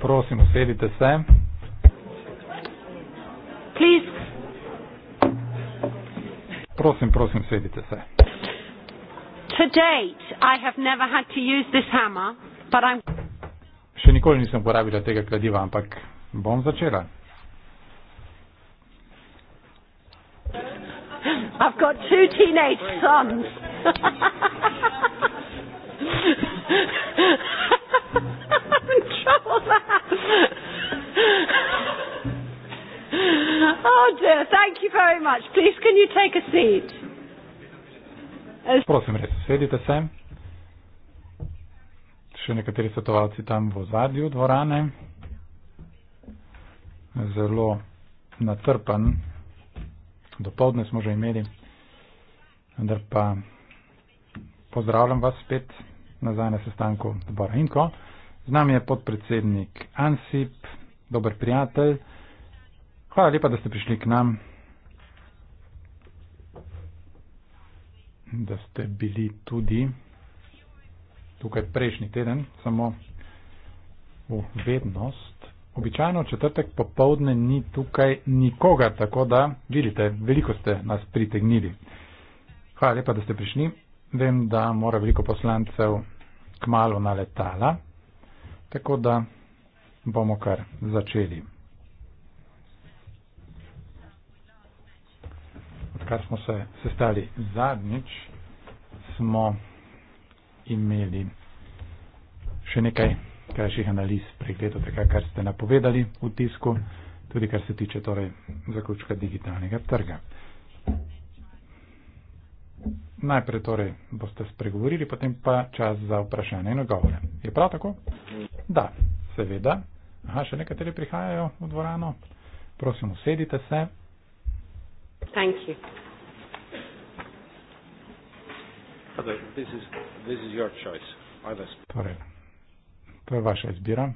Prosim, usedite se. Prosim, prosim, sedite se. To date I have never had to use this hammer, but I'm... Še nikoli nisem uporabila tega kladiva, ampak bom začela. I've got two teenage sons. very much. Please, can you take a seat? Prosim, res, sedite se. Še nekateri svetovalci tam v zadju dvorane. Zelo natrpan. Dopovdne smo že imeli. Vendar pa pozdravljam vas spet nazaj na sestanku zbora Inko. Z nami je podpredsednik Ansip, dober prijatelj. Hvala lepa, da ste prišli k nam. da ste bili tudi tukaj prejšnji teden, samo v vednost. Običajno četrtek popovdne ni tukaj nikoga, tako da vidite, veliko ste nas pritegnili. Hvala lepa, da ste prišli. Vem, da mora veliko poslancev kmalo na letala, tako da bomo kar začeli. kar smo se sestali zadnjič, smo imeli še nekaj krajših analiz pregledov tega, kar ste napovedali v tisku, tudi kar se tiče torej zaključka digitalnega trga. Najprej torej boste spregovorili, potem pa čas za vprašanje in odgovore. Je prav tako? Da, seveda. Aha, še nekateri prihajajo v dvorano. Prosim, usedite se. Thank you. Okay, this is this is your choice. Either. Torej, to je vaša izbira.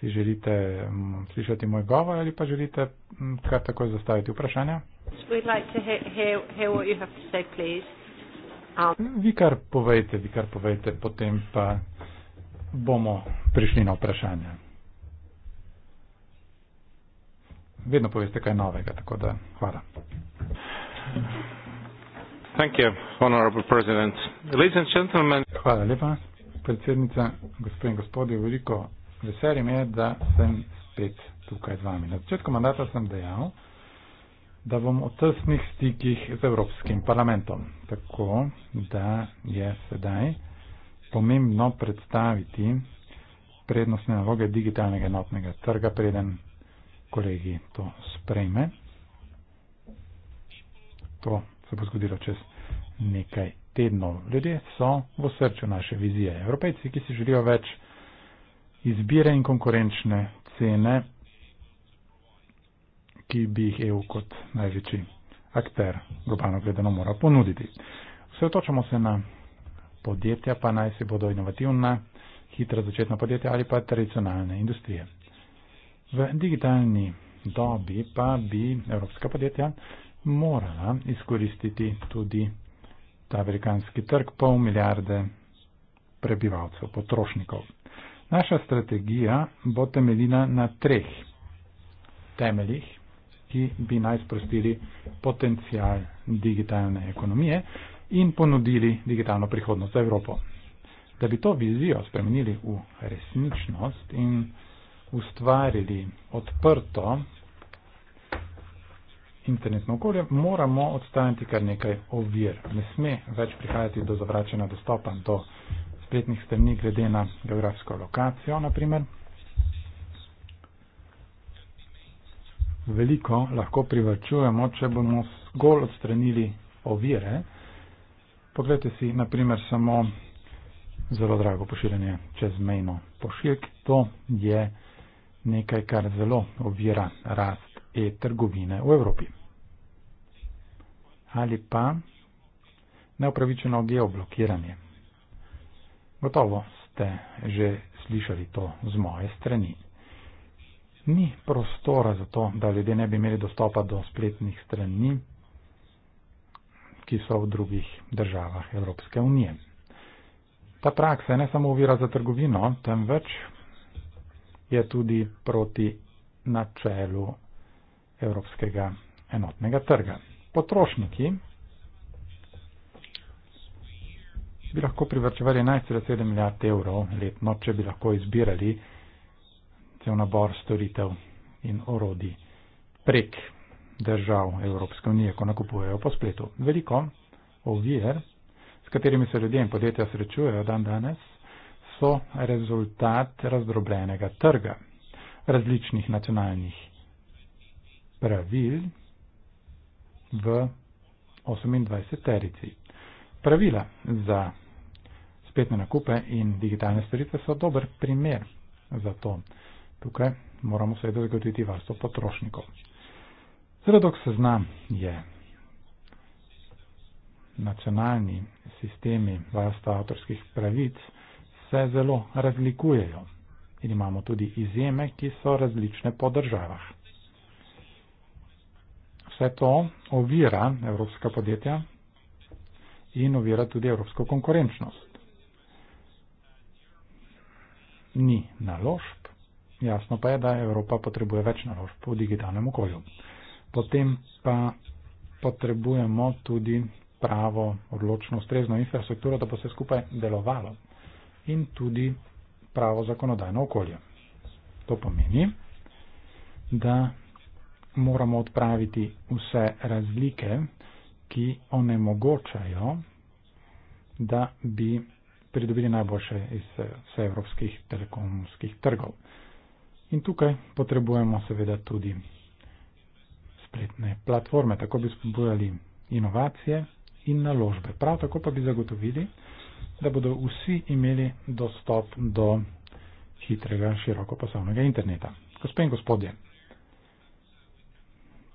Si želite m, mm, slišati moj govor ali pa želite m, mm, kar takoj zastaviti vprašanja? We'd like to hear, hear, hear what you have to say, please. Um. Vi kar povejte, vi kar povejte, potem pa bomo prišli na vprašanje. Vedno poveste kaj novega, tako da hvala. Mm -hmm. Thank you, honorable president. Ladies and gentlemen. Hvala lepa, predsednica, gospe in gospodje. Veliko veselje mi je, da sem spet tukaj z vami. Na začetku mandata sem dejal, da bom v tesnih stikih z Evropskim parlamentom. Tako da je sedaj pomembno predstaviti prednostne naloge digitalnega enotnega trga, preden kolegi to sprejme. To se bo zgodilo čez nekaj tednov. Ljudje so v srcu naše vizije. Evropejci, ki si želijo več izbire in konkurenčne cene, ki bi jih EU kot največji akter globalno gledano mora ponuditi. Vsevtočamo se na podjetja, pa naj se bodo inovativna, hitra začetna podjetja ali pa tradicionalne industrije. V digitalni dobi pa bi evropska podjetja morala izkoristiti tudi ta velikanski trg, pol milijarde prebivalcev, potrošnikov. Naša strategija bo temeljina na treh temeljih, ki bi naj sprostili potencijal digitalne ekonomije in ponudili digitalno prihodnost za Evropo. Da bi to vizijo spremenili v resničnost in ustvarili odprto internetno okolje, moramo odstaviti kar nekaj ovir. Ne sme več prihajati do zavračena dostopa do spletnih strani glede na geografsko lokacijo, naprimer. Veliko lahko privačujemo, če bomo zgolj odstranili ovire. Poglejte si, naprimer, samo zelo drago pošiljanje čezmejno pošiljk. To je nekaj, kar zelo ovira rast e-trgovine v Evropi. Ali pa neupravičeno geoblokiranje. Gotovo ste že slišali to z moje strani. Ni prostora za to, da ljudje ne bi imeli dostopa do spletnih strani, ki so v drugih državah Evropske unije. Ta praksa je ne samo uvira za trgovino, temveč je tudi proti načelu evropskega enotnega trga. Potrošniki bi lahko privrčevali 11,7 milijard evrov letno, če bi lahko izbirali cel nabor storitev in orodij prek držav Evropske unije, ko nakupujejo po spletu. Veliko ovir, s katerimi se ljudje in podjetja srečujejo dan danes, so rezultat razdrobljenega trga različnih nacionalnih pravil v 28 terici. Pravila za spetne nakupe in digitalne storitve so dober primer za to. Tukaj moramo seveda zagotoviti varstvo potrošnikov. Zredok seznam je nacionalni sistemi varstva avtorskih pravic se zelo razlikujejo in imamo tudi izjeme, ki so različne po državah vse to ovira evropska podjetja in ovira tudi evropsko konkurenčnost. Ni naložb, jasno pa je, da Evropa potrebuje več naložb v digitalnem okolju. Potem pa potrebujemo tudi pravo, odločno, ustrezno infrastrukturo, da bo se skupaj delovalo in tudi pravo zakonodajno okolje. To pomeni, da moramo odpraviti vse razlike, ki onemogočajo, da bi pridobili najboljše iz eh, vse evropskih telekomskih trgov. In tukaj potrebujemo seveda tudi spletne platforme, tako bi spodbujali inovacije in naložbe. Prav tako pa bi zagotovili, da bodo vsi imeli dostop do hitrega, široko poslovnega interneta. Gospe in gospodje,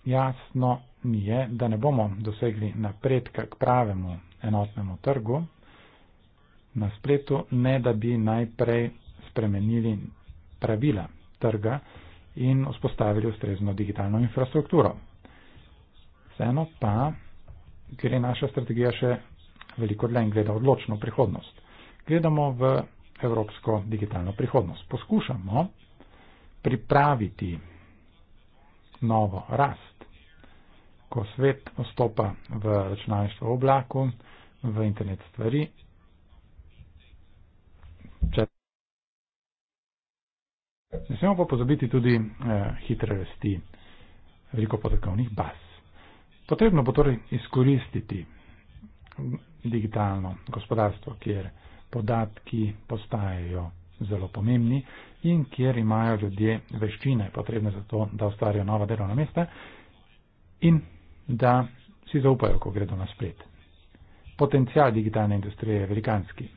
jasno mi je, da ne bomo dosegli napredka k pravemu enotnemu trgu na spletu, ne da bi najprej spremenili pravila trga in vzpostavili ustrezno digitalno infrastrukturo. Vseeno pa gre naša strategija še veliko dlje in gleda odločno prihodnost. Gledamo v evropsko digitalno prihodnost. Poskušamo pripraviti novo rast ko svet vstopa v računalništvo v oblaku, v internet stvari. Ne smemo pa pozabiti tudi eh, hitre rasti veliko podatkovnih baz. Potrebno bo torej izkoristiti digitalno gospodarstvo, kjer podatki postajajo zelo pomembni in kjer imajo ljudje veščine potrebne za to, da ustvarijo nova delovna mesta in da si zaupajo, ko gredo na splet. Potencial digitalne industrije je velikanski.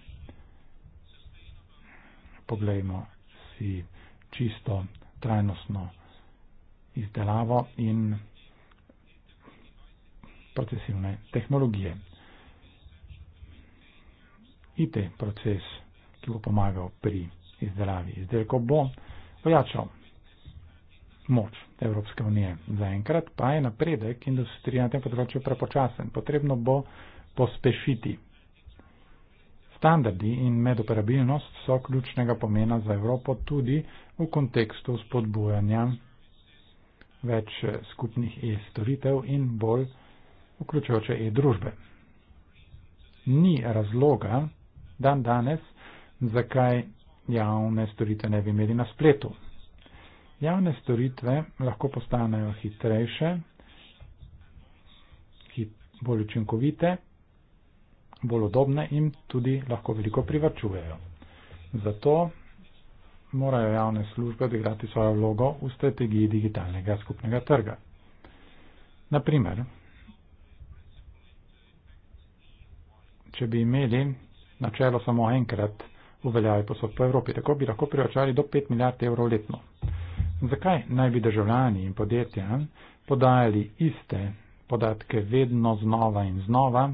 Poglejmo si čisto trajnostno izdelavo in procesivne tehnologije. IT proces, ki bo pomagal pri izdelavi izdelkov, bo ojačal moč Evropske unije. Zaenkrat pa je napredek industrije na tem področju prepočasen. Potrebno bo pospešiti. Standardi in medoperabilnost so ključnega pomena za Evropo tudi v kontekstu spodbujanja več skupnih e-storitev in bolj vključujoče e-družbe. Ni razloga dan danes, zakaj javne storitve ne bi imeli na spletu. Javne storitve lahko postanejo hitrejše, bolj učinkovite, bolj odobne in tudi lahko veliko privačujejo. Zato morajo javne službe odigrati svojo vlogo v strategiji digitalnega skupnega trga. Naprimer, če bi imeli načelo samo enkrat uveljavljati posod po Evropi, tako bi lahko privačali do 5 milijard evrov letno zakaj naj bi državljani in podjetja podajali iste podatke vedno znova in znova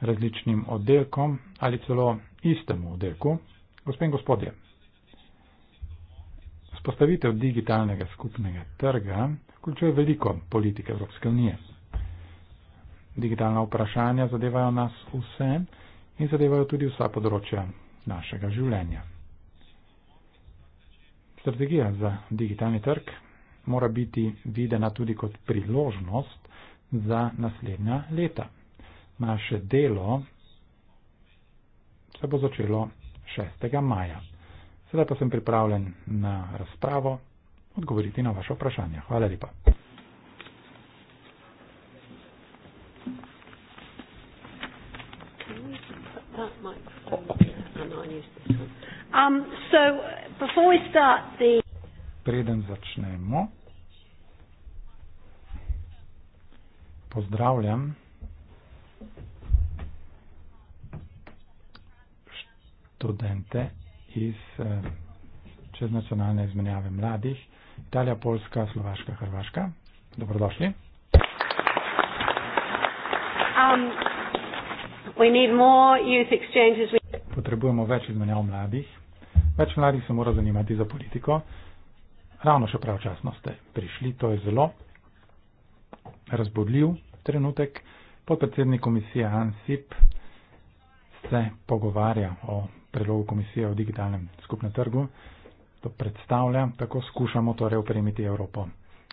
različnim oddelkom ali celo istemu oddelku. Gospe in gospodje, spostavitev digitalnega skupnega trga vključuje veliko politike Evropske unije. Digitalna vprašanja zadevajo nas vse in zadevajo tudi vsa področja našega življenja. Strategija za digitalni trg mora biti videna tudi kot priložnost za naslednja leta. Naše delo se bo začelo 6. maja. Sedaj pa sem pripravljen na razpravo odgovoriti na vaše vprašanje. Hvala lepa. Oh, um, so, Before we start the... Preden začnemo, pozdravljam študente iz eh, čeznacionalne izmenjave mladih Italija, Poljska, Slovaška, Hrvaška. Dobrodošli. Um, we need more youth exchanges. Potrebujemo več izmenjav mladih. Več mladih se mora zanimati za politiko. Ravno še pravčasno ste prišli, to je zelo razbudljiv trenutek. Podpredsednik komisije Ansip se pogovarja o predlogu komisije o digitalnem skupnem trgu. To predstavlja, tako skušamo torej opremiti Evropo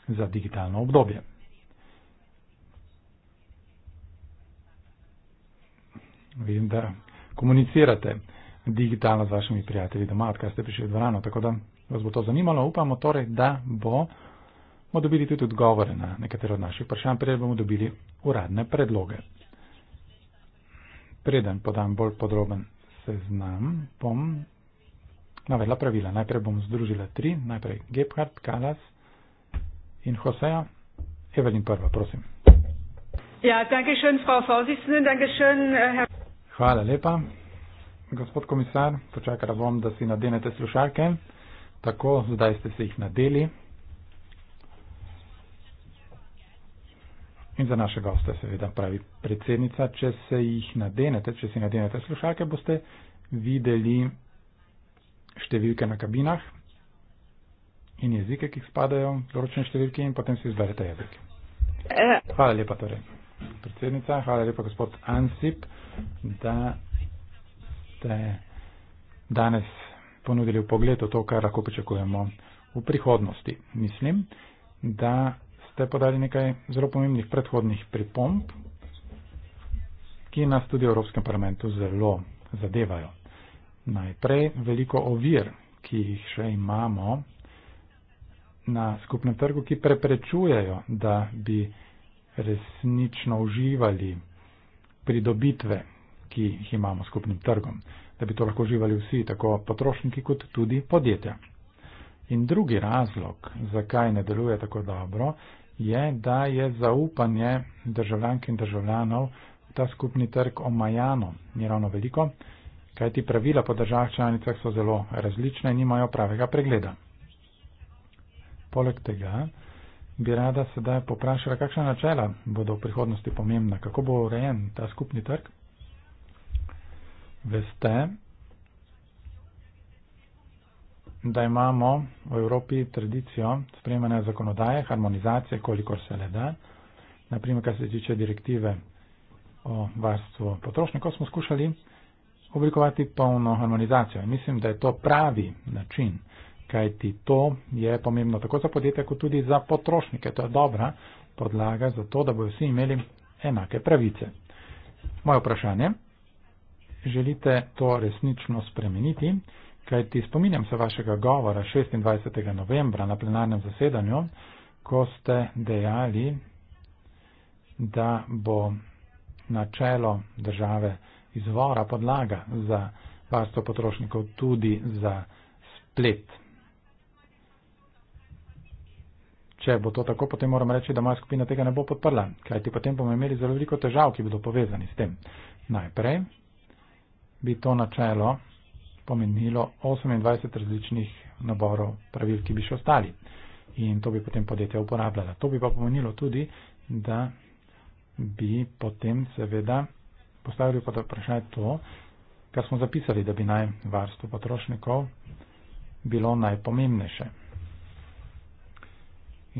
za digitalno obdobje. Vidim, da komunicirate digitalno z vašimi prijatelji doma, odkar ste prišli v dvorano. Tako da vas bo to zanimalo. Upamo torej, da bomo dobili tudi odgovore na nekatero od naših vprašanj, preden bomo dobili uradne predloge. Preden podam bolj podroben seznam, bom navedla pravila. Najprej bom združila tri, najprej Gebhardt, Kalas in Hoseja. Evelin prva, prosim. Ja, danke schön, Frau Vorsitzende, danke schön, Herr. Hvala lepa. Gospod komisar, počakala bom, da si nadenete slušalke. Tako, zdaj ste se jih nadeli. In za naše goste, seveda, pravi predsednica, če se jih nadenete, če si nadenete slušalke, boste videli številke na kabinah in jezike, ki spadajo v določene številke in potem si izberete jezik. Eh. Hvala lepa torej, predsednica, hvala lepa gospod Ansip, da ste danes ponudili v pogled v to, kar lahko pričakujemo v prihodnosti. Mislim, da ste podali nekaj zelo pomembnih predhodnih pripomb, ki nas tudi v Evropskem parlamentu zelo zadevajo. Najprej veliko ovir, ki jih še imamo na skupnem trgu, ki preprečujejo, da bi resnično uživali pridobitve, ki jih imamo skupnim trgom, da bi to lahko živali vsi, tako potrošniki kot tudi podjetja. In drugi razlog, zakaj ne deluje tako dobro, je, da je zaupanje državljank in državljanov v ta skupni trg omajano, ni ravno veliko, kajti pravila po državah članicah so zelo različne in nimajo pravega pregleda. Poleg tega bi rada sedaj poprašala, kakšna načela bodo v prihodnosti pomembna, kako bo urejen ta skupni trg veste, da imamo v Evropi tradicijo sprejemanja zakonodaje, harmonizacije, kolikor se le da. Naprimer, kar se tiče direktive o varstvu potrošnikov, smo skušali oblikovati polno harmonizacijo. In mislim, da je to pravi način, kajti to je pomembno tako za podjetja, kot tudi za potrošnike. To je dobra podlaga za to, da bodo vsi imeli enake pravice. Moje vprašanje želite to resnično spremeniti, kajti spominjam se vašega govora 26. novembra na plenarnem zasedanju, ko ste dejali, da bo načelo države izvora podlaga za varstvo potrošnikov tudi za splet. Če bo to tako, potem moram reči, da moja skupina tega ne bo podprla, kajti potem bomo imeli zelo veliko težav, ki bodo povezani s tem. Najprej bi to načelo pomenilo 28 različnih naborov pravil, ki bi še ostali. In to bi potem podjetja uporabljala. To bi pa pomenilo tudi, da bi potem seveda postavili pod vprašanje to, kar smo zapisali, da bi naj varstvo potrošnikov bilo najpomembnejše.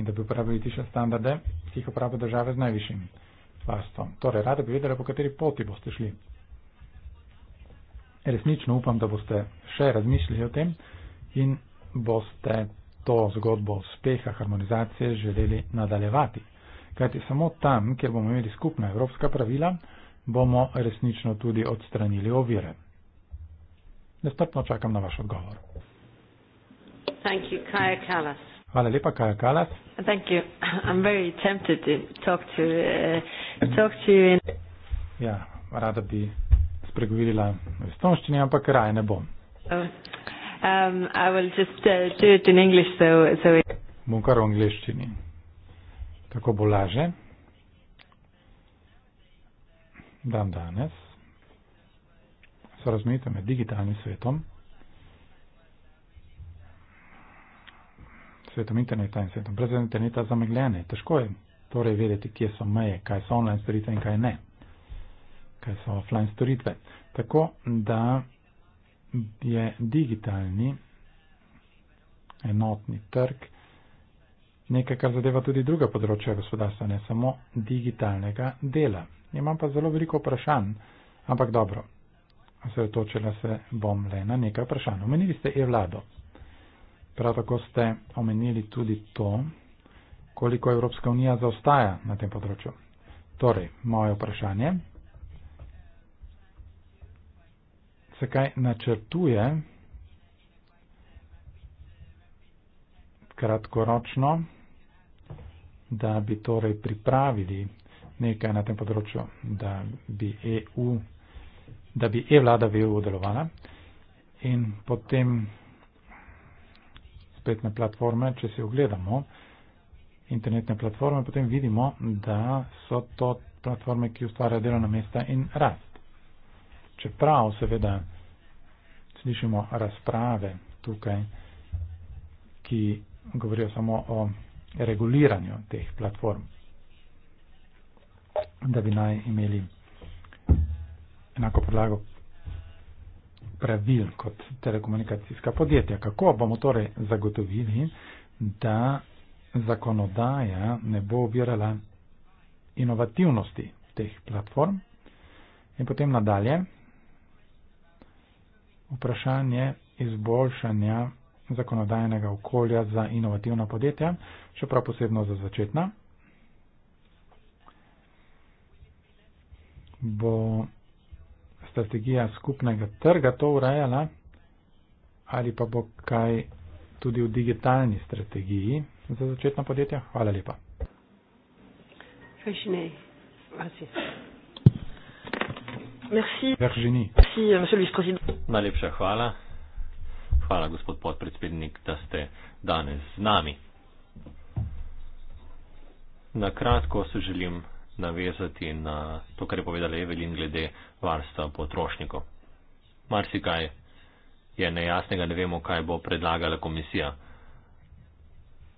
In da bi uporabljali tiše standarde, ki jih uporablja države z najvišjim varstvom. Torej, rada bi vedela, po kateri poti boste šli resnično upam, da boste še razmišljali o tem in boste to zgodbo uspeha harmonizacije želeli nadaljevati. Kajti samo tam, kjer bomo imeli skupna evropska pravila, bomo resnično tudi odstranili ovire. Nestrpno čakam na vaš odgovor. Hvala lepa, Kaja Kalas. To, to uh, ja, rada bi spregovorila v estonščini, ampak raje ne bom. Um, um, uh, bom kar v angliščini. Tako bo laže. Dan danes. So razumite med digitalnim svetom. svetom interneta in svetom brez interneta zamegljene. Težko je torej vedeti, kje so meje, kaj so online storitve in kaj ne kaj so offline storitve. Tako da je digitalni enotni trg nekaj, kar zadeva tudi druga področja gospodarstva, ne samo digitalnega dela. Imam pa zelo veliko vprašanj, ampak dobro, osredotočila se bom le na nekaj vprašanj. Omenili ste e-vlado. Prav tako ste omenili tudi to, koliko Evropska unija zaostaja na tem področju. Torej, moje vprašanje, se kaj načrtuje kratkoročno, da bi torej pripravili nekaj na tem področju, da bi EU, da bi e-vlada v EU delovala in potem spletne platforme, če si ogledamo, internetne platforme, potem vidimo, da so to platforme, ki ustvarjajo delovna mesta in rast čeprav seveda slišimo razprave tukaj, ki govorijo samo o reguliranju teh platform, da bi naj imeli enako podlago pravil kot telekomunikacijska podjetja. Kako bomo torej zagotovili, da zakonodaja ne bo ovirala inovativnosti teh platform? In potem nadalje vprašanje izboljšanja zakonodajnega okolja za inovativna podjetja, čeprav posebno za začetna, bo strategija skupnega trga to urejala ali pa bo kaj tudi v digitalni strategiji za začetna podjetja. Hvala lepa. Merci. Merci. Merci, monsieur le vice-président. Najlepša hvala. Hvala, gospod podpredsednik, da ste danes z nami. Na kratko se želim navezati na to, kar je povedala Evelin glede varstva potrošnikov. Marsikaj je nejasnega, ne vemo, kaj bo predlagala komisija.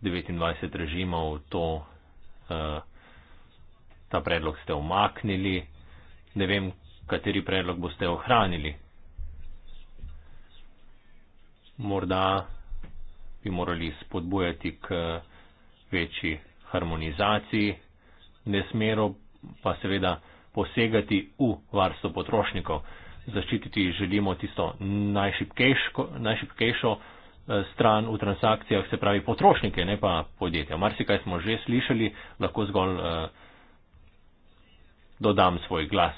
29 režimov, to, uh, ta predlog ste omaknili, ne vem, kateri predlog boste ohranili morda bi morali spodbujati k večji harmonizaciji, ne smero pa seveda posegati v varstvo potrošnikov. Zaščititi želimo tisto najšipkejšo eh, stran v transakcijah, se pravi potrošnike, ne pa podjetja. Marsikaj smo že slišali, lahko zgolj eh, dodam svoj glas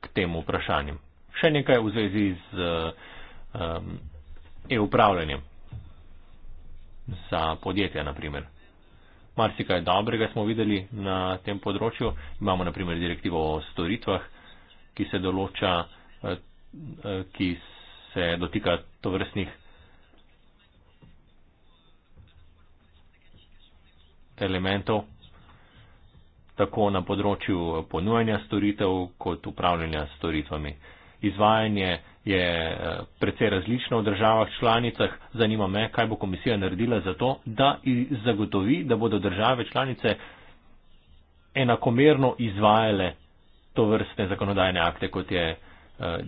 k temu vprašanju. Še nekaj v zvezi z. Eh, eh, e-upravljanjem. Za podjetja, naprimer. Marsikaj dobrega smo videli na tem področju. Imamo, naprimer, direktivo o storitvah, ki se določa, eh, eh, ki se dotika tovrstnih elementov, tako na področju ponujanja storitev, kot upravljanja storitvami izvajanje je eh, precej različno v državah članicah. Zanima me, kaj bo komisija naredila za to, da zagotovi, da bodo države članice enakomerno izvajale to vrstne zakonodajne akte, kot je eh,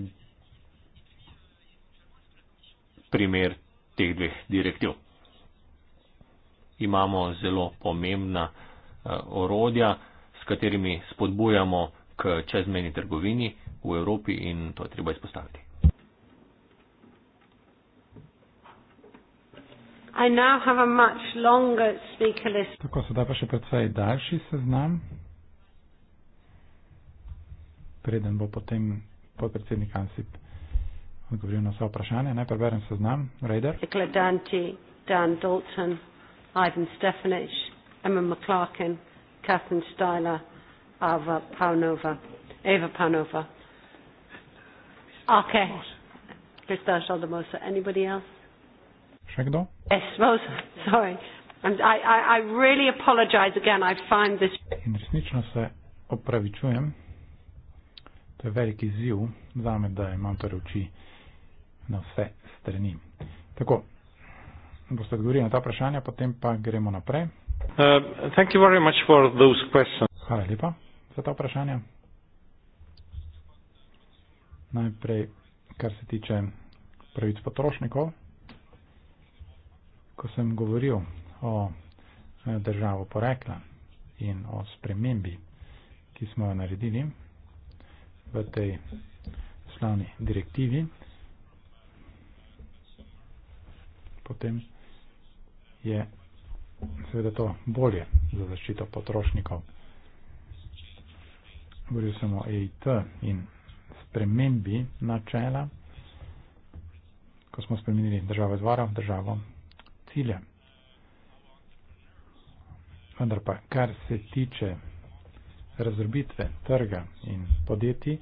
primer teh dveh direktiv. Imamo zelo pomembna eh, orodja, s katerimi spodbujamo k čezmeni trgovini v Evropi in to je treba izpostaviti. Tako sedaj pa še predvsej daljši seznam. Preden bo potem podpredsednik Ansip odgovoril na vse vprašanje, naj preberem seznam. Rejder. Dan Dalton, Ivan Stefanic, Emma McClarkin, Catherine Styler, Ava Paunova, Eva Paunova. Okay. Mr. Shaldemosa. Anybody else? Shagdo? Yes, Rosa. Sorry. I'm, I, I, I really apologize again. I find this. In resnično se opravičujem. To je velik izziv za me, da imam torej oči na vse strani. Tako, boste odgovorili na ta vprašanja, potem pa gremo naprej. Uh, thank you very much for those questions. Hvala lepa za ta vprašanja najprej, kar se tiče pravic potrošnikov, ko sem govoril o eh, državo porekla in o spremembi, ki smo jo naredili v tej slavni direktivi, potem je seveda to bolje za zaščito potrošnikov. Govoril sem o EIT in spremembi načela, ko smo spremenili državo izvora v državo cilja. Vendar pa, kar se tiče razdrobitve trga in podjetij,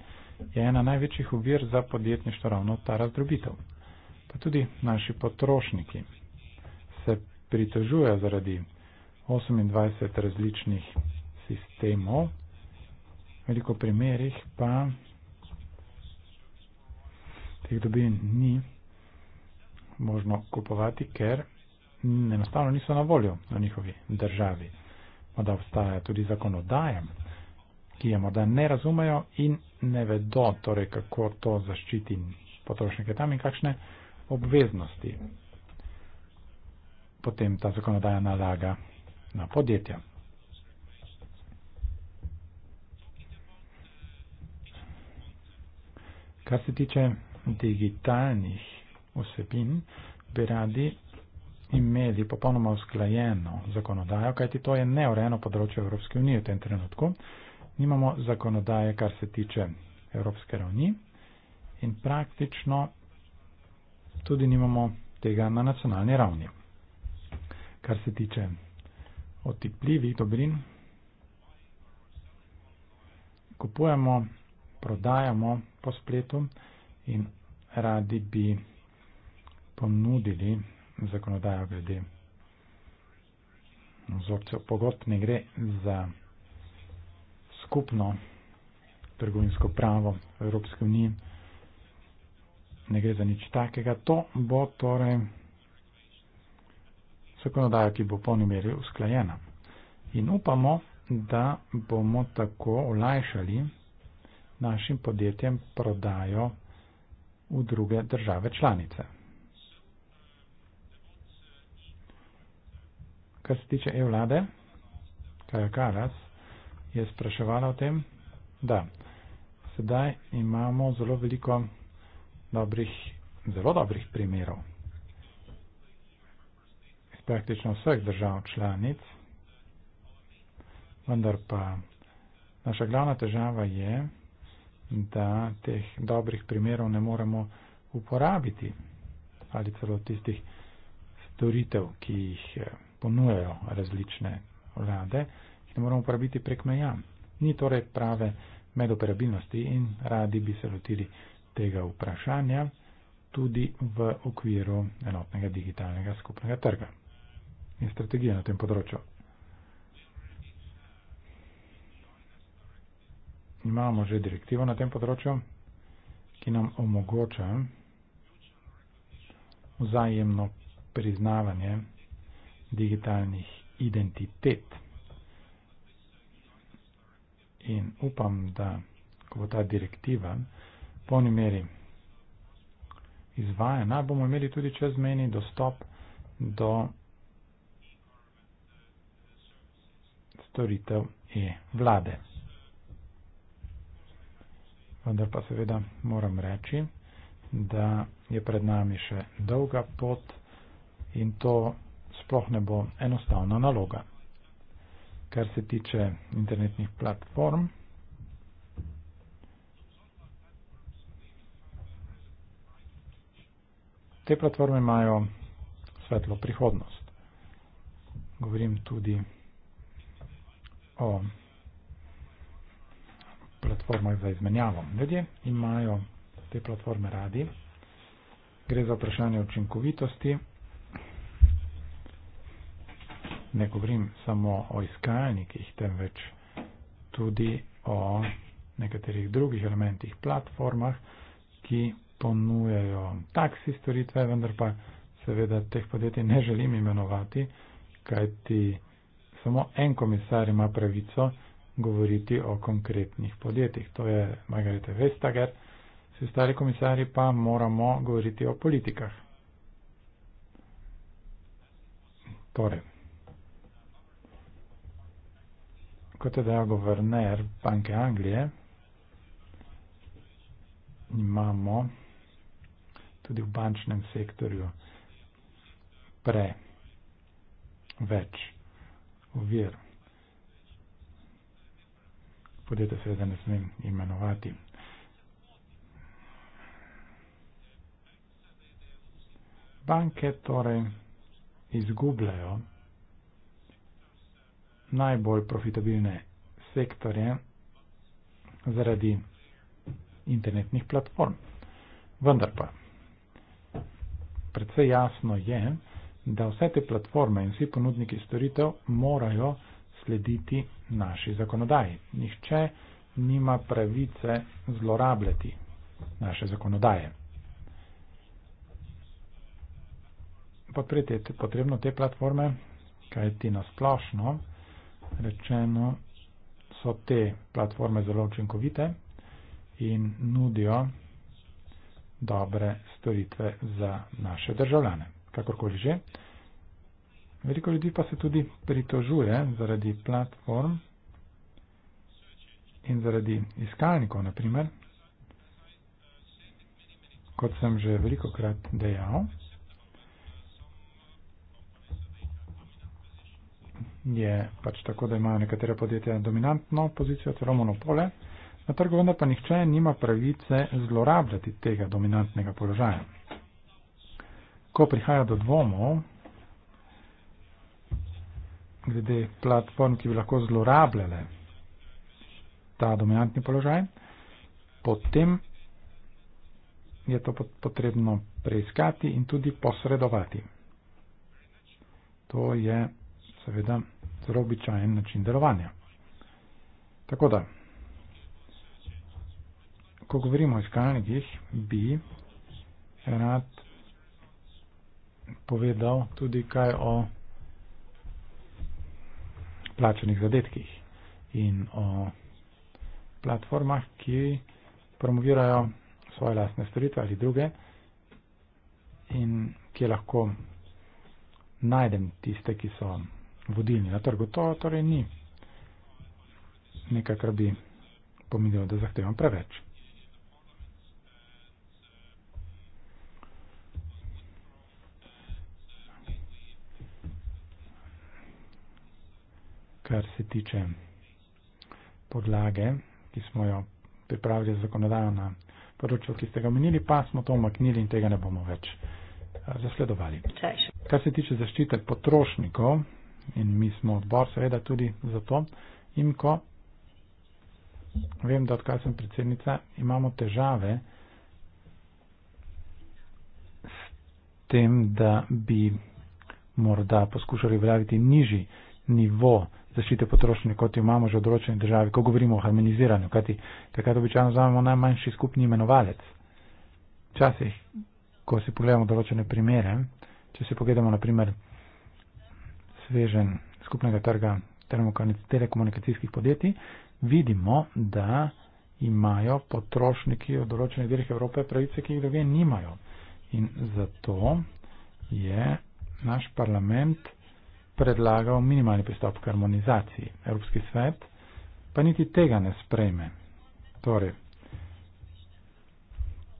je ena največjih uvir za podjetništvo ravno ta razdrobitev. Pa tudi naši potrošniki se pritožujejo zaradi 28 različnih sistemov, veliko primerih pa teh dobrin ni možno kupovati, ker enostavno niso na voljo v njihovi državi. Morda obstaja tudi zakonodaja, ki je morda ne razumejo in ne vedo, torej, kako to zaščiti potrošnike tam in kakšne obveznosti potem ta zakonodaja nalaga na podjetja. Kar se tiče digitalnih vsebin, bi radi imeli popolnoma usklajeno zakonodajo, kajti to je neurejeno področje Evropske unije v tem trenutku. Nimamo zakonodaje, kar se tiče Evropske ravni in praktično tudi nimamo tega na nacionalni ravni. Kar se tiče otipljivih dobrin, kupujemo, prodajamo po spletu, in radi bi ponudili zakonodajo glede vzorcev. Pogosto ne gre za skupno trgovinsko pravo v Evropske unije, ne gre za nič takega. To bo torej zakonodaja, ki bo po nemeri usklajena. In upamo, da bomo tako olajšali našim podjetjem prodajo u druge države članice. Kar se tiče e-vlade, Kaja Karas je spraševala o tem, da sedaj imamo zelo veliko dobrih, zelo dobrih primerov iz praktično vseh držav članic, vendar pa naša glavna težava je, da teh dobrih primerov ne moremo uporabiti ali celo tistih storitev, ki jih eh, ponujejo različne vlade, jih ne moremo uporabiti prek meja. Ni torej prave medoperabilnosti in radi bi se lotili tega vprašanja tudi v okviru enotnega digitalnega skupnega trga in strategije na tem področju. imamo že direktivo na tem področju, ki nam omogoča vzajemno priznavanje digitalnih identitet. In upam, da ko bo ta direktiva v polni meri izvajena, bomo imeli tudi čezmeni dostop do storitev e-vlade vendar pa seveda moram reči, da je pred nami še dolga pot in to sploh ne bo enostavna naloga. Kar se tiče internetnih platform, te platforme imajo svetlo prihodnost. Govorim tudi o platformo za izmenjavo. Ljudje imajo te platforme radi. Gre za vprašanje učinkovitosti. Ne govorim samo o iskalnikih, temveč tudi o nekaterih drugih elementih, platformah, ki ponujajo taksi storitve, vendar pa seveda teh podjetij ne želim imenovati, kajti samo en komisar ima pravico govoriti o konkretnih podjetjih. To je Margarete Vestager, vsi stari komisari pa moramo govoriti o politikah. Torej, kot je dejal guverner Banke Anglije, imamo tudi v bančnem sektorju pre več ovir podjetja seveda ne smem imenovati. Banke torej izgubljajo najbolj profitabilne sektorje zaradi internetnih platform. Vendar pa, predvsej jasno je, da vse te platforme in vsi ponudniki storitev morajo slediti naši zakonodaji. Nihče nima pravice zlorabljati naše zakonodaje. Podpreti je potrebno te platforme, kaj ti nasplošno rečeno so te platforme zelo učinkovite in nudijo dobre storitve za naše državljane. Kakorkoli že. Veliko ljudi pa se tudi pritožuje zaradi platform in zaradi iskalnikov, naprimer. Kot sem že veliko krat dejal, je pač tako, da imajo nekatere podjetja dominantno pozicijo, celo monopole, na trgu vendar pa nihče nima pravice zlorabljati tega dominantnega položaja. Ko prihaja do dvomov, glede platform, ki bi lahko zlorabljale ta dominantni položaj, potem je to potrebno preiskati in tudi posredovati. To je seveda zelo običajen način delovanja. Tako da, ko govorimo o iskalnikih, bi rad povedal tudi kaj o plačanih zadetkih in o platformah, ki promovirajo svoje lastne storitve ali druge in kje lahko najdem tiste, ki so vodilni na trgu. To torej ni nekaj, kar bi pomenilo, da zahtevam preveč. kar se tiče podlage, ki smo jo pripravili za zakonodajo na področju, ki ste ga omenili, pa smo to omaknili in tega ne bomo več eh, zasledovali. Češ. Kar se tiče zaščite potrošnikov, in mi smo odbor seveda tudi za to, in ko vem, da odkar sem predsednica, imamo težave s tem, da bi morda poskušali vraviti nižji nivo zaščite potrošnje, kot jo imamo že v določeni državi, ko govorimo o harmoniziranju, kajti takrat običajno vzamemo najmanjši skupni imenovalec. Včasih, ko si pogledamo določene primere, če si pogledamo naprimer svežen skupnega trga telekomunikacijskih podjetij, vidimo, da imajo potrošniki v določenih delih Evrope pravice, ki jih druge nimajo. In zato je naš parlament predlagal minimalni pristop k harmonizaciji. Evropski svet pa niti tega ne sprejme. Torej,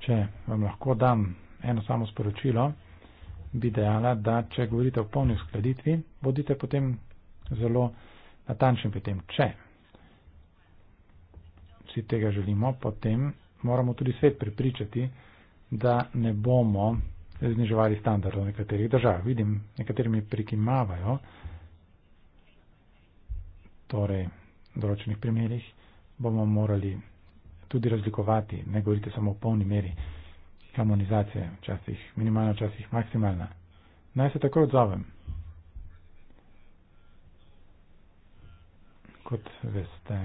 če vam lahko dam eno samo sporočilo, bi dejala, da če govorite o polni uskladitvi, bodite potem zelo natančni pri tem. Če si tega želimo, potem moramo tudi svet pripričati, da ne bomo zniževali standard v nekaterih držav. Vidim, nekateri mi prikimavajo, torej v določenih primerjih bomo morali tudi razlikovati, ne govorite samo o polni meri, harmonizacije, včasih minimalna, včasih maksimalna. Naj se tako odzovem. Kot veste,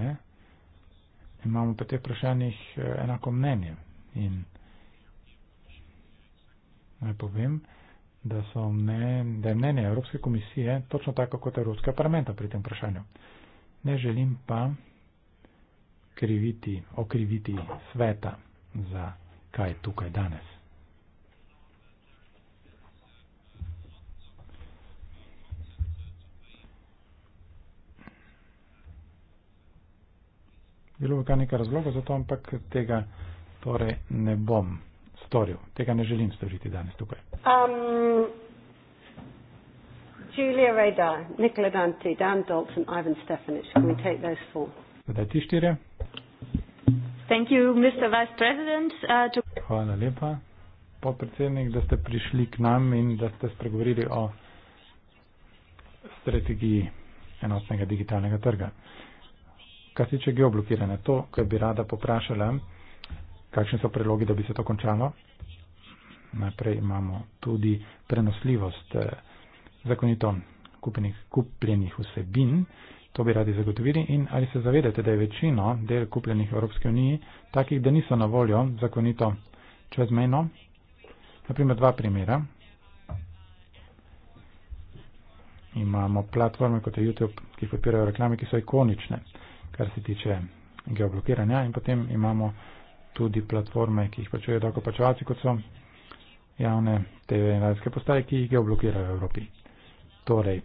imamo pri teh vprašanjih eh, enako mnenje in Naj povem, da, mne, da je mnenje Evropske komisije točno tako kot Evropskega parlamenta pri tem vprašanju. Ne želim pa kriviti, okriviti sveta za kaj tukaj danes. Bilo bi kar nekaj razlogov za to, ampak tega torej ne bom storil. Tega ne želim storiti danes tukaj. Um, Julia Radar, Nikola Dante, Dan Dalton, Ivan Stefanich, can we take those four? Zdaj ti štirje. Thank you, Mr. Vice President. Uh, Hvala lepa, podpredsednik, da ste prišli k nam in da ste spregovorili o strategiji enotnega digitalnega trga. Kar se tiče geoblokiranja, to, kar bi rada poprašala, kakšne so predlogi, da bi se to končalo. Najprej imamo tudi prenosljivost eh, zakonito kupljenih, kupljenih vsebin, to bi radi zagotovili in ali se zavedate, da je večino del kupljenih v Evropske unije takih, da niso na voljo zakonito čezmejno. Naprimer dva primera. Imamo platforme kot je YouTube, ki podpirajo reklame, ki so ikonične, kar se tiče geoblokiranja in potem imamo tudi platforme, ki jih plačujejo tako plačevalci, kot so javne TV in radijske postaje, ki jih geoblokirajo v Evropi. Torej,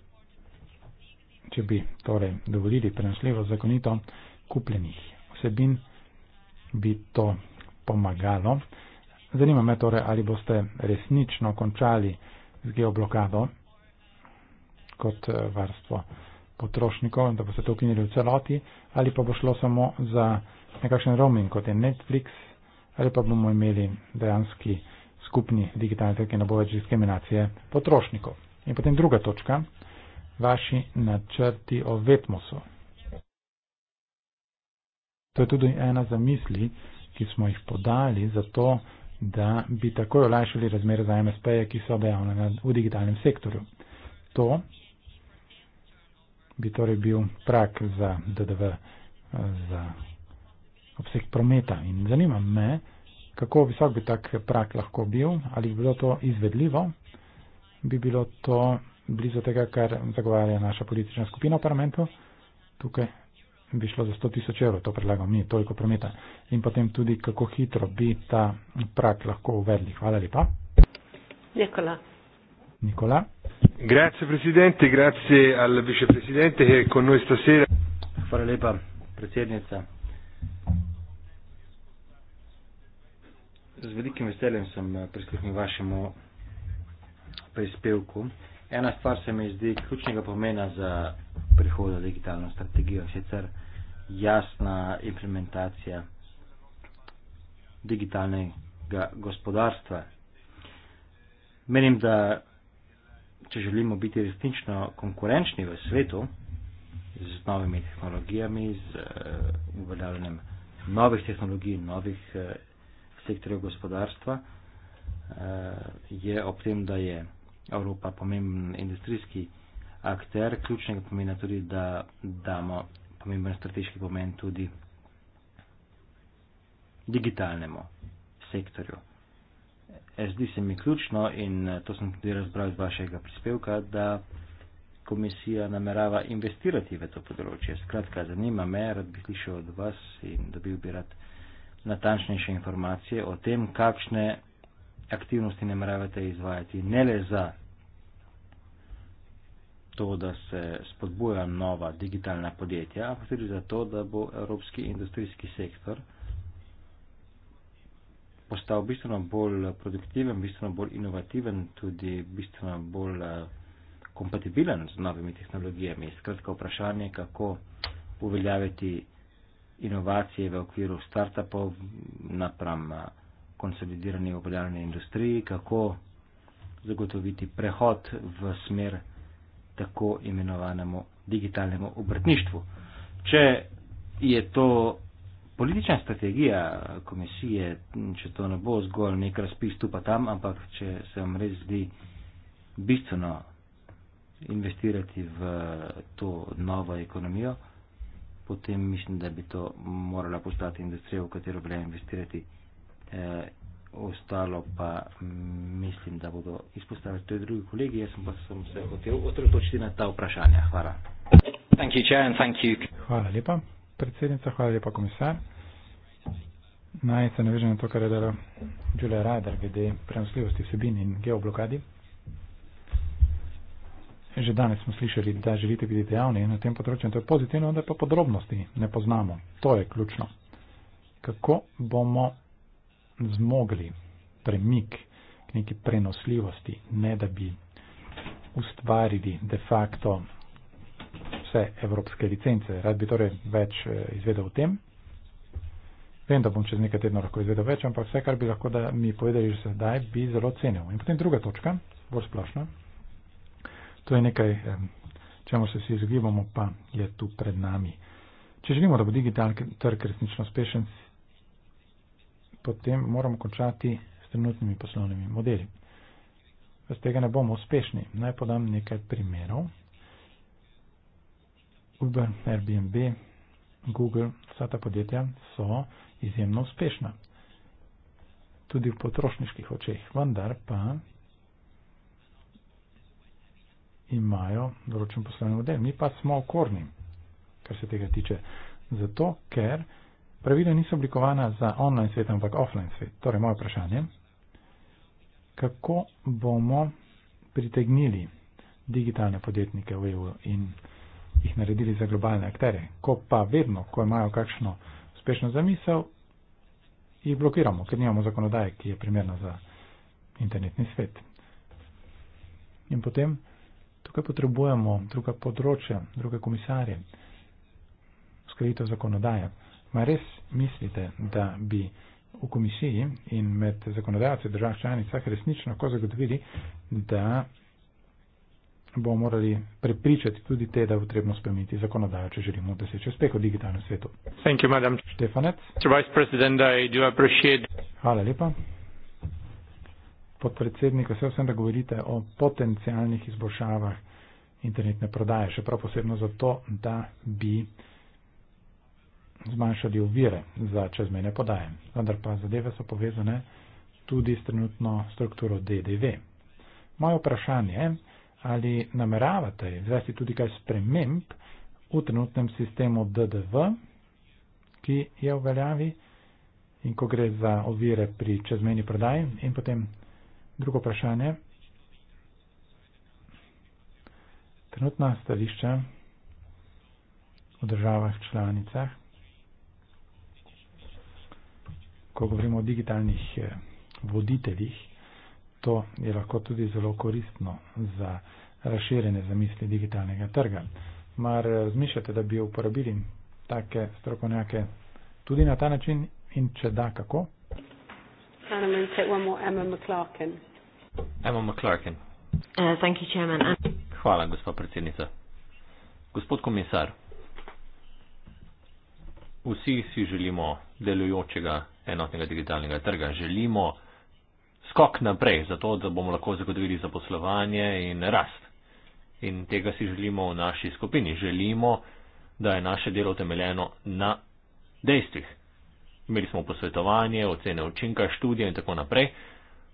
če bi torej, dovolili prenosljivo zakonito kupljenih vsebin, bi to pomagalo. Zanima me torej, ali boste resnično končali z geoblokado kot eh, varstvo potrošnikov, da boste to ukinili v celoti, ali pa bo šlo samo za nekakšen roaming, kot je Netflix, ali pa bomo imeli dejanski skupni digitalni trg, ki ne bo več diskriminacije potrošnikov. In potem druga točka, vaši načrti o vetmosu. To je tudi ena za misli, ki smo jih podali za to, da bi takoj olajšali razmere za MSP-je, ki so dejavne v digitalnem sektorju. To bi torej bil prak za DDV, eh, za obseg prometa. In zanima me, kako visok bi tak prak lahko bil, ali bi bilo to izvedljivo, bi bilo to blizu tega, kar zagovarja naša politična skupina v parlamentu. Tukaj bi šlo za 100 tisoč evrov, to predlagam mi, toliko prometa. In potem tudi, kako hitro bi ta prak lahko uvedli. Hvala lepa. Nikola. Nikola. Grazie presidente, grazie al viceprezidente che è con noi stasera. Hvala lepa, predsednica. z velikim veseljem sem eh, prisluhnil vašemu prispevku. Ena stvar se mi zdi ključnega pomena za prihodno digitalno strategijo, sicer jasna implementacija digitalnega gospodarstva. Menim, da če želimo biti resnično konkurenčni v svetu z novimi tehnologijami, z eh, uveljavljanjem novih tehnologij, novih eh, sektorju gospodarstva eh, je ob tem, da je Evropa pomemben industrijski akter, ključnega pomena tudi, da damo pomemben strateški pomen tudi digitalnemu sektorju. Eh, zdi se mi ključno in eh, to sem tudi razbral iz vašega prispevka, da komisija namerava investirati v to področje. Skratka, zanima me, rad bi slišal od vas in dobil bi rad natančnejše informacije o tem, kakšne aktivnosti nameravate izvajati, ne le za to, da se spodbuja nova digitalna podjetja, ampak tudi za to, da bo evropski industrijski sektor postal bistveno bolj produktiven, bistveno bolj inovativen, tudi bistveno bolj eh, kompatibilen z novimi tehnologijami. Skratka, vprašanje, kako uveljaviti inovacije v okviru startupov napram eh, konsolidirani obdelani industriji, kako zagotoviti prehod v smer tako imenovanemu digitalnemu obrtništvu. Če je to politična strategija komisije, če to ne bo zgolj nek razpis tu pa tam, ampak če se vam res zdi bistveno investirati v to novo ekonomijo, potem mislim, da bi to morala postati industrija, v katero velja investirati. E, ostalo pa mislim, da bodo izpostavili tudi drugi kolegi, jaz pa sem se hotel otrotočiti na ta vprašanja. Hvala. Thank you, Chair, and thank you. Hvala lepa, predsednica, hvala lepa, komisar. Naj se navežem na to, kar je dala Julia Rader, glede prenosljivosti vsebin in geoblokadi že danes smo slišali, da želite biti dejavni na tem področju, to je pozitivno, vendar pa podrobnosti ne poznamo. To je ključno. Kako bomo zmogli premik k neki prenosljivosti, ne da bi ustvarili de facto vse evropske licence. Rad bi torej več eh, izvedel o tem. Vem, da bom čez nekaj tednov lahko izvedel več, ampak vse, kar bi lahko da mi povedali že sedaj, bi zelo cenil. In potem druga točka, bolj splošna. To je nekaj, čemu se vsi izogibamo, pa je tu pred nami. Če želimo, da bo digitalni trg resnično uspešen, potem moramo končati s trenutnimi poslovnimi modeli. Z tega ne bomo uspešni. Naj podam nekaj primerov. Uber, Airbnb, Google, vsa ta podjetja so izjemno uspešna. Tudi v potrošniških očeh, vendar pa imajo določen poslovni model. Mi pa smo okorni, kar se tega tiče. Zato, ker pravila niso oblikovana za online svet, ampak offline svet. Torej, moje vprašanje, kako bomo pritegnili digitalne podjetnike v EU in jih naredili za globalne akterje, ko pa vedno, ko imajo kakšno uspešno zamisel, jih blokiramo, ker nimamo zakonodaje, ki je primerna za internetni svet. In potem, Tukaj potrebujemo druga področja, druge komisarje, skrito zakonodaje. Ma res mislite, da bi v komisiji in med zakonodajalci držav članicah resnično lahko zagotovili, da bomo morali prepričati tudi te, da je potrebno spremeniti zakonodajo, če želimo doseči uspeh v digitalnem svetu. Hvala lepa podpredsednik, vse vsem, da govorite o potencijalnih izboljšavah internetne prodaje, še prav posebno zato, da bi zmanjšali ovire za čezmejne podaje. Vendar pa zadeve so povezane tudi s trenutno strukturo DDV. Moje vprašanje je, ali nameravate izvesti tudi kaj sprememb v trenutnem sistemu DDV, ki je v veljavi in ko gre za ovire pri čezmejni prodaji in potem Drugo vprašanje. Trenutna stališča v državah članicah, ko govorimo o digitalnih eh, voditeljih, to je lahko tudi zelo koristno za razširjene zamisli digitalnega trga. Mar razmišljate, eh, da bi uporabili take strokovnjake tudi na ta način in če da, kako? And I'm going to take one more, Emma McClarkin. Emma McClarkin. Uh, thank you, Chairman. I'm uh, Hvala, gospa predsednica. Gospod komisar, vsi si želimo delujočega enotnega digitalnega trga. Želimo skok naprej, zato da bomo lahko zagotovili zaposlovanje in rast. In tega si želimo v naši skupini. Želimo, da je naše delo temeljeno na dejstvih imeli smo posvetovanje, ocene učinka, študije in tako naprej.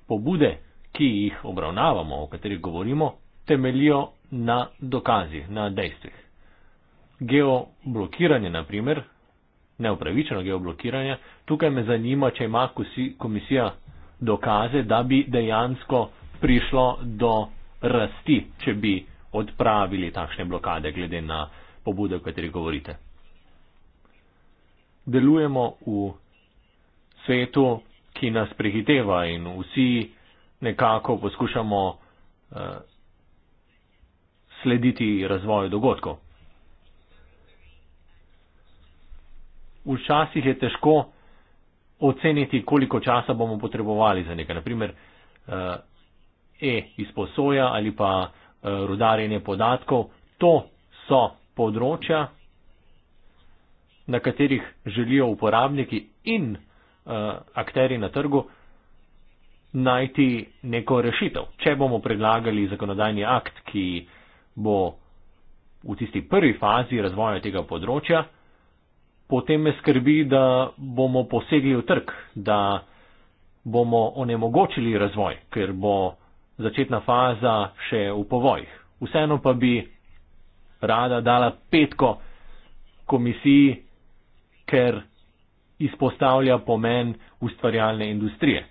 Pobude, ki jih obravnavamo, o katerih govorimo, temelijo na dokazih, na dejstvih. Geoblokiranje, na primer, neupravičeno geoblokiranje, tukaj me zanima, če ima komisija dokaze, da bi dejansko prišlo do rasti, če bi odpravili takšne blokade, glede na pobude, o katerih govorite. Delujemo v svetu, ki nas prehiteva in vsi nekako poskušamo uh, slediti razvoju dogodkov. Včasih je težko oceniti, koliko časa bomo potrebovali za nekaj. Naprimer, uh, eh, e-izposoja ali pa uh, rudarjenje podatkov, to so področja, na katerih želijo uporabniki in Eh, akteri na trgu najti neko rešitev. Če bomo predlagali zakonodajni akt, ki bo v tisti prvi fazi razvoja tega področja, potem me skrbi, da bomo posegli v trg, da bomo onemogočili razvoj, ker bo začetna faza še v povojih. Vseeno pa bi rada dala petko komisiji, ker izpostavlja pomen ustvarjalne industrije.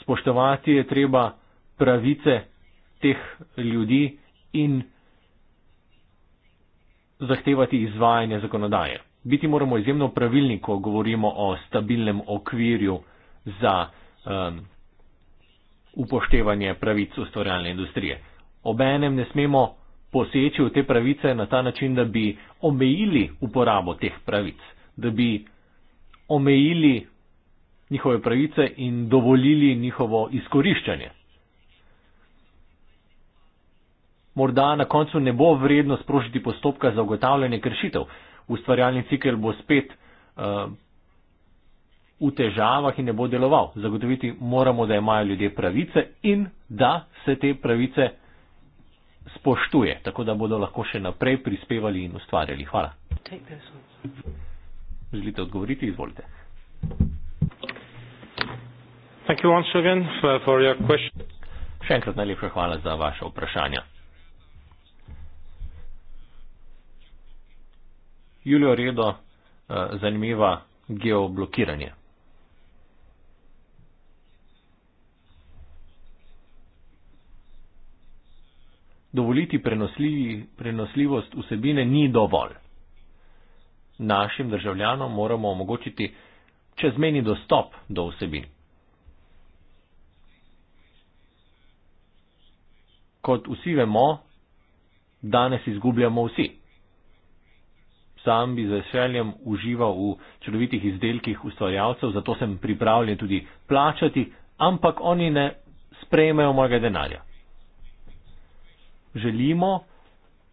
Spoštovati je treba pravice teh ljudi in zahtevati izvajanje zakonodaje. Biti moramo izjemno pravilni, ko govorimo o stabilnem okvirju za um, upoštevanje pravic ustvarjalne industrije. Obenem ne smemo poseči v te pravice na ta način, da bi omejili uporabo teh pravic, da bi omejili njihove pravice in dovolili njihovo izkoriščanje. Morda na koncu ne bo vredno sprožiti postopka za ugotavljanje kršitev. Ustvarjalni cikl bo spet uh, v težavah in ne bo deloval. Zagotoviti moramo, da imajo ljudje pravice in da se te pravice spoštuje, tako da bodo lahko še naprej prispevali in ustvarjali. Hvala želite odgovoriti, izvolite. Še enkrat najlepša hvala za vaše vprašanje. Julio Redo, eh, zanimiva geoblokiranje. Dovoliti prenosljivost vsebine ni dovolj našim državljanom moramo omogočiti čezmeni dostop do vsebin. Kot vsi vemo, danes izgubljamo vsi. Sam bi z veseljem užival v čudovitih izdelkih ustvarjalcev, zato sem pripravljen tudi plačati, ampak oni ne sprejmejo mojega denarja. Želimo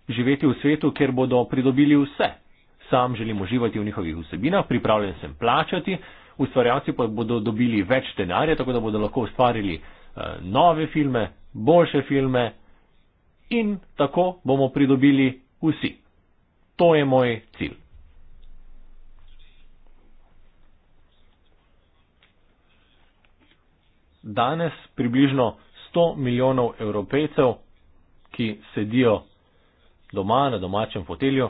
živeti v svetu, kjer bodo pridobili vse, sam želim uživati v njihovih vsebinah, pripravljen sem plačati, ustvarjalci pa bodo dobili več denarja, tako da bodo lahko ustvarili eh, nove filme, boljše filme in tako bomo pridobili vsi. To je moj cilj. Danes približno 100 milijonov evropejcev, ki sedijo doma na domačem fotelju,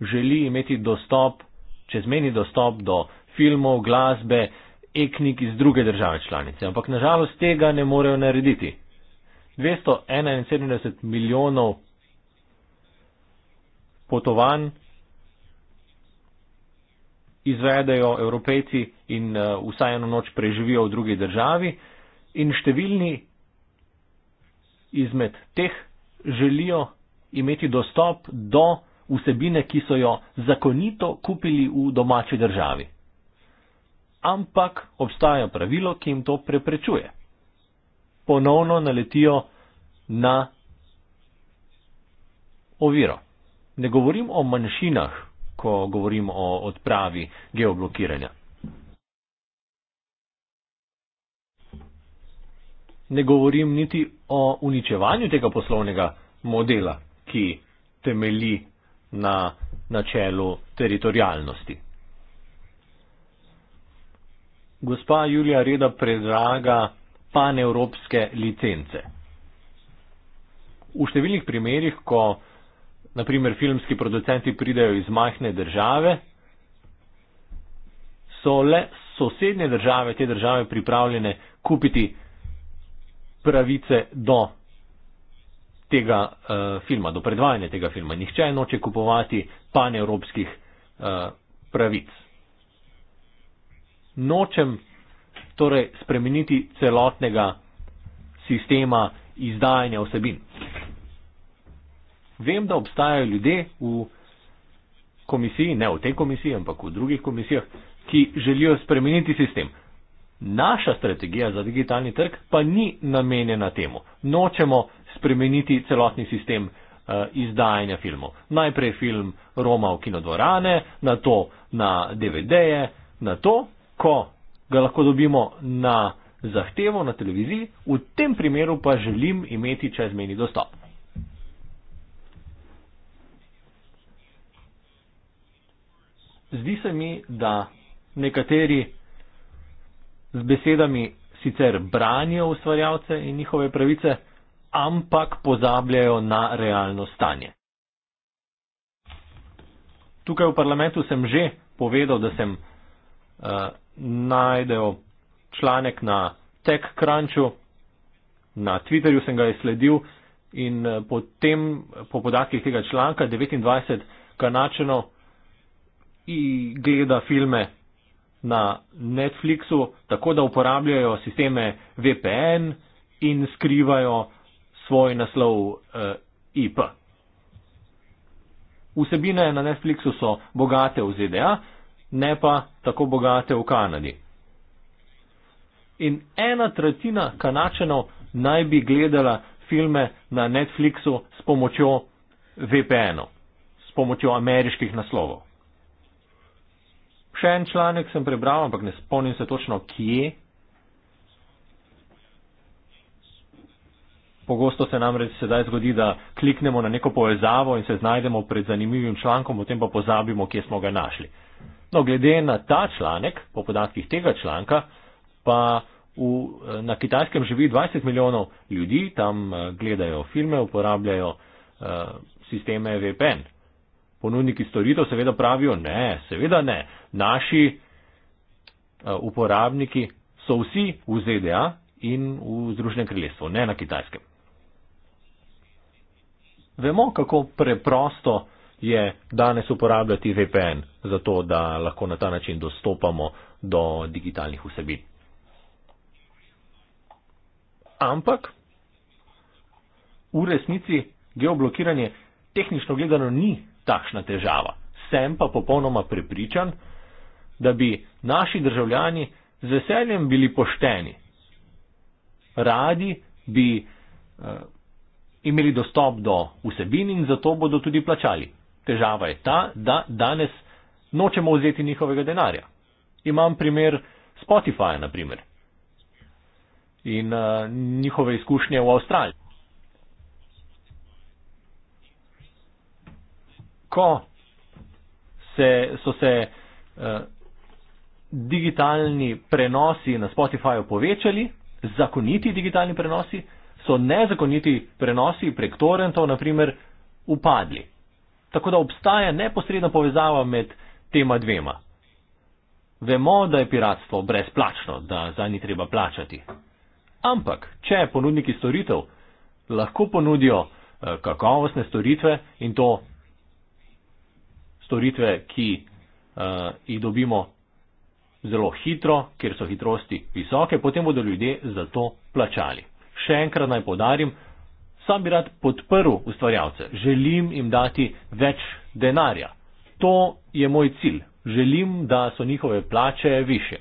želi imeti dostop, čezmeni dostop do filmov, glasbe, e-knjig iz druge države članice. Ampak nažalost tega ne morejo narediti. 271 milijonov potovanj izvedejo evropejci in uh, vsaj eno noč preživijo v drugi državi in številni izmed teh želijo imeti dostop do vsebine, ki so jo zakonito kupili v domači državi. Ampak obstaja pravilo, ki jim to preprečuje. Ponovno naletijo na oviro. Ne govorim o manjšinah, ko govorim o odpravi geoblokiranja. Ne govorim niti o uničevanju tega poslovnega modela, ki temelji na načelu teritorijalnosti. Gospa Julija Reda predraga panevropske licence. V številnih primerjih, ko naprimer filmski producenti pridejo iz majhne države, so le sosednje države te države pripravljene kupiti pravice do tega uh, filma, do predvajanja tega filma. Nihče ne hoče kupovati panevropskih uh, pravic. Nočem torej spremeniti celotnega sistema izdajanja osebin. Vem, da obstajajo ljudje v komisiji, ne v tej komisiji, ampak v drugih komisijah, ki želijo spremeniti sistem. Naša strategija za digitalni trg pa ni namenjena temu. Nočemo spremeniti celotni sistem uh, izdajanja filmov. Najprej film Roma v kinodvorane, na to na DVD-je, na to, ko ga lahko dobimo na zahtevo na televiziji, v tem primeru pa želim imeti čezmeni dostop. Zdi se mi, da nekateri z besedami sicer branijo ustvarjalce in njihove pravice, ampak pozabljajo na realno stanje. Tukaj v parlamentu sem že povedal, da sem uh, najdel članek na TechCrunchu, na Twitterju sem ga je sledil in eh, potem po podatkih tega članka 29 kanačeno gleda filme na Netflixu, tako da uporabljajo sisteme VPN in skrivajo svoj naslov uh, eh, IP. Vsebine na Netflixu so bogate v ZDA, ne pa tako bogate v Kanadi. In ena tretjina kanačenov naj bi gledala filme na Netflixu s pomočjo VPN-ov, s pomočjo ameriških naslovov. Še en članek sem prebral, ampak ne spomnim se točno kje. Pogosto se nam reč sedaj zgodi, da kliknemo na neko povezavo in se znajdemo pred zanimivim člankom, potem pa pozabimo, kje smo ga našli. No, glede na ta članek, po podatkih tega članka, pa v, na kitajskem živi 20 milijonov ljudi, tam eh, gledajo filme, uporabljajo uh, sisteme VPN ponudniki storitev seveda pravijo ne, seveda ne. Naši eh, uporabniki so vsi v ZDA in v Združenem kraljestvu, ne na kitajskem. Vemo, kako preprosto je danes uporabljati VPN, zato da lahko na ta način dostopamo do digitalnih vsebin. Ampak v resnici geoblokiranje tehnično gledano ni takšna težava. Sem pa popolnoma prepričan, da bi naši državljani z veseljem bili pošteni. Radi bi eh, imeli dostop do vsebin in zato bodo tudi plačali. Težava je ta, da danes nočemo vzeti njihovega denarja. Imam primer Spotify, naprimer, in eh, njihove izkušnje v Avstraliji. ko se, so se uh, digitalni prenosi na Spotifyju povečali, zakoniti digitalni prenosi, so nezakoniti prenosi prek torrentov, naprimer, upadli. Tako da obstaja neposredna povezava med tema dvema. Vemo, da je piratstvo brezplačno, da za njih treba plačati. Ampak, če ponudniki storitev lahko ponudijo eh, kakovostne storitve in to storitve, ki uh, jih dobimo zelo hitro, ker so hitrosti visoke, potem bodo ljudje za to plačali. Še enkrat naj podarim, sam bi rad podprl ustvarjalce, želim jim dati več denarja. To je moj cilj. Želim, da so njihove plače više.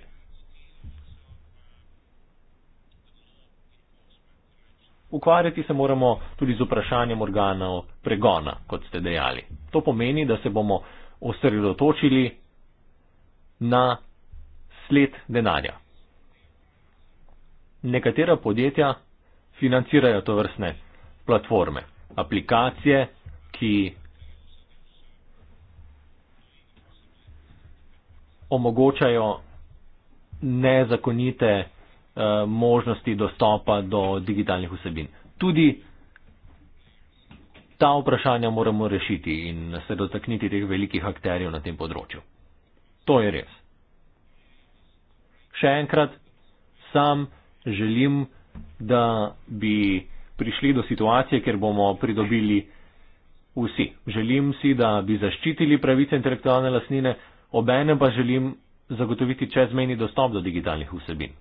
Ukvarjati se moramo tudi z vprašanjem organov pregona, kot ste dejali. To pomeni, da se bomo osredotočili na sled denarja. Nekatera podjetja financirajo to vrstne platforme, aplikacije, ki omogočajo nezakonite Eh, možnosti dostopa do digitalnih vsebin. Tudi ta vprašanja moramo rešiti in se dotakniti teh velikih akterjev na tem področju. To je res. Še enkrat, sam želim, da bi prišli do situacije, kjer bomo pridobili vsi. Želim si, da bi zaščitili pravice intelektualne lasnine, obene pa želim zagotoviti čezmeni dostop do digitalnih vsebin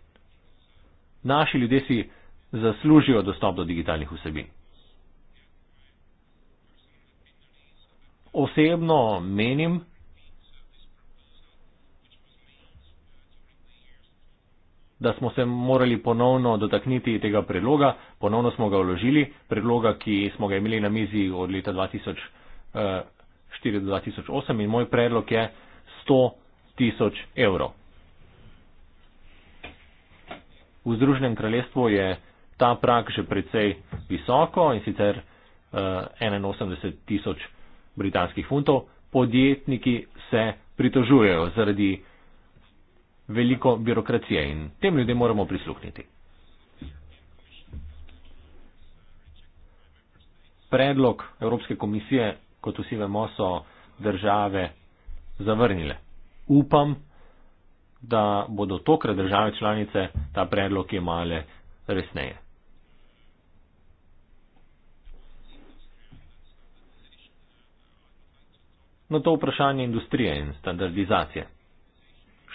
naši ljudje si zaslužijo dostop do digitalnih vsebin. Osebno menim, da smo se morali ponovno dotakniti tega predloga, ponovno smo ga vložili, predloga, ki smo ga imeli na mizi od leta 2004 eh, do 2008 in moj predlog je 100 tisoč evrov. V Združenem kraljestvu je ta prak že precej visoko in sicer uh, eh, 81 tisoč britanskih funtov. Podjetniki se pritožujejo zaradi veliko birokracije in tem ljudem moramo prisluhniti. Predlog Evropske komisije, kot vsi vemo, so države zavrnile. Upam, da bodo tokrat države članice ta predlog imale resneje. Na to vprašanje industrije in standardizacije.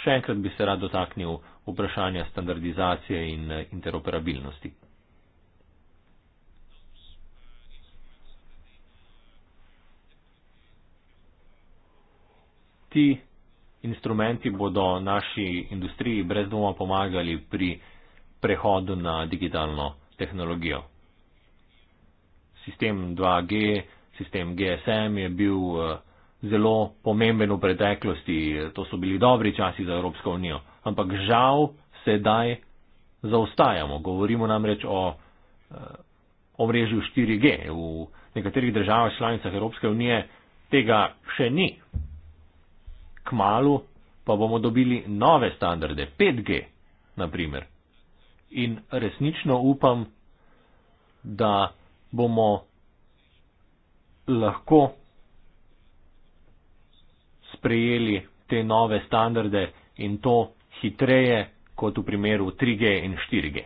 Še enkrat bi se rad dotaknil vprašanja standardizacije in eh, interoperabilnosti. Ti instrumenti bodo naši industriji brez dvoma pomagali pri prehodu na digitalno tehnologijo. Sistem 2G, sistem GSM je bil eh, zelo pomemben v preteklosti, to so bili dobri časi za Evropsko unijo, ampak žal sedaj zaostajamo. Govorimo namreč o eh, omrežju 4G. V nekaterih državah članicah Evropske unije tega še ni kmalu pa bomo dobili nove standarde, 5G, naprimer. In resnično upam, da bomo lahko sprejeli te nove standarde in to hitreje kot v primeru 3G in 4G.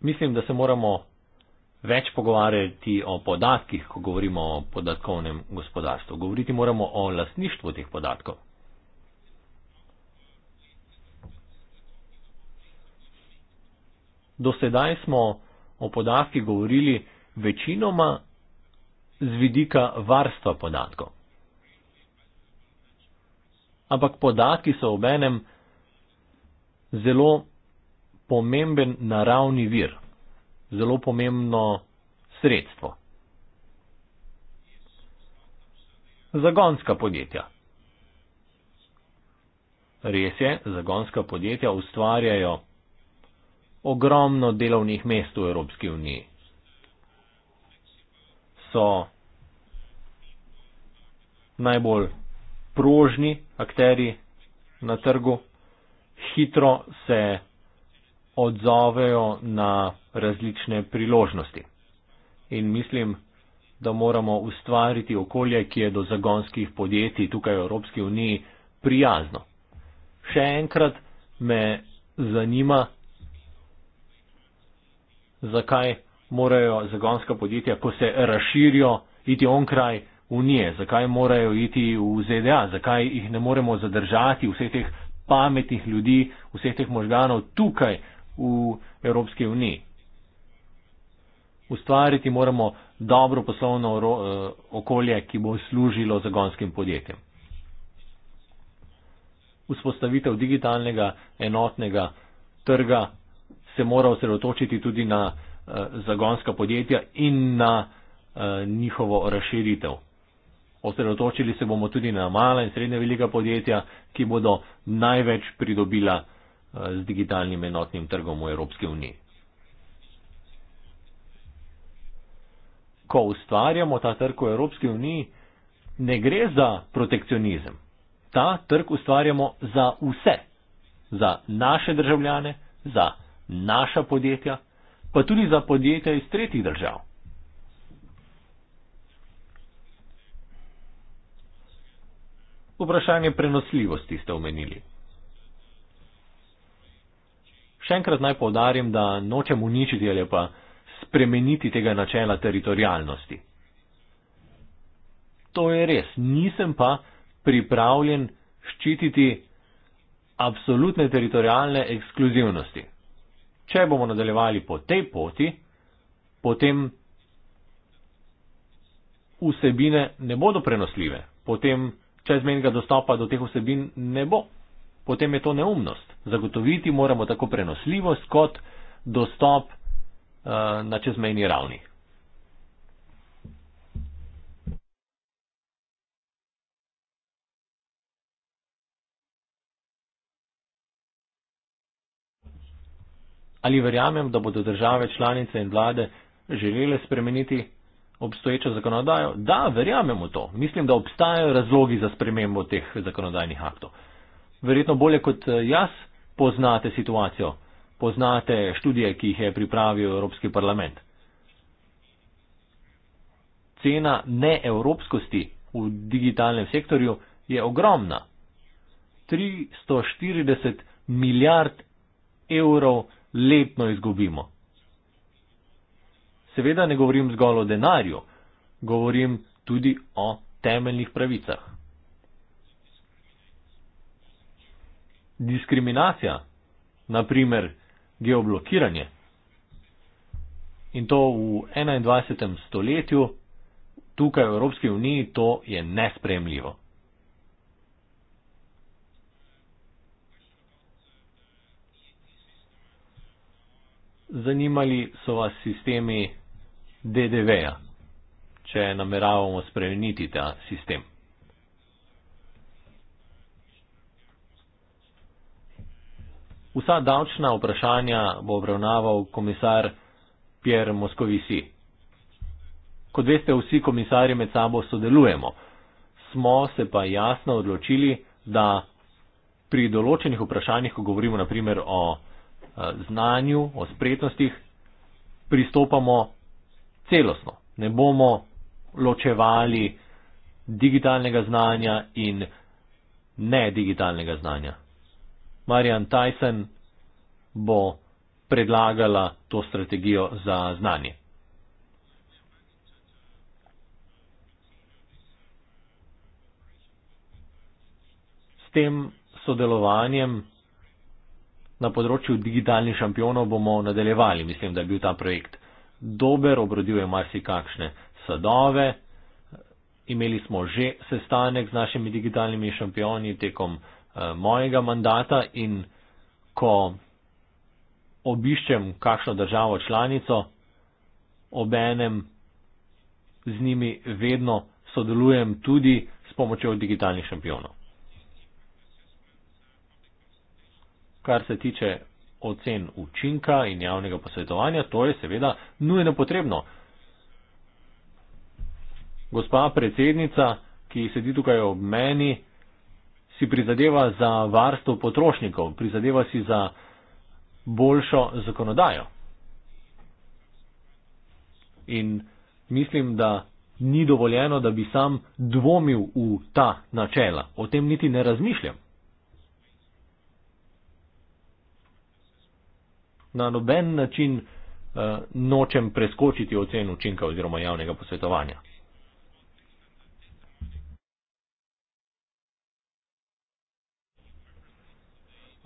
Mislim, da se moramo več pogovarjati o podatkih, ko govorimo o podatkovnem gospodarstvu. Govoriti moramo o lasništvu teh podatkov. Do sedaj smo o podatkih govorili večinoma z vidika varstva podatkov. Ampak podatki so ob enem zelo pomemben naravni vir zelo pomembno sredstvo. Zagonska podjetja. Res je, zagonska podjetja ustvarjajo ogromno delovnih mest v Evropski uniji. So najbolj prožni akteri na trgu, hitro se odzovejo na različne priložnosti. In mislim, da moramo ustvariti okolje, ki je do zagonskih podjetij tukaj v Evropski uniji prijazno. Še enkrat me zanima, zakaj morajo zagonska podjetja, ko se razširijo, iti onkraj unije, zakaj morajo iti v ZDA, zakaj jih ne moremo zadržati vseh teh pametnih ljudi, vseh teh možganov tukaj v Evropski uniji. Ustvariti moramo dobro poslovno eh, okolje, ki bo služilo zagonskim podjetjem. Vzpostavitev digitalnega enotnega trga se mora osredotočiti tudi na eh, zagonska podjetja in na eh, njihovo razširitev. Osredotočili se bomo tudi na mala in srednja velika podjetja, ki bodo največ pridobila. Eh, z digitalnim enotnim trgom v Evropski uniji. Ko ustvarjamo ta trg v Evropski uniji, ne gre za protekcionizem. Ta trg ustvarjamo za vse, za naše državljane, za naša podjetja, pa tudi za podjetja iz tretjih držav. Vprašanje prenosljivosti ste omenili. Še enkrat naj povdarim, da nočem uničiti ali pa spremeniti tega načela teritorijalnosti. To je res, nisem pa pripravljen ščititi absolutne teritorijalne ekskluzivnosti. Če bomo nadaljevali po tej poti, potem vsebine ne bodo prenosljive, potem čezmenjega dostopa do teh vsebin ne bo potem je to neumnost. Zagotoviti moramo tako prenosljivost kot dostop uh, na čezmejni ravni. Ali verjamem, da bodo države članice in vlade želele spremeniti obstoječo zakonodajo? Da, verjamem v to. Mislim, da obstajajo razlogi za spremembo teh zakonodajnih aktov. Uh, verjetno bolje kot eh, jaz poznate situacijo, poznate študije, ki jih je pripravil Evropski parlament. Cena neevropskosti v digitalnem sektorju je ogromna. 340 milijard evrov letno izgubimo. Seveda ne govorim zgolj o denarju, govorim tudi o temeljnih pravicah. diskriminacija, naprimer geoblokiranje. In to v 21. stoletju, tukaj v Evropski uniji, to je nespremljivo. Zanimali so vas sistemi DDV-ja, če nameravamo spremeniti ta sistem. Vsa davčna vprašanja bo obravnaval komisar Pierre Moscovici. Kot veste, vsi komisarji med sabo sodelujemo. Smo se pa jasno odločili, da pri določenih vprašanjih, ko govorimo naprimer o eh, znanju, o spretnostih, pristopamo celosno. Ne bomo ločevali digitalnega znanja in ne digitalnega znanja. Marjan Tyson bo predlagala to strategijo za znanje. S tem sodelovanjem na področju digitalnih šampionov bomo nadaljevali. Mislim, da je bil ta projekt dober, obrodil je marsikakšne sadove. Imeli smo že sestanek z našimi digitalnimi šampioni tekom Eh, mojega mandata in ko obiščem kakšno državo članico, ob enem z njimi vedno sodelujem tudi s pomočjo digitalnih šampionov. Kar se tiče ocen učinka in javnega posvetovanja, to je seveda nujno potrebno. Gospa predsednica, ki sedi tukaj ob meni, si prizadeva za varstvo potrošnikov, prizadeva si za boljšo zakonodajo. In mislim, da ni dovoljeno, da bi sam dvomil v ta načela. O tem niti ne razmišljam. Na noben način uh, nočem preskočiti ocen učinka oziroma javnega posvetovanja.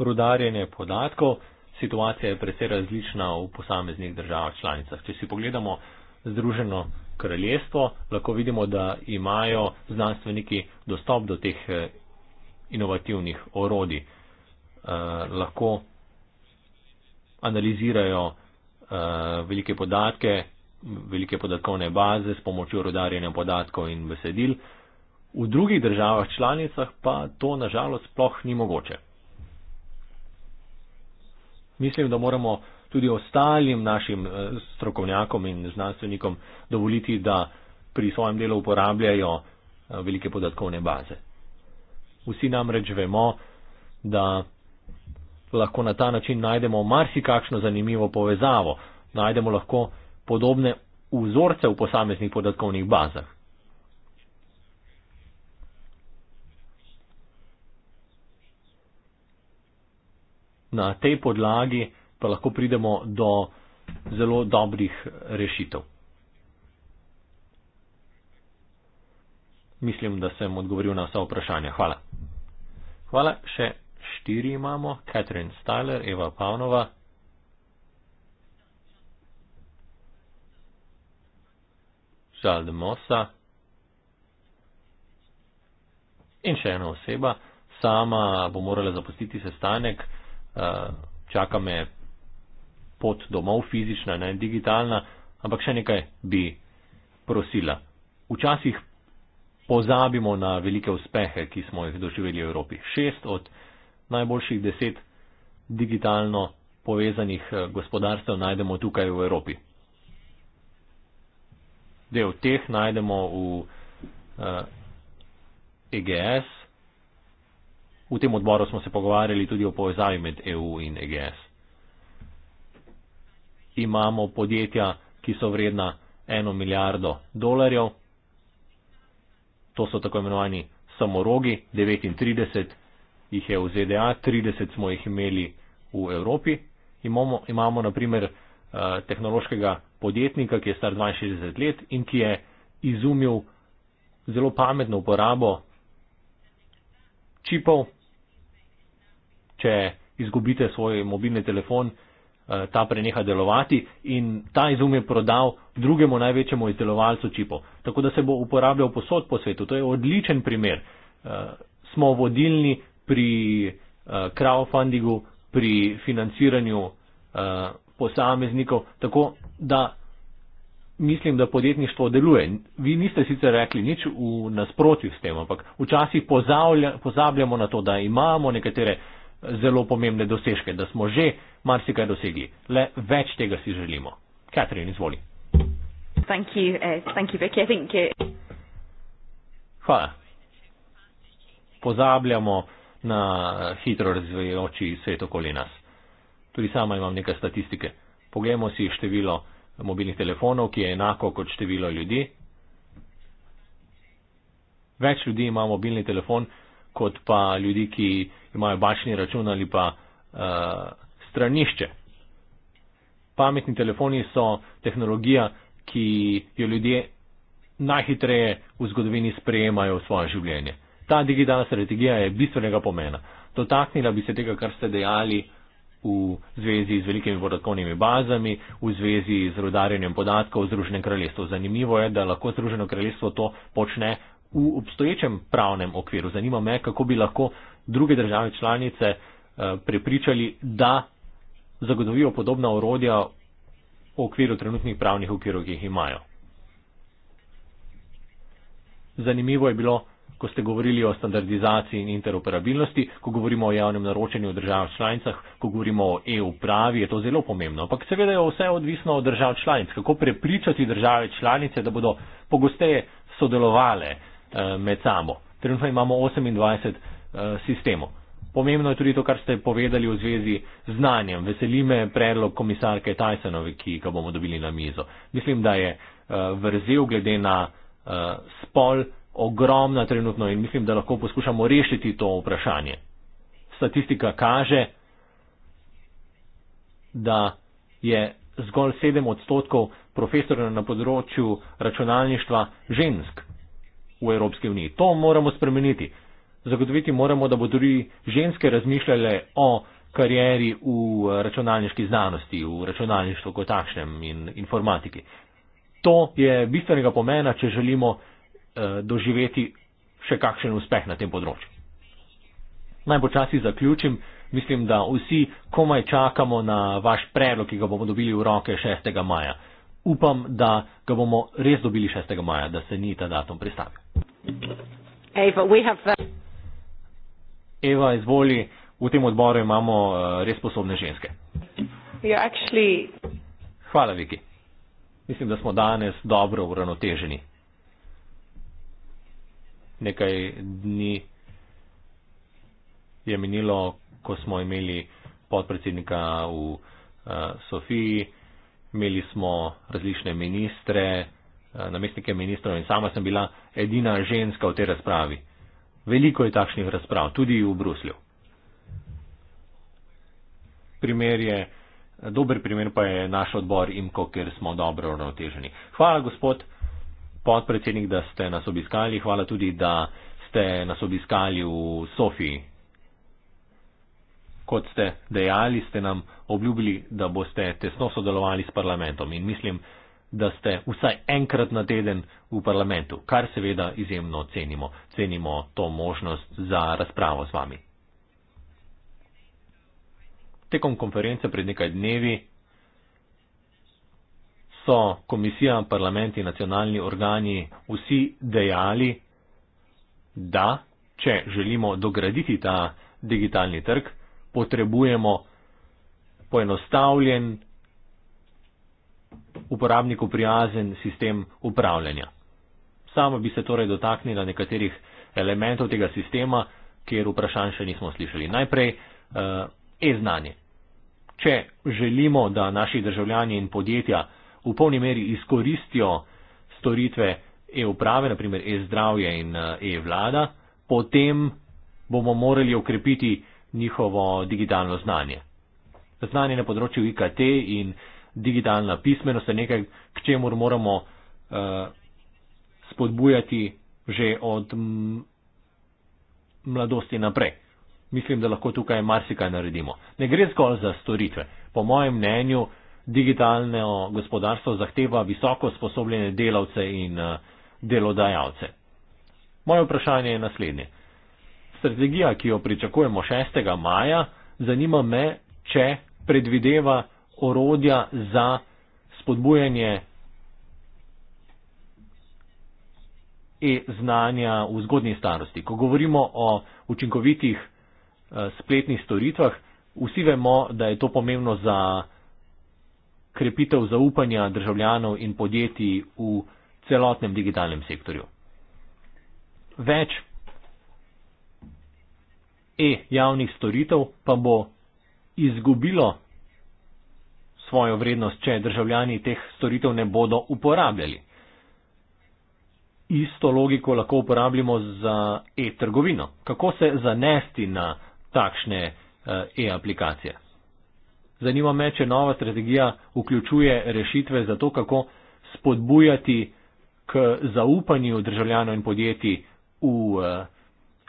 rudarjenje podatkov. Situacija je precej različna v posameznih državah članicah. Če si pogledamo Združeno kraljestvo, lahko vidimo, da imajo znanstveniki dostop do teh eh, inovativnih orodij. Eh, lahko analizirajo eh, velike podatke, velike podatkovne baze s pomočjo rodarjenja podatkov in besedil. V drugih državah članicah pa to nažalost sploh ni mogoče mislim, da moramo tudi ostalim našim eh, strokovnjakom in znanstvenikom dovoliti, da pri svojem delu uporabljajo eh, velike podatkovne baze. Vsi namreč vemo, da lahko na ta način najdemo marsikakšno zanimivo povezavo, najdemo lahko podobne vzorce v posameznih podatkovnih bazah. na tej podlagi pa lahko pridemo do zelo dobrih rešitev. Mislim, da sem odgovoril na vsa vprašanja. Hvala. Hvala. Še štiri imamo. Catherine Styler, Eva Pavnova. Žal de Mosa. In še ena oseba. Sama bo morala zapustiti sestanek. Eh, čaka me pot domov, fizična, ne digitalna, ampak še nekaj bi prosila. Včasih pozabimo na velike uspehe, ki smo jih doživeli v Evropi. Šest od najboljših deset digitalno povezanih eh, gospodarstev najdemo tukaj v Evropi. Del teh najdemo v uh, eh, EGS, V tem odboru smo se pogovarjali tudi o povezavi med EU in EGS. Imamo podjetja, ki so vredna eno milijardo dolarjev. To so tako imenovani samorogi, 39 jih je v ZDA, 30 smo jih imeli v Evropi. Imamo, imamo naprimer eh, tehnološkega podjetnika, ki je star 62 let in ki je izumil zelo pametno uporabo čipov, če izgubite svoj mobilni telefon, eh, ta preneha delovati in ta izum je prodal drugemu največjemu izdelovalcu čipov. Tako da se bo uporabljal posod po svetu. To je odličen primer. Eh, smo vodilni pri eh, crowdfundingu, pri financiranju posameznikov, tako da mislim, da podjetništvo deluje. Vi niste sicer rekli nič v nasprotju s tem, ampak včasih pozabljamo na to, da imamo nekatere zelo pomembne dosežke, da smo že marsikaj dosegli. Le več tega si želimo. Katrin, izvoli. Thank you, uh, thank you, Vicky. I think Hvala. Pozabljamo na hitro razvijajoči svet okoli nas. Tudi sama imam nekaj statistike. Poglejmo si število mobilnih telefonov, ki je enako kot število ljudi. Več ljudi ima mobilni telefon, kot pa ljudi, ki imajo bačni račun ali pa uh, stranišče. Pametni telefoni so tehnologija, ki jo ljudje najhitreje v zgodovini sprejemajo v svoje življenje. Ta digitalna strategija je bistvenega pomena. Dotaknila bi se tega, kar ste dejali v zvezi z velikimi podatkovnimi bazami, v zvezi z rodarjenjem podatkov v Združenem kraljestvu. Zanimivo je, da lahko Združeno kraljestvo to počne v obstoječem pravnem okviru. Zanima me, kako bi lahko druge države članice eh, prepričali, da zagotovijo podobna orodja v okviru trenutnih pravnih okvirov, ki jih imajo. Zanimivo je bilo, ko ste govorili o standardizaciji in interoperabilnosti, ko govorimo o javnem naročanju v držav članicah, ko govorimo o e-upravi, je to zelo pomembno. Ampak seveda je vse odvisno od držav članic. Kako prepričati države članice, da bodo pogosteje sodelovale Eh, med sabo. Trenutno imamo 28 eh, sistemov. Pomembno je tudi to, kar ste povedali v zvezi z znanjem. Veseli me predlog komisarke Tysonove, ki ga bomo dobili na mizo. Mislim, da je eh, vrzel glede na spol ogromna trenutno in mislim, da lahko poskušamo rešiti to vprašanje. Statistika kaže, da je zgolj 7 odstotkov profesorjev na področju računalništva žensk v Evropski uniji. To moramo spremeniti. Zagotoviti moramo, da bodo tudi ženske razmišljale o karieri v računalniški znanosti, v računalništvu kot takšnem in informatiki. To je bistvenega pomena, če želimo eh, doživeti še kakšen uspeh na tem področju. Naj počasi zaključim. Mislim, da vsi komaj čakamo na vaš predlog, ki ga bomo dobili v roke 6. maja upam, da ga bomo res dobili 6. maja, da se ni ta datum pristavil. Eva, uh, izvoli, v tem odboru imamo uh, res sposobne ženske. Actually... Hvala, Viki. Mislim, da smo danes dobro uravnoteženi. Nekaj dni je minilo, ko smo imeli podpredsednika v uh, Sofiji imeli smo različne ministre, eh, namestnike ministrov in sama sem bila edina ženska v tej razpravi. Veliko je takšnih razprav, tudi v Bruslju. Primer je, dober primer pa je naš odbor IMKO, kjer smo dobro uravnoteženi. Hvala, gospod podpredsednik, da ste nas obiskali. Hvala tudi, da ste nas obiskali v Sofiji. Kot ste dejali, ste nam obljubili, da boste tesno sodelovali s parlamentom in mislim, da ste vsaj enkrat na teden v parlamentu, kar seveda izjemno cenimo. Cenimo to možnost za razpravo z vami. Tekom konference pred nekaj dnevi so komisija, parlament in nacionalni organi vsi dejali, da če želimo dograditi ta digitalni trg, potrebujemo poenostavljen, uporabniku prijazen sistem upravljanja. Samo bi se torej dotaknila nekaterih elementov tega sistema, kjer vprašanj še nismo slišali. Najprej eh, e-znanje. Če želimo, da naši državljani in podjetja v polni meri izkoristijo storitve e-uprave, naprimer e-zdravje in eh, e-vlada, potem bomo morali okrepiti njihovo digitalno znanje. Znanje na področju IKT in digitalna pismenost je nekaj, k čemu moramo uh, spodbujati že od mladosti naprej. Mislim, da lahko tukaj marsikaj naredimo. Ne gre zgolj za storitve. Po mojem mnenju, digitalno gospodarstvo zahteva visoko sposobljene delavce in uh, delodajalce. Moje vprašanje je naslednje strategija, ki jo pričakujemo 6. maja, zanima me, če predvideva orodja za spodbujanje e-znanja v zgodnji starosti. Ko govorimo o učinkovitih eh, spletnih storitvah, vsi vemo, da je to pomembno za krepitev zaupanja državljanov in podjetij v celotnem digitalnem sektorju. Več e-javnih storitev pa bo izgubilo svojo vrednost, če državljani teh storitev ne bodo uporabljali. Isto logiko lahko uporabljamo za e-trgovino. Kako se zanesti na takšne eh, e-aplikacije? Zanima me, če nova strategija vključuje rešitve za to, kako spodbujati k zaupanju državljanov in podjetij v uh,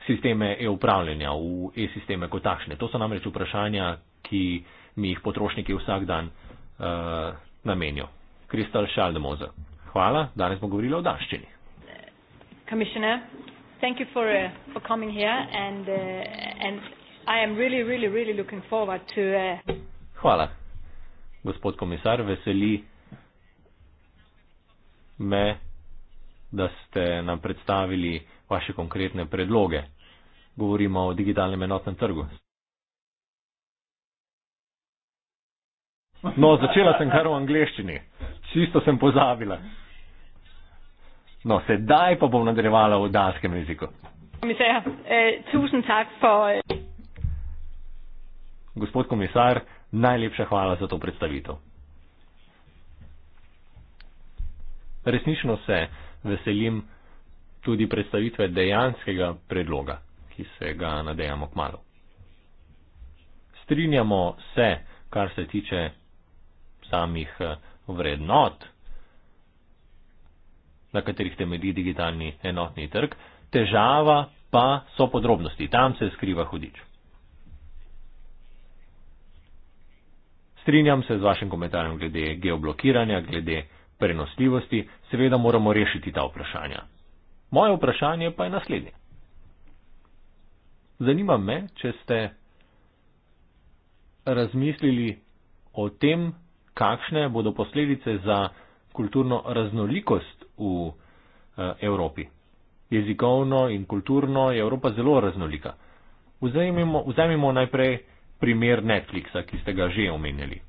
sisteme e-upravljanja, v e-sisteme kot takšne. To so namreč vprašanja, ki mi jih potrošniki vsak dan uh, namenijo. Kristal Šaldemoza. Hvala, danes smo govorili o daščini. Eh, eh, Hvala, gospod komisar, veseli me, da ste nam predstavili vaše konkretne predloge. Govorimo o digitalnem enotnem trgu. No, začela sem kar v angleščini. Čisto sem pozabila. No, sedaj pa bom nadaljevala v danskem jeziku. Komisar, eh, tusen tak for... Eh. Gospod komisar, najlepša hvala za to predstavitev. Resnično se veselim tudi predstavitve dejanskega predloga, ki se ga nadejamo k malu. Strinjamo se, kar se tiče samih eh, vrednot, na katerih temelji digitalni enotni trg, težava pa so podrobnosti, tam se skriva hudič. Strinjam se z vašim komentarjem glede geoblokiranja, glede prenosljivosti, seveda moramo rešiti ta vprašanja. Moje vprašanje pa je naslednje. Zanima me, če ste razmislili o tem, kakšne bodo posledice za kulturno raznolikost v eh, Evropi. Jezikovno in kulturno je Evropa zelo raznolika. Vzemimo, vzemimo najprej primer Netflixa, ki ste ga že omenjali.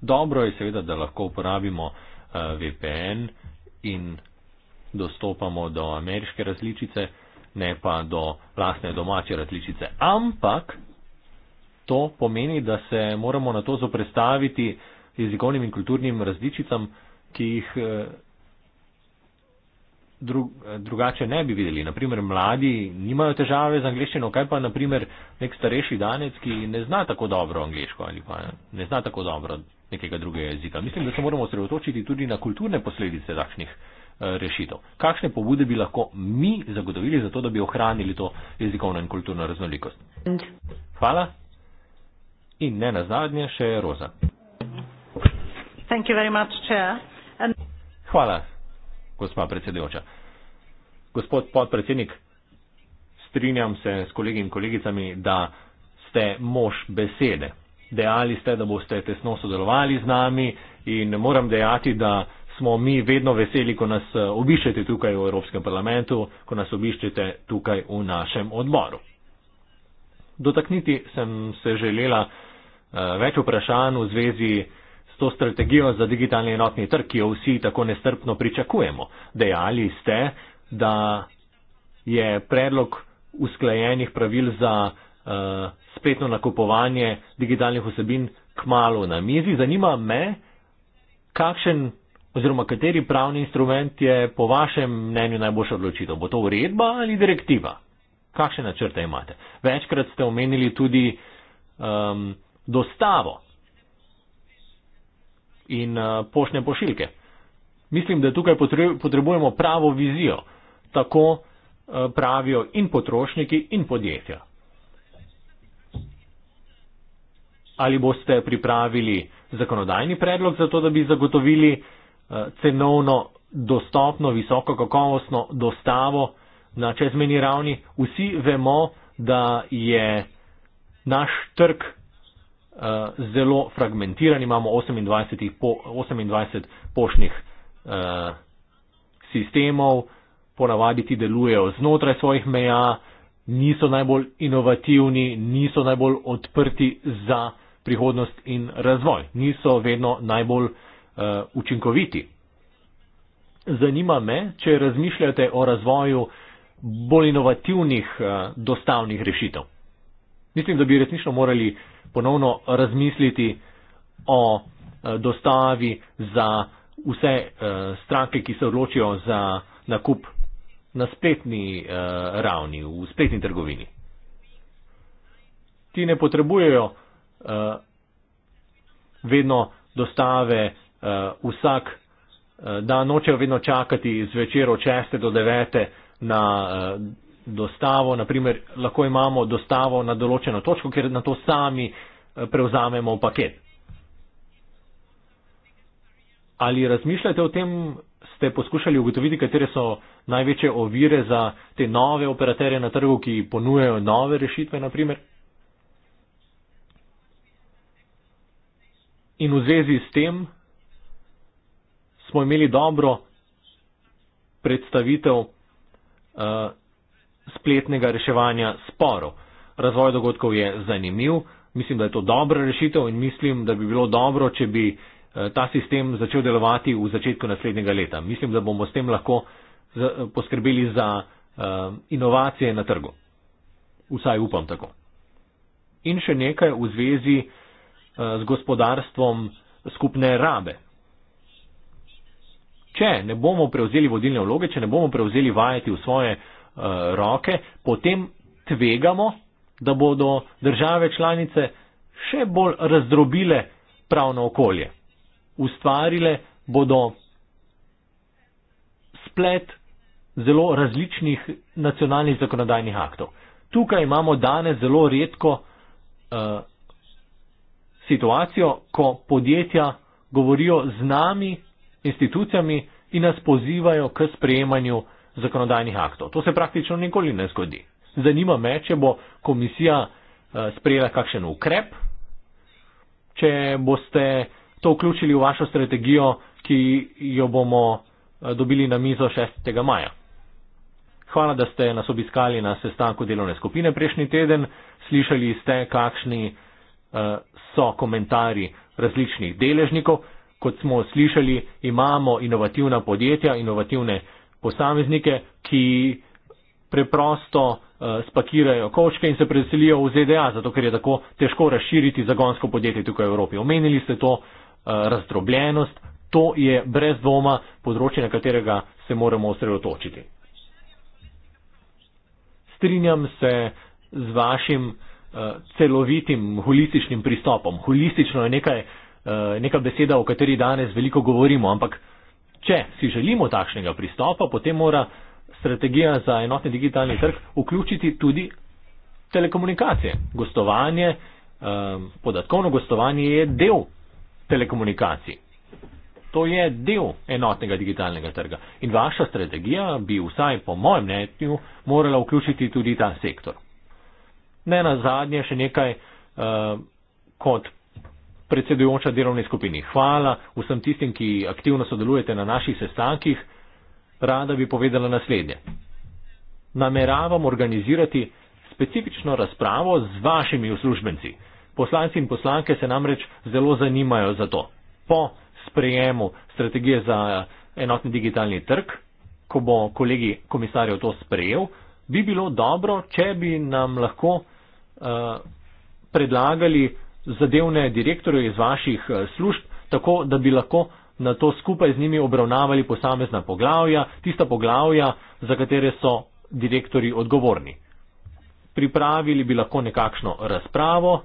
Dobro je seveda, da lahko uporabimo Eh, VPN in dostopamo do ameriške različice, ne pa do lastne domače različice. Ampak to pomeni, da se moramo na to zoprestaviti jezikovnim in kulturnim različicam, ki jih eh, dru, eh, drugače ne bi videli. Naprimer, mladi nimajo težave z angliščino, kaj pa naprimer nek starejši danec, ki ne zna tako dobro angliško ali pa ne zna tako dobro nekega drugega jezika. Mislim, da se moramo osredotočiti tudi na kulturne posledice takšnih eh, rešitev. Kakšne pobude bi lahko mi zagotovili za to, da bi ohranili to jezikovno in kulturno raznolikost? Hvala. In ne na zadnje, še Roza. Hvala, gospa predsedujoča. Gospod podpredsednik, strinjam se s kolegi in kolegicami, da ste mož besede dejali ste, da boste tesno sodelovali z nami in moram dejati, da smo mi vedno veseli, ko nas eh, obiščete tukaj v Evropskem parlamentu, ko nas obiščete tukaj v našem odboru. Dotakniti sem se želela eh, več vprašanj v zvezi s to strategijo za digitalni enotni trg, ki jo vsi tako nestrpno pričakujemo. Dejali ste, da je predlog usklajenih pravil za uh, spletno nakupovanje digitalnih vsebin k malu na mizi. Zanima me, kakšen oziroma kateri pravni instrument je po vašem mnenju najboljša odločitev. Bo to uredba ali direktiva? Kakšne načrte imate? Večkrat ste omenili tudi um, dostavo in uh, poštne pošiljke. Mislim, da tukaj potrebujemo pravo vizijo, tako uh, pravijo in potrošniki in podjetja. ali boste pripravili zakonodajni predlog za to, da bi zagotovili eh, cenovno dostopno, visoko kakovostno dostavo na čezmeni ravni. Vsi vemo, da je naš trg eh, zelo fragmentiran, imamo 28, 28 poštnih eh, sistemov, ponavadi ti delujejo znotraj svojih meja, niso najbolj inovativni, niso najbolj odprti za prihodnost in razvoj. Niso vedno najbolj uh, učinkoviti. Zanima me, če razmišljate o razvoju bolj inovativnih uh, dostavnih rešitev. Mislim, da bi resnično morali ponovno razmisliti o uh, dostavi za vse uh, stranke, ki se odločijo za nakup na spletni uh, ravni, v spletni trgovini. Ti ne potrebujejo uh, vedno dostave uh, vsak uh, eh, dan, nočejo vedno čakati zvečer od 6 do 9 na uh, dostavo. Naprimer, lahko imamo dostavo na določeno točko, ker na to sami prevzamemo paket. Ali razmišljate o tem, ste poskušali ugotoviti, katere so največje ovire za te nove operaterje na trgu, ki ponujejo nove rešitve, naprimer? in v zvezi s tem smo imeli dobro predstavitev uh, spletnega reševanja sporov. Razvoj dogodkov je zanimiv, mislim, da je to dobra rešitev in mislim, da bi bilo dobro, če bi eh, ta sistem začel delovati v začetku naslednjega leta. Mislim, da bomo s tem lahko eh, poskrbeli za inovacije na trgu. Vsaj upam tako. In še nekaj v zvezi Eh, z gospodarstvom skupne rabe. Če ne bomo prevzeli vodilne vloge, če ne bomo prevzeli vajeti v svoje uh, roke, potem tvegamo, da bodo države članice še bolj razdrobile pravno okolje. Ustvarile bodo splet zelo različnih nacionalnih zakonodajnih aktov. Tukaj imamo danes zelo redko uh, situacijo, ko podjetja govorijo z nami, institucijami in nas pozivajo k sprejemanju zakonodajnih aktov. To se praktično nikoli ne zgodi. Zanima me, če bo komisija eh, sprejela kakšen ukrep, če boste to vključili v vašo strategijo, ki jo bomo eh, dobili na mizo 6. maja. Hvala, da ste nas obiskali na sestanku delovne skupine prejšnji teden. Slišali ste, kakšni Eh, so komentarji različnih deležnikov. Kot smo slišali, imamo inovativna podjetja, inovativne posameznike, ki preprosto eh, spakirajo kočke in se preselijo v ZDA, zato ker je tako težko razširiti zagonsko podjetje tukaj v Evropi. Omenili ste to eh, razdrobljenost, to je brez dvoma področje, na katerega se moramo osredotočiti. Strinjam se z vašim Eh, celovitim holističnim pristopom. Holistično je nekaj, eh, neka beseda, o kateri danes veliko govorimo, ampak če si želimo takšnega pristopa, potem mora strategija za enotni digitalni trg vključiti tudi telekomunikacije. Gostovanje, eh, podatkovno gostovanje je del telekomunikacij. To je del enotnega digitalnega trga. In vaša strategija bi vsaj po mojem mnenju morala vključiti tudi ta sektor ne na zadnje še nekaj uh, kot predsedujoča delovni skupini. Hvala vsem tistim, ki aktivno sodelujete na naših sestankih. Rada bi povedala naslednje. Nameravam organizirati specifično razpravo z vašimi uslužbenci. Poslanci in poslanke se namreč zelo zanimajo za to. Po sprejemu strategije za enotni digitalni trg, ko bo kolegi komisarjev to sprejel, bi bilo dobro, če bi nam lahko Eh, predlagali zadevne direktorje iz vaših eh, služb, tako da bi lahko na to skupaj z njimi obravnavali posamezna poglavja, tista poglavja, za katere so direktori odgovorni. Pripravili bi lahko nekakšno razpravo.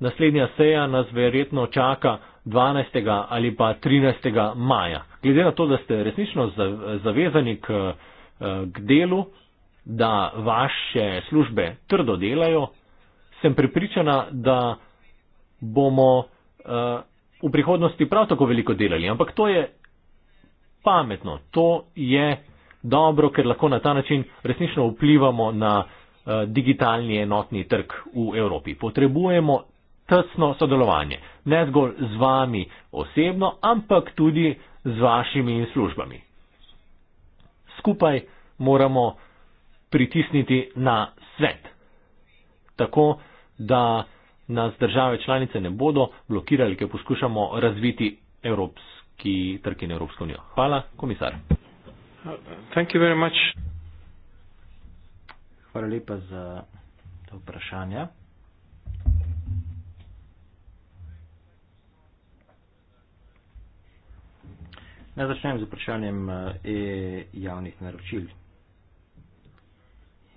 Naslednja seja nas verjetno čaka 12. ali pa 13. maja. Glede na to, da ste resnično zavezani k, eh, k delu, da vaše službe trdo delajo, sem prepričana, da bomo uh, v prihodnosti prav tako veliko delali. Ampak to je pametno, to je dobro, ker lahko na ta način resnično vplivamo na uh, digitalni enotni trg v Evropi. Potrebujemo tesno sodelovanje, ne zgolj z vami osebno, ampak tudi z vašimi službami. Skupaj moramo pritisniti na svet. Tako, da nas države članice ne bodo blokirali, ker poskušamo razviti evropski trg in Evropsko unijo. Hvala, komisar. Hvala lepa za ta vprašanja. Naj začnem z vprašanjem e eh, javnih naročil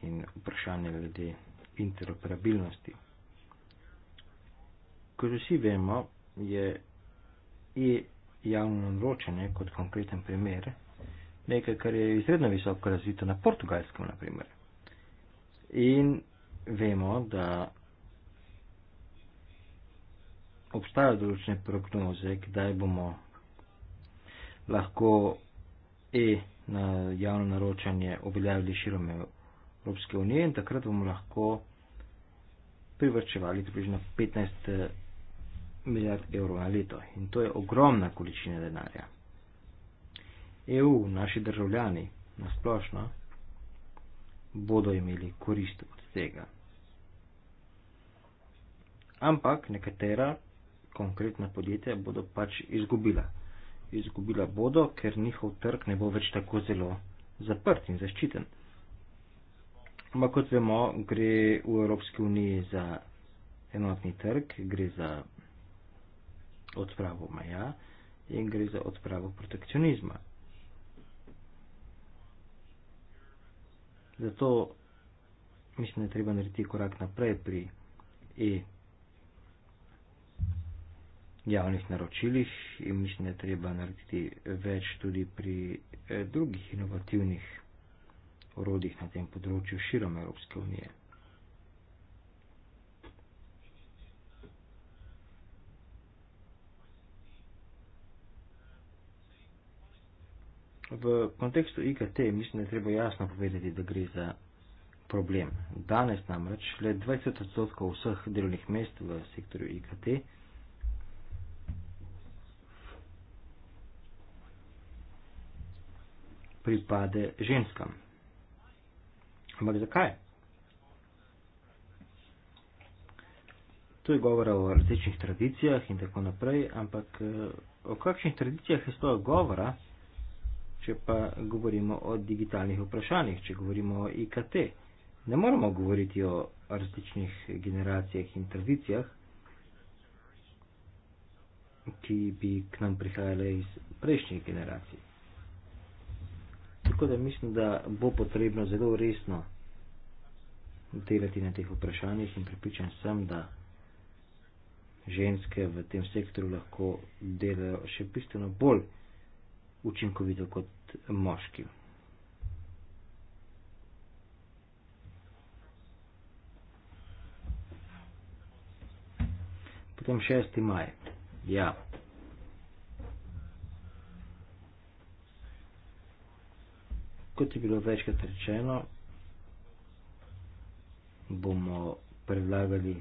in vprašanje glede interoperabilnosti. Kot vsi vemo, je javno naročanje kot konkreten primer nekaj, kar je izredno visoko razvito na portugalskem, naprimer. In vemo, da obstajajo določene prognoze, kdaj bomo lahko e na javno naročanje objavili širom Evropske unije in takrat bomo lahko privrčevali približno 15 eh, milijard evrov na leto. In to je ogromna količina denarja. EU, naši državljani, nasplošno, bodo imeli korist od tega. Ampak nekatera konkretna podjetja bodo pač izgubila. Izgubila bodo, ker njihov trg ne bo več tako zelo zaprt in zaščiten. Ampak kot vemo, gre v Evropski uniji za enotni trg, gre za odpravo maja in gre za odpravo protekcionizma. Zato mislim, da je treba narediti korak naprej pri e javnih naročilih in mislim, da je treba narediti več tudi pri eh, drugih inovativnih orodjih na tem področju širom Evropske unije. V kontekstu IKT mislim, da je treba jasno povedati, da gre za problem. Danes namreč le 20 odstotkov vseh delovnih mest v sektorju IKT pripade ženskam. Ampak zakaj? Tu je govora o različnih tradicijah in tako naprej, ampak eh, o kakšnih tradicijah je sploh govora, če pa govorimo o digitalnih vprašanjih, če govorimo o IKT. Ne moramo govoriti o različnih generacijah in tradicijah, ki bi k nam prihajale iz prejšnjih generacij. Tako da mislim, da bo potrebno zelo resno delati na teh vprašanjih in pripričan sem, da ženske v tem sektorju lahko delajo še bistveno bolj učinkovito kot moški. Potem 6. maj. Ja. kot je bilo večkrat rečeno, bomo predlagali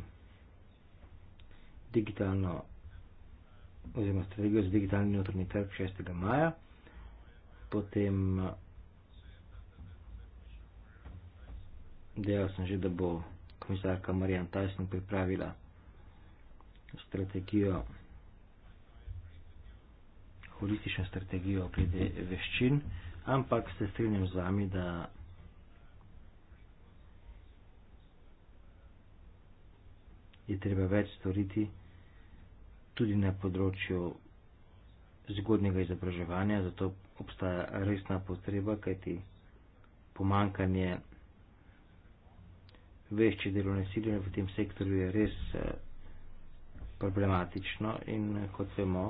digitalno oziroma strategijo za digitalni notranji trg 6. maja, potem dejal sem že, da bo komisarka Marijan Tyson pripravila strategijo, holistično strategijo glede veščin, ampak se strinjam z vami, da je treba več storiti tudi na področju zgodnega izobraževanja, zato obstaja resna potreba, kajti pomankanje vešče delovne sile v tem sektorju je res eh, problematično in eh, kot vemo,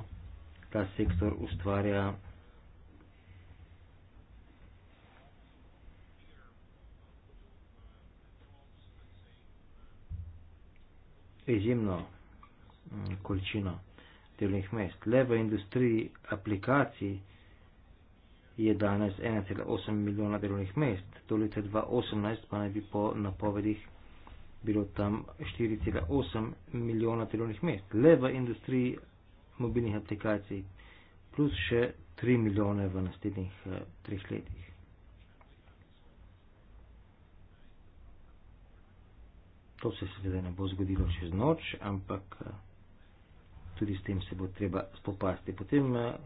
ta sektor ustvarja izjemno mm, količino delovnih mest. Le v industriji aplikacij je danes 1,8 milijona delovnih mest, do leta 2018 pa naj bi po napovedih bilo tam 4,8 milijona delovnih mest. Le v industriji mobilnih aplikacij plus še 3 milijone v naslednjih eh, treh letih. To se seveda ne bo zgodilo čez noč, ampak eh, tudi s tem se bo treba spopasti. Potem eh,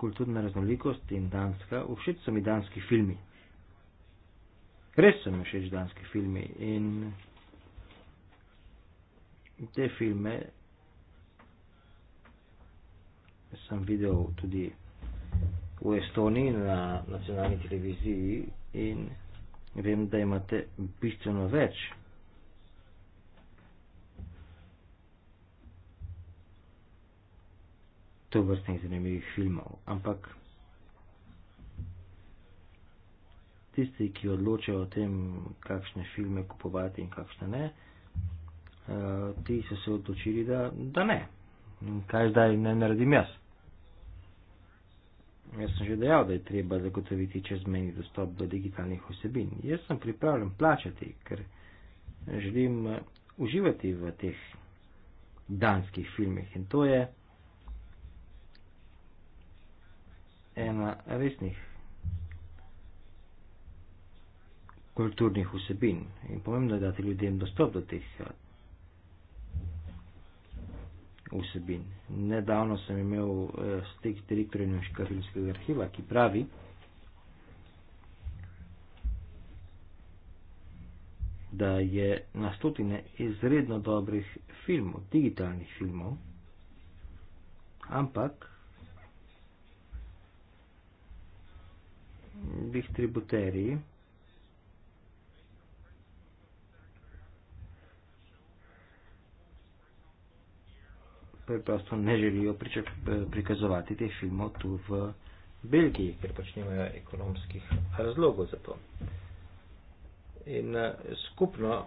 kulturna raznolikost in danska. Všeč so mi danski filmi. Res so mi všeč danski filmi in te filme sem videl tudi v Estoniji na nacionalni televiziji in vem, da imate bistveno več. To vrstnih zanimivih filmov, ampak tisti, ki odločajo o tem, kakšne filme kupovati in kakšne ne, uh, ti so se odločili, da, da ne. Kaj zdaj ne naredim jaz? Jaz sem že dejal, da je treba zagotoviti čezmeni dostop do digitalnih vsebin. Jaz sem pripravljen plačati, ker želim eh, uživati v teh danskih filmih in to je ena resnih kulturnih vsebin. In pomembno je dati ljudem dostop do teh eh, vsebin. Nedavno sem imel eh, stik s direktorjem Škofijskega arhiva, ki pravi, da je na stotine izredno dobrih filmov, digitalnih filmov, ampak distributerji preprosto ne želijo priča, prikazovati teh filmov tu v Belgiji, ker pač nimajo ekonomskih razlogov za to. In eh, skupno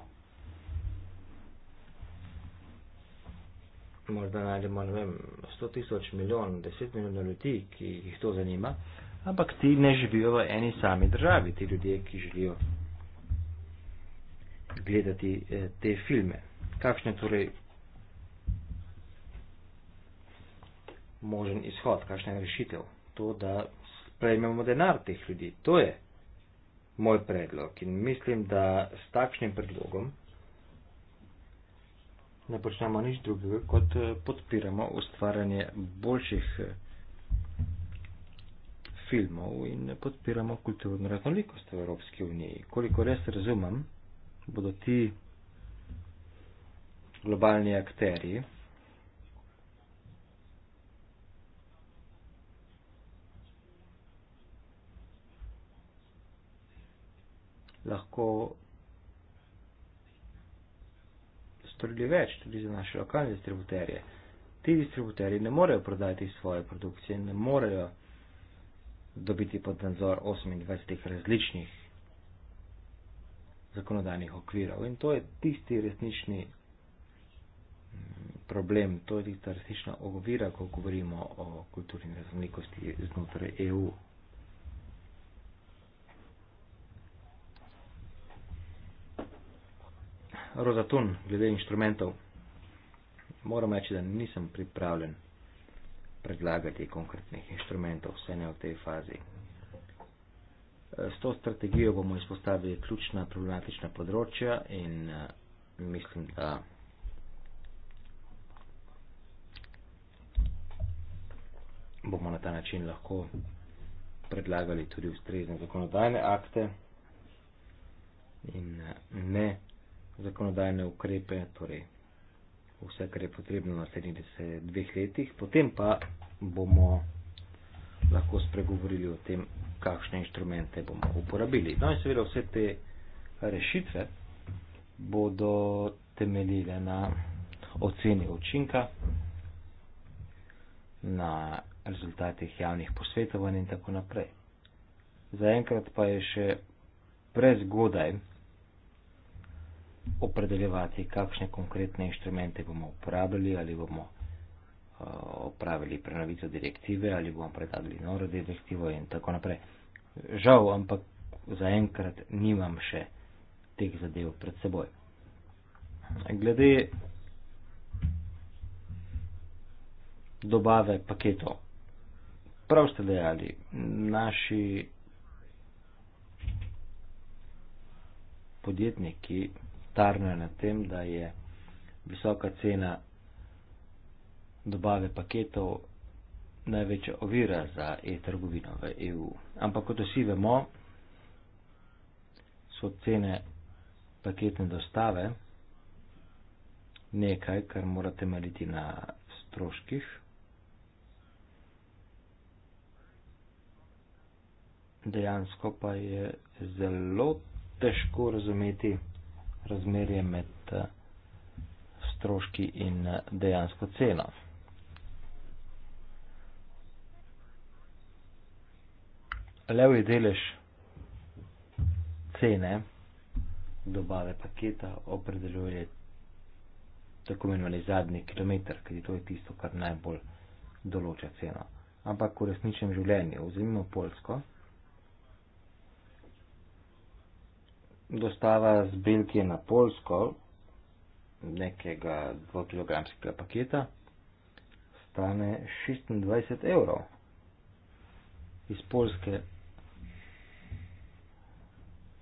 morda najdemo, ne vem, 100 tisoč milijon, 10 milijonov ljudi, ki jih to zanima, ampak ti ne živijo v eni sami državi, ti ljudje, ki želijo gledati eh, te filme. Kakšne torej možen izhod, kakšna je rešitev. To, da sprejmemo denar teh ljudi. To je moj predlog in mislim, da s takšnim predlogom ne počnemo nič drugega, kot eh, podpiramo ustvarjanje boljših eh, filmov in podpiramo kulturno raznolikost v Evropski uniji. Koliko res razumem, bodo ti globalni akteri, lahko storili več tudi za naše lokalne distributerje. Ti distributerji ne morejo prodajati svoje produkcije, ne morejo dobiti pod nadzor 28 različnih zakonodajnih okvirov. In to je tisti resnični mm, problem, to je tista resnična ovira, ko govorimo o kulturni raznolikosti znotraj EU. rozatun glede inštrumentov. Moram reči, da nisem pripravljen predlagati konkretnih inštrumentov, vse ne v tej fazi. S to strategijo bomo izpostavili ključna problematična področja in eh, mislim, da bomo na ta način lahko predlagali tudi ustrezne zakonodajne akte in eh, ne zakonodajne ukrepe, torej vse, kar je potrebno na 72 letih. Potem pa bomo lahko spregovorili o tem, kakšne inštrumente bomo uporabili. No in seveda vse te rešitve bodo temeljile na oceni učinka, na rezultatih javnih posvetovanj in tako naprej. Zaenkrat pa je še prezgodaj, opredeljevati, kakšne konkretne inštrumente bomo uporabljali, ali bomo eh, opravili prenovitev direktive, ali bomo predali noro direktivo in tako naprej. Žal, ampak zaenkrat nimam še teh zadev pred seboj. Glede dobave paketo. Prav ste dejali, naši podjetniki tarne na tem, da je visoka cena dobave paketov največja ovira za e-trgovino v EU. Ampak kot vsi vemo, so cene paketne dostave nekaj, kar morate mariti na stroških. Dejansko pa je zelo težko razumeti, razmerje med eh, stroški in eh, dejansko ceno. Levi delež cene dobave paketa opredeljuje tako imenovani zadnji kilometr, kajti to je tisto, kar najbolj določa ceno. Ampak v resničnem življenju, vzemimo Polsko, dostava z Belgije na Polsko nekega 2 kg paketa stane 26 evrov. Iz Polske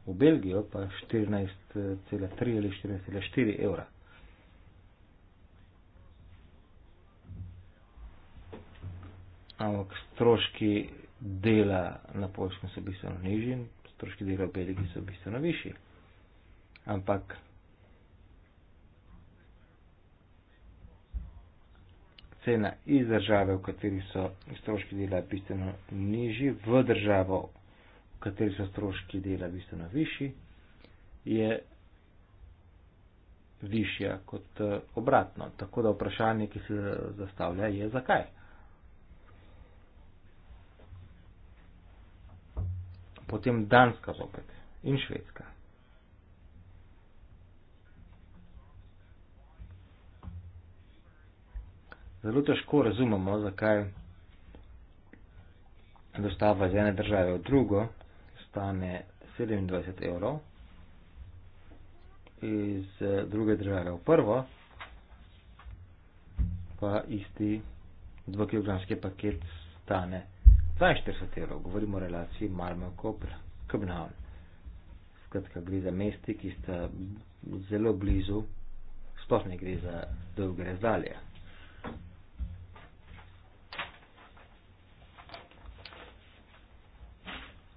v Belgijo pa 14,3 ali 14,4 evra. Ampak stroški dela na Polskem so bistveno nižji, stroški dela v Belgiji so bistveno višji. Ampak cena iz države, v kateri so stroški dela bistveno nižji, v državo, v kateri so stroški dela bistveno višji, je višja kot eh, obratno. Tako da vprašanje, ki se zastavlja, je zakaj. potem Danska zopet in Švedska. Zelo težko razumemo, zakaj dostava iz ene države v drugo stane 27 evrov, iz eh, druge države v prvo pa isti 2-kilogramski paket stane 27 evrov. 42 evrov, govorimo o relaciji Malmo-Kopr-Kobnaun. Skratka, gre za mesti, ki sta zelo blizu, sploh ne gre za dolge razdalje.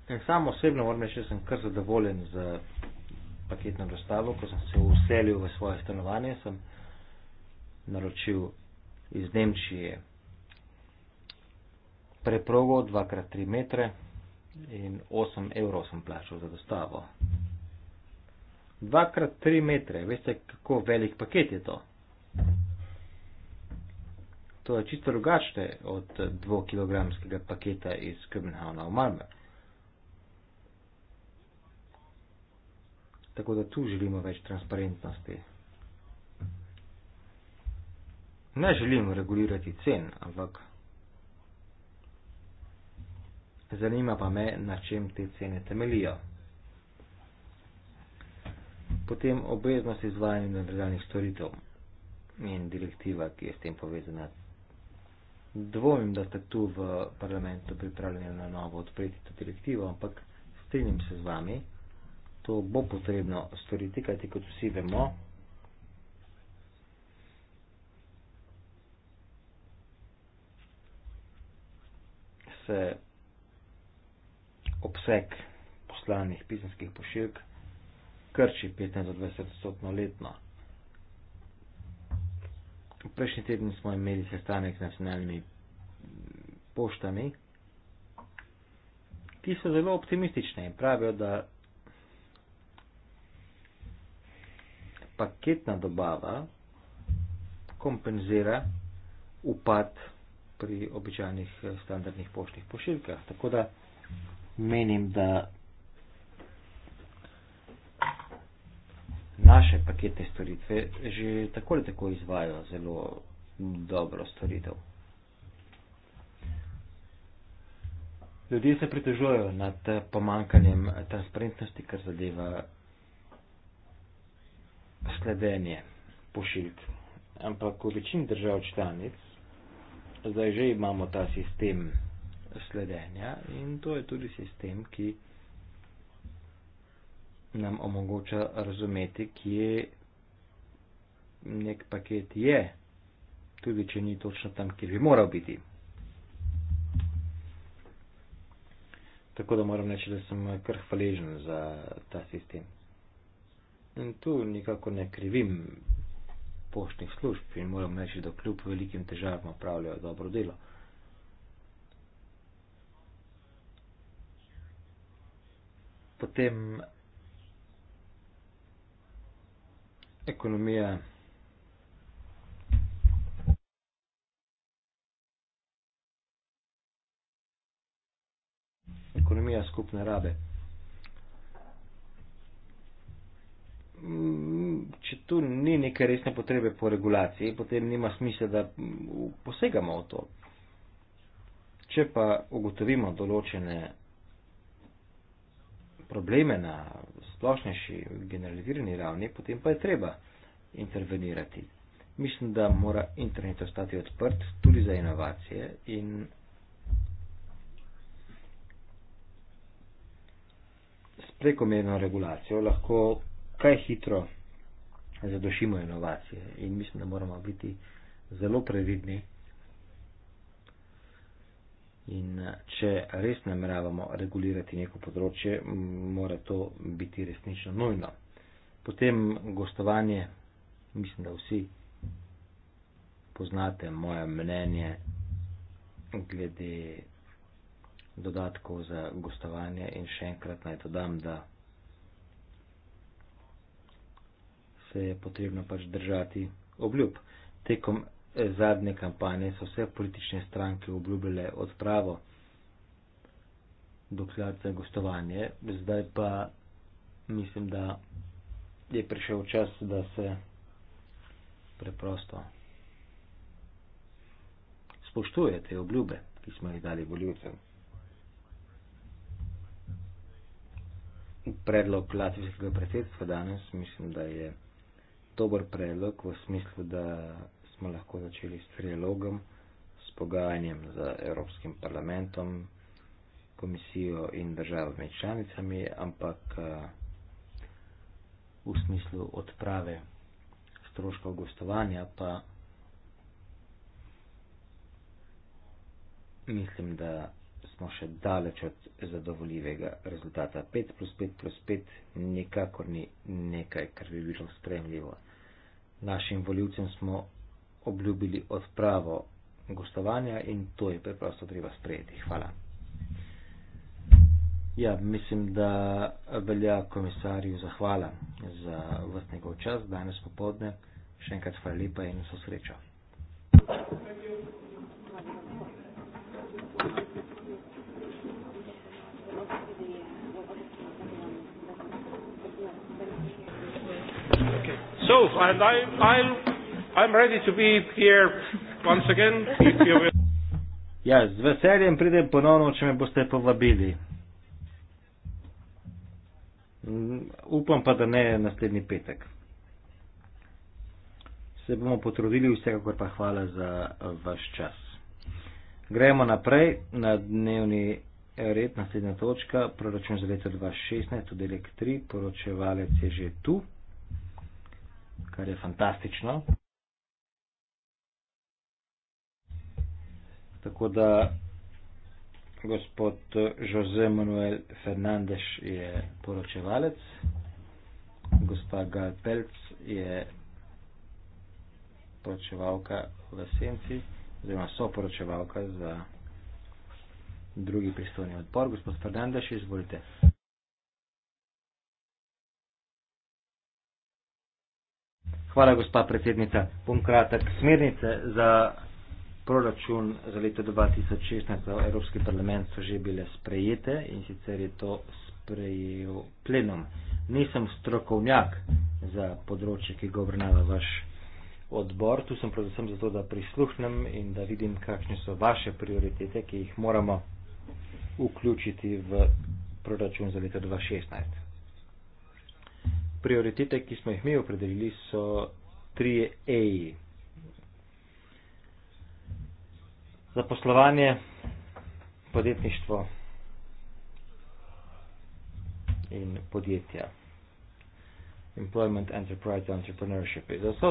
Ker sam osebno moram reči, da sem kar zadovoljen z paketno razstavo, ko sem se vselil v svoje stanovanje, sem naročil iz Nemčije preprogo 2x3 metre in 8 evrov sem plačal za dostavo. 2x3 metre, veste kako velik paket je to? To je čisto drugačne od 2 kg paketa iz Köbenhavna v Malmö. Tako da tu želimo več transparentnosti. Ne želimo regulirati cen, ampak Zanima pa me, na čem te cene temelijo. Potem obveznost izvajanja nadaljnih storitev in direktiva, ki je s tem povezana. Dvomim, da ste tu v parlamentu pripravljeni na novo odpreti to direktivo, ampak strinjam se z vami, to bo potrebno storiti, kajti kot vsi vemo, se obseg poslanih pisanskih pošiljk krči 15-20-stotno letno. V prejšnji teden smo imeli sestanek z nacionalnimi poštami, ki so zelo optimistične in pravijo, da paketna dobava kompenzira upad pri običajnih eh, standardnih poštnih pošiljkah. Tako da menim, da naše paketne storitve že tako ali tako izvajo zelo dobro storitev. Ljudje se pritožujejo nad pomankanjem transparentnosti, kar zadeva sledenje pošiljk. Ampak v večini držav članic zdaj že imamo ta sistem sledenja in to je tudi sistem, ki nam omogoča razumeti, kje nek paket je, tudi če ni točno tam, kjer bi moral biti. Tako da moram reči, da sem kar hvaležen za ta sistem. In tu nikako ne krivim poštnih služb in moram reči, da kljub velikim težavam opravljajo dobro delo. potem ekonomija. Ekonomija skupne rabe. Mm, če tu ni neke resne potrebe po regulaciji, potem nima smisla, da posegamo v to. Če pa ugotovimo določene probleme na splošnejši, generalizirani ravni, potem pa je treba intervenirati. Mislim, da mora internet ostati odprt tudi za inovacije in s prekomerno regulacijo lahko kaj hitro zadošimo inovacije in mislim, da moramo biti zelo previdni. In eh, če res nameravamo regulirati neko področje, mora to biti resnično nujno. Potem gostovanje, mislim, da vsi poznate moje mnenje glede dodatkov za gostovanje in še enkrat naj dodam, da se je potrebno pač držati obljub. Tekom zadnje kampanje so vse politične stranke obljubile odpravo, dokler za gostovanje. Zdaj pa mislim, da je prišel čas, da se preprosto spoštuje te obljube, ki smo jih dali voljivcem. Predlog latvijskega predsedstva danes mislim, da je dober predlog v smislu, da smo lahko začeli s trialogom, s pogajanjem z Evropskim parlamentom, komisijo in državami članicami, ampak eh, v smislu odprave stroškov gostovanja pa mislim, da smo še daleč od zadovoljivega rezultata. 5 plus 5 plus 5 nikakor ni nekaj, kar bi bilo spremljivo. Našim voljivcem smo obljubili odpravo gostovanja in to je preprosto treba sprejeti. Hvala. Ja, mislim, da velja komisarju zahvala za vas njegov čas danes popovdne. Še enkrat hvala lepa in so srečo. So, and I, I'll... I'm ready to be here once again. ja, z veseljem pridem ponovno, če me boste povabili. Mm, upam pa, da ne naslednji petek. Se bomo potrudili, vsekakor pa hvala za eh, vaš čas. Gremo naprej na dnevni red, naslednja točka, proračun za leto 2016, oddelek 3, poročevalec je že tu, kar je fantastično. Tako da gospod Jose Manuel Fernandez je poročevalec, gospa Gal Pelc je poročevalka v Senci, oziroma soporočevalka za drugi pristojni odpor. Gospod Fernandez, izvolite. Hvala, gospa predsednica. Bom kratek. Smernice za proračun za leto 2016 za Evropski parlament so že bile sprejete in sicer je to sprejel plenom. Nisem strokovnjak za področje, ki ga obravnava vaš odbor. Tu sem predvsem zato, da prisluhnem in da vidim, kakšne so vaše prioritete, ki jih moramo vključiti v proračun za leto 2016. Prioritete, ki smo jih mi opredelili, so tri E. -ji. zaposlovanje, podjetništvo in podjetja. Employment, enterprise, entrepreneurship. Za vse,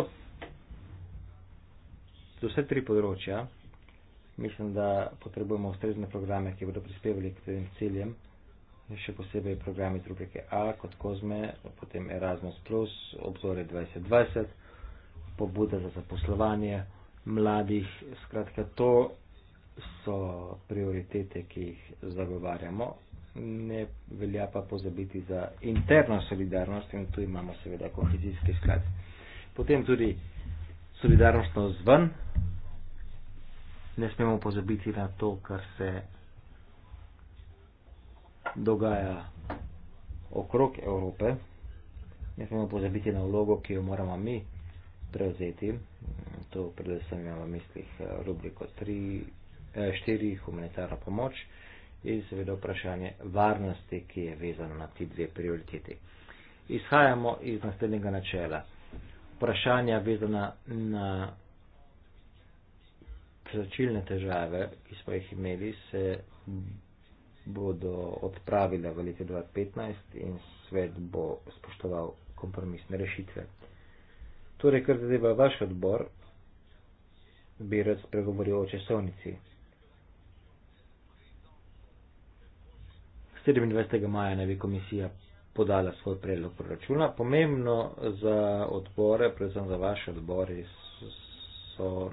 za vse tri področja mislim, da potrebujemo ustrezne programe, ki bodo prispevali k tem ciljem, še posebej programi iz rubrike A kot Kozme, potem Erasmus Plus, obzore 2020, pobuda za zaposlovanje mladih, skratka to so prioritete, ki jih zagovarjamo. Ne velja pa pozabiti za interno solidarnost in tu imamo seveda kohezijski sklad. Potem tudi solidarnostno zven. Ne smemo pozabiti na to, kar se dogaja okrog Evrope. Ne smemo pozabiti na vlogo, ki jo moramo mi prevzeti. To predvsem imamo v mislih eh, rubriko 3, štiri humanitarna pomoč in seveda vprašanje varnosti, ki je vezano na ti dve prioriteti. Izhajamo iz naslednjega načela. Vprašanja vezana na začilne težave, ki smo jih imeli, se bodo odpravile v letu 2015 in svet bo spoštoval kompromisne rešitve. Torej, kar zadeva vaš odbor, bi rad spregovoril o časovnici 27. maja naj bi komisija podala svoj predlog proračuna. Pomembno za odbore, predvsem za vaše odbore, so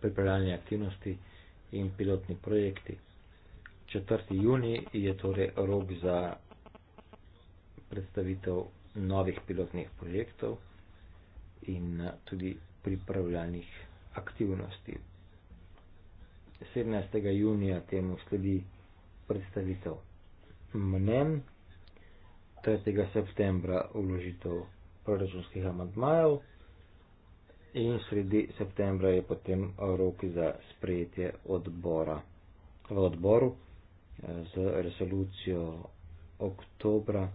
pripravljanje aktivnosti in pilotni projekti. 4. juni je torej rok za predstavitev novih pilotnih projektov in eh, tudi pripravljalnih aktivnosti. 17. junija temu sledi predstavitev mnen 3. septembra vložitev proračunskih amantmajev in sredi septembra je potem rok za sprejetje odbora v odboru eh, z resolucijo oktobra.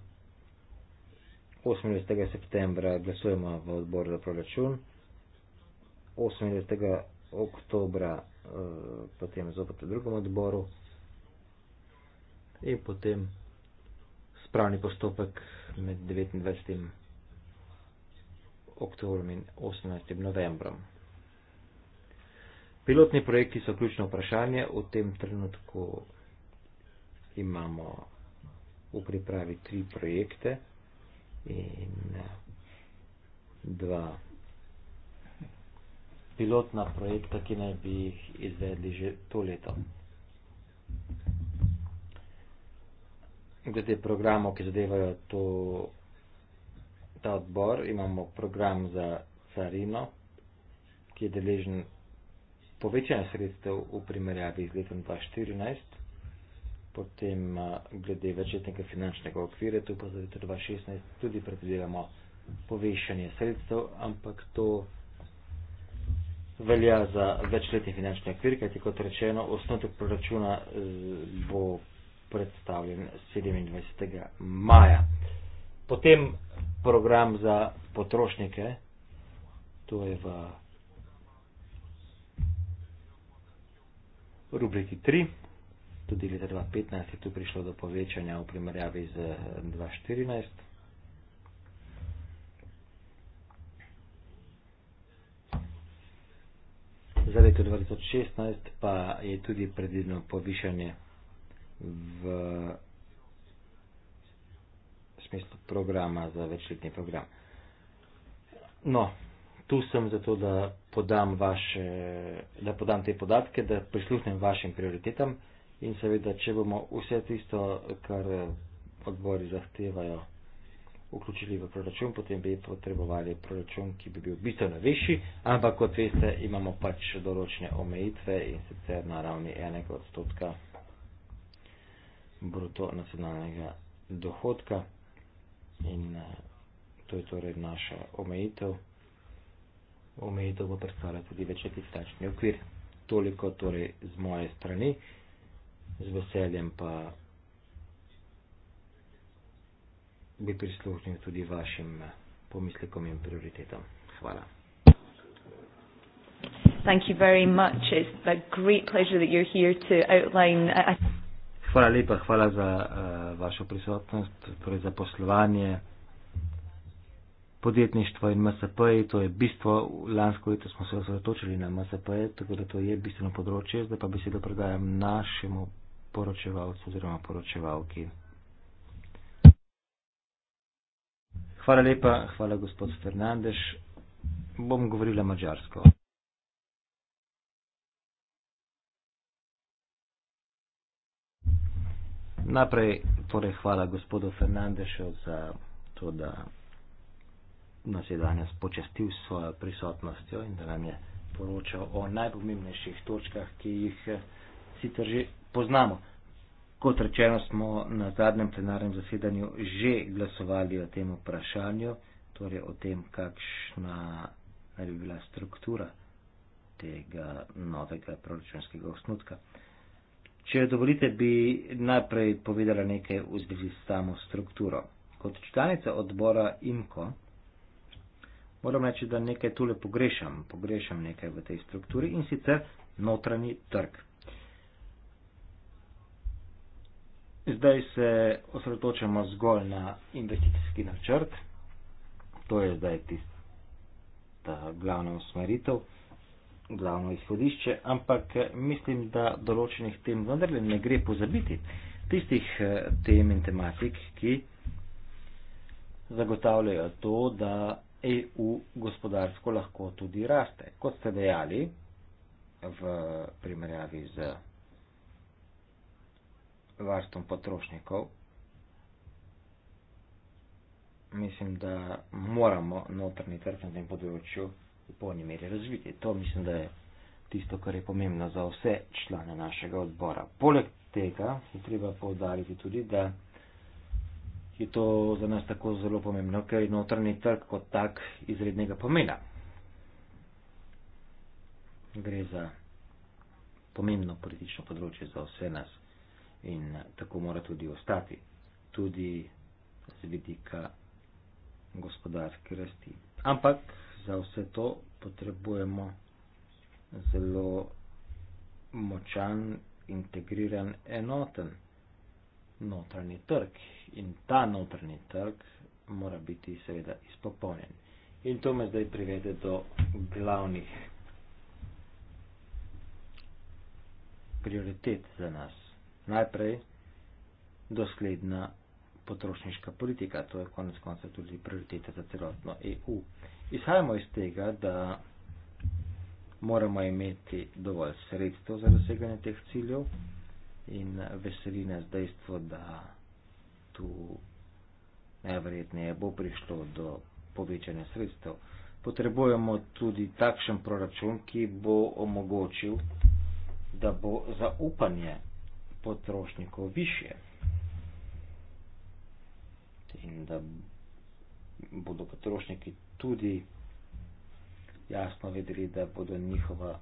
18. septembra glasujemo v odbor za proračun, 18. oktobra eh, potem zopet v drugem odboru je potem spravni postopek med 29. oktobrom in 18. novembrom. Pilotni projekti so ključno vprašanje. V tem trenutku imamo v pripravi tri projekte in dva pilotna projekta, ki naj bi jih izvedli že to leto. glede programov, ki zadevajo to, ta odbor, imamo program za carino, ki je deležen povečanja sredstev v primerjavi z letom 2014, potem glede večetnega finančnega okvira, tu pa za leto 2016 tudi predvidevamo povečanje sredstev, ampak to velja za večletni finančni okvir, kajti kot rečeno, osnotek proračuna bo predstavljen 27. maja. Potem program za potrošnike, to je v rubriki 3, tudi leta 2015 je tu prišlo do povečanja v primerjavi z 2014. Za leto 2016 pa je tudi predvideno povišanje в смисъл програма за вечерния програм. Но, ту съм за то да подам ваше, да подам те податки, да прислухнем вашим приоритетам и се вида, че бомо усе тисто, кар отбори захтевая, uključili v proračun, potem bi potrebovali proračun, ki bi bil bistveno višji, ampak kot veste, imamo pač določene omejitve in sicer na ravni enega odstotka bruto nacionalnega dohodka in eh, to je torej naša omejitev. Omejitev bo predstavljala tudi večletni finančni okvir. Toliko torej z moje strani, z veseljem pa bi prisluhnil tudi vašim eh, pomislekom in prioritetom. Hvala. Thank you very much. It's a great pleasure that you're here to outline. A uh, Hvala lepa, hvala za uh, vašo prisotnost, torej za poslovanje podjetništva in MSP, to je bistvo, lansko leto smo se osredotočili na MSP, tako da to je bistveno področje, zdaj pa besedo predajam našemu poročevalcu oziroma poročevalki. Hvala lepa, hvala gospod Fernandeš, bom govorila mađarsko. Naprej, torej hvala gospodu Fernandešu za to, da nas je danes počastil s svojo prisotnostjo in da nam je poročal o najpomembnejših točkah, ki jih eh, sicer že poznamo. Kot rečeno, smo na zadnjem plenarnem zasedanju že glasovali o tem vprašanju, torej o tem, kakšna naj bi bila struktura tega novega proračunskega osnutka. Če dovolite, bi najprej povedala nekaj v zvezi s samo strukturo. Kot članica odbora IMKO moram reči, da nekaj tule pogrešam, pogrešam nekaj v tej strukturi in sicer notranji trg. Zdaj se osredotočamo zgolj na investicijski načrt, to je zdaj tista glavna usmeritev glavno izhodišče, ampak eh, mislim, da določenih tem vendarle ne gre pozabiti. Tistih eh, tem in tematik, ki zagotavljajo to, da EU gospodarsko lahko tudi raste. Kot ste dejali v primerjavi z varstvom potrošnikov, mislim, da moramo notrni trg na tem področju v polni meri razviti. To mislim, da je tisto, kar je pomembno za vse člane našega odbora. Poleg tega je treba povdariti tudi, da je to za nas tako zelo pomembno, ker je notranji trg kot tak izrednega pomena. Gre za pomembno politično področje za vse nas in tako mora tudi ostati, tudi z vidika gospodarske rasti. Ampak za vse to potrebujemo zelo močan, integriran, enoten notranji trg. In ta notranji trg mora biti seveda izpopolnjen. In to me zdaj privede do glavnih prioritet za nas. Najprej dosledna potrošniška politika, to je konec konca tudi prioriteta za celotno EU. Izhajamo iz tega, da moramo imeti dovolj sredstev za doseganje teh ciljev in veseli nas dejstvo, da tu najverjetneje bo prišlo do povečanja sredstev. Potrebujemo tudi takšen proračun, ki bo omogočil, da bo zaupanje potrošnikov više in da bodo potrošniki tudi jasno vedeli, da bodo njihova,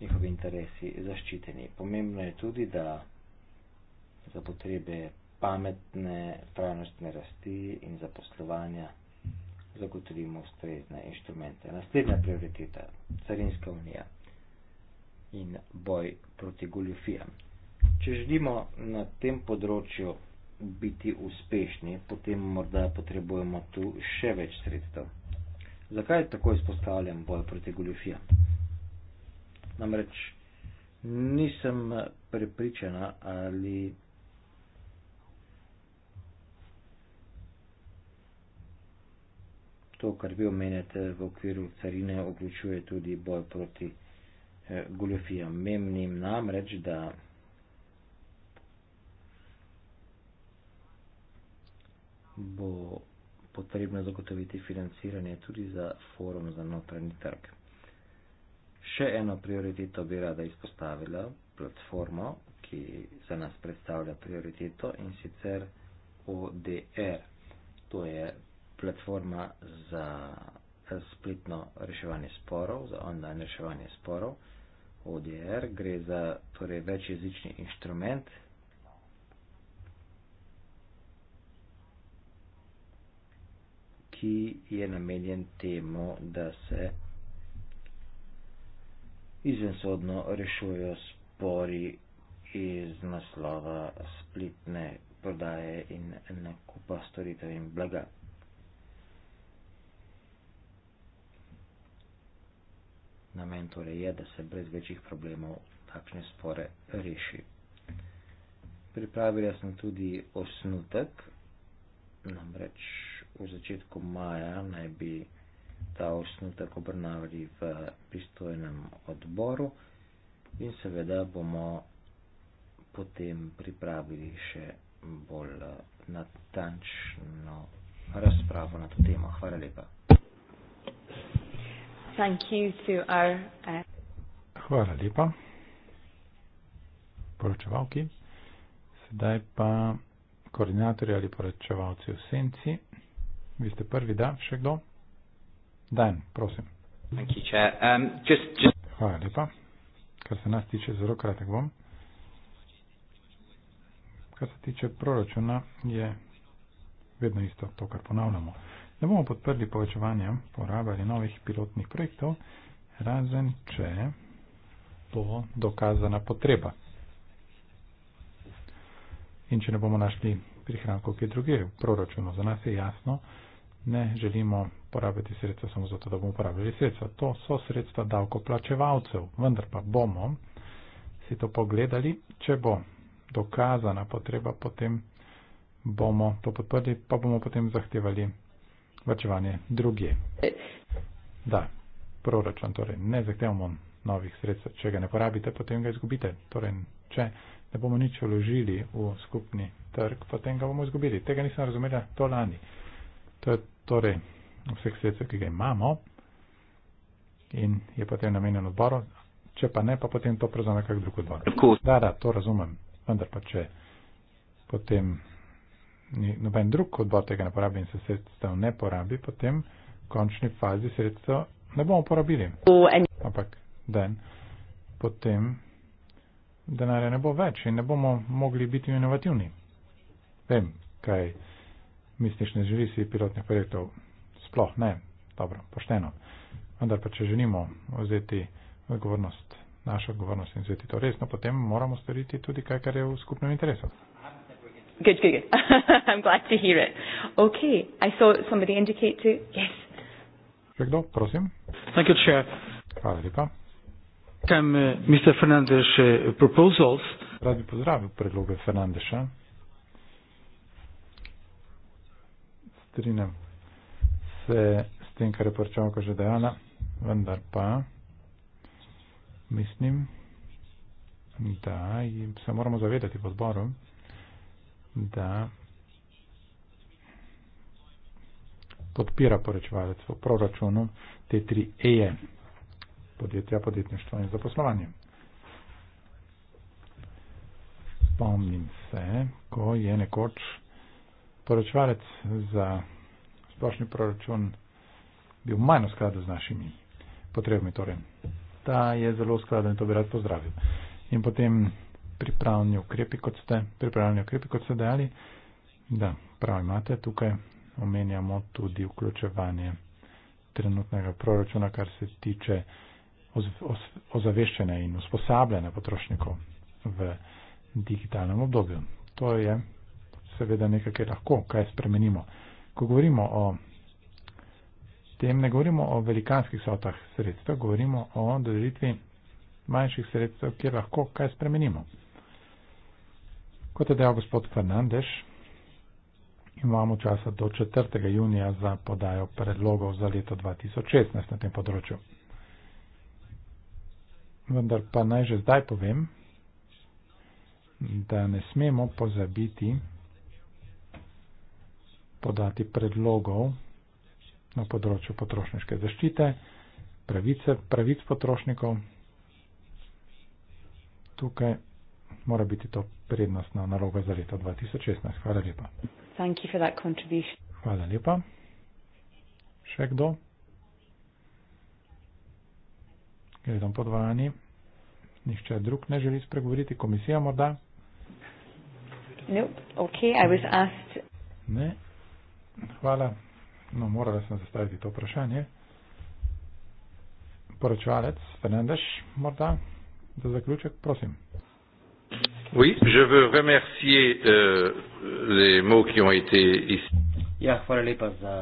njihovi interesi zaščiteni. Pomembno je tudi, da za potrebe pametne, trajnostne rasti in zaposlovanja zagotovimo ustrezne inštrumente. Naslednja prioriteta, carinska unija in boj proti goljofijam. Če želimo na tem področju biti uspešni, potem morda potrebujemo tu še več sredstev. Zakaj tako izpostavljam boj proti goljofijam? Namreč nisem prepričana ali to, kar vi omenjate v okviru carine, vključuje tudi boj proti eh, goljofijam. Memnim namreč, da bo potrebno zagotoviti financiranje tudi za forum za notranji trg. Še eno prioriteto bi rada izpostavila, platformo, ki za nas predstavlja prioriteto in sicer ODR. To je platforma za spletno reševanje sporov, za online reševanje sporov. ODR gre za torej, večjezični inštrument, ki je namenjen temu, da se izvensodno rešujo spori iz naslova splitne prodaje in nakupa storitev in blaga. Namen torej je, da se brez večjih problemov takšne spore reši. Pripravila sem tudi osnutek, namreč v začetku maja naj bi ta osnutek obravnavali v pristojnem odboru in seveda bomo potem pripravili še bolj eh, natančno razpravo na to temo. Hvala lepa. Thank you to our, uh... Hvala lepa. Poročevalki. Sedaj pa koordinatorji ali poročevalci v senci. Vi ste prvi, da, še kdo? Dan, prosim. Um, Hvala lepa. Kar se nas tiče, zelo kratek bom. Kar se tiče proračuna, je vedno isto to, kar ponavljamo. Ne bomo podprli povečevanja porabe ali novih pilotnih projektov, razen če je to dokazana potreba. In če ne bomo našli prihrankov, ki je druge v proračunu. Za nas je jasno, ne želimo porabiti sredstva samo zato, da bomo uporabili sredstva. To so sredstva davkoplačevalcev, vendar pa bomo si to pogledali, če bo dokazana potreba, potem bomo to podprli, pa bomo potem zahtevali vrčevanje druge. Da, proračun, torej ne zahtevamo novih sredstev, če ga ne porabite, potem ga izgubite. Torej, če ne bomo nič vložili v skupni trg, potem ga bomo izgubili. Tega nisem razumela to lani. To je torej vseh sredstev, ki ga imamo in je potem namenjen odboru, če pa ne, pa potem to prezame kak drug odbor. Da, da, to razumem, vendar pa če potem ni noben drug odbor tega ne porabi in se sredstev ne porabi, potem v končni fazi sredstev ne bomo porabili. Ampak den, potem denarja ne bo več in ne bomo mogli biti inovativni. Vem, kaj je misliš, ne želi si pilotnih projektov. Sploh ne, dobro, pošteno. Vendar pa, če želimo vzeti odgovornost, našo odgovornost in vzeti to resno, potem moramo storiti tudi kaj, kar je v skupnem interesu. Good, good, good. I'm glad to hear it. Okay, I saw somebody indicate to. Yes. Kdo, prosim. Thank you, Chair. Hvala lepa. Can uh, Mr. Fernandez uh, proposals? Rad bi pozdravil predloge Fernandeša. strinjam se s tem, kar je porčavka že dejala, vendar pa mislim, da se moramo zavedati v odboru, da podpira poročevalec v proračunu te tri EE, podjetja, podjetništvo in zaposlovanje. Spomnim se, ko je nekoč poročvalec za splošni proračun bil manj v skladu z našimi potrebami. Torej, ta je zelo skladen in to bi rad pozdravil. In potem pripravljeni ukrepi, kot ste, pripravljeni ukrepi, kot ste dejali. Da, prav imate, tukaj omenjamo tudi vključevanje trenutnega proračuna, kar se tiče ozaveščene in usposabljene potrošnikov v digitalnem obdobju. To je seveda nekaj, kar lahko, kaj spremenimo. Ko govorimo o tem, ne govorimo o velikanskih sotah sredstev, govorimo o dodelitvi manjših sredstev, kjer lahko kaj spremenimo. Kot je dejal gospod Fernandeš, imamo časa do 4. junija za podajo predlogov za leto 2016 na tem področju. Vendar pa naj že zdaj povem, da ne smemo pozabiti podati predlogov na področju potrošniške zaščite, pravice, pravic potrošnikov. Tukaj mora biti to prednostna naloga za leto 2016. Hvala lepa. Thank you for that contribution. Hvala lepa. Še kdo? Gledam po dvorani. Nihče drug ne želi spregovoriti. Komisija morda? Nope. Okay, ne. I was asked. Ne, Hvala. No, morala sem zastaviti to vprašanje. Poročevalec Fernandes, morda za zaključek, prosim. Oui, je veux remercier uh, les mots qui ont été ici. Ja, hvala lepa za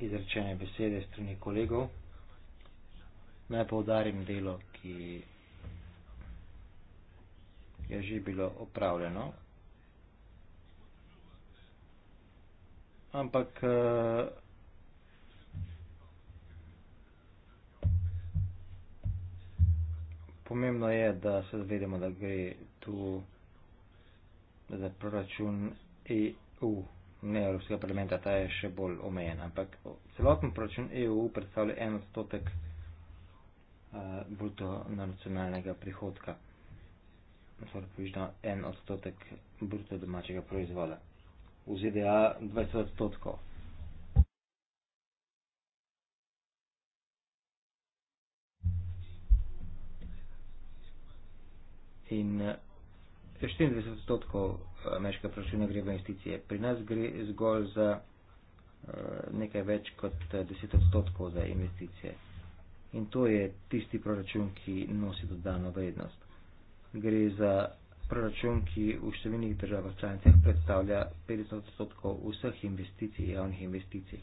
izrečene besede strani kolegov. Naj poudarim delo, ki je že bilo opravljeno ampak eh, pomembno je, da se zvedemo, da gre tu za proračun EU, ne Evropskega parlamenta, ta je še bolj omejen, ampak celoten proračun EU predstavlja en odstotek eh, bruto nacionalnega prihodka. Torej, približno en odstotek bruto domačega proizvoda v ZDA 20 odstotkov. In 24 eh, odstotkov eh, ameriškega proračuna gre v investicije. Pri nas gre zgolj za eh, nekaj več kot 10 odstotkov za investicije. In to je tisti proračun, ki nosi dodano vrednost. Gre za Proračun, ki v številnih državah članicah predstavlja 50 odstotkov vseh investicij, javnih investicij.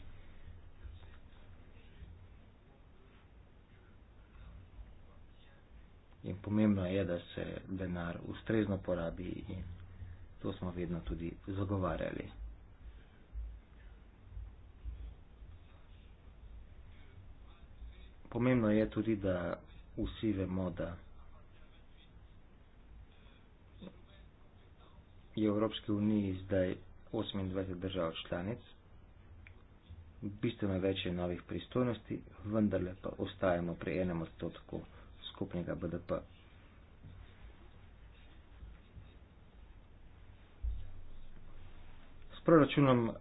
In pomembno je, da se denar ustrezno porabi in to smo vedno tudi zagovarjali. Pomembno je tudi, da vsi vemo, da. je v Evropski uniji zdaj 28 držav članic, bistveno več je novih pristojnosti, vendarle pa ostajamo pri enem odstotku skupnega BDP. S proračunom eh,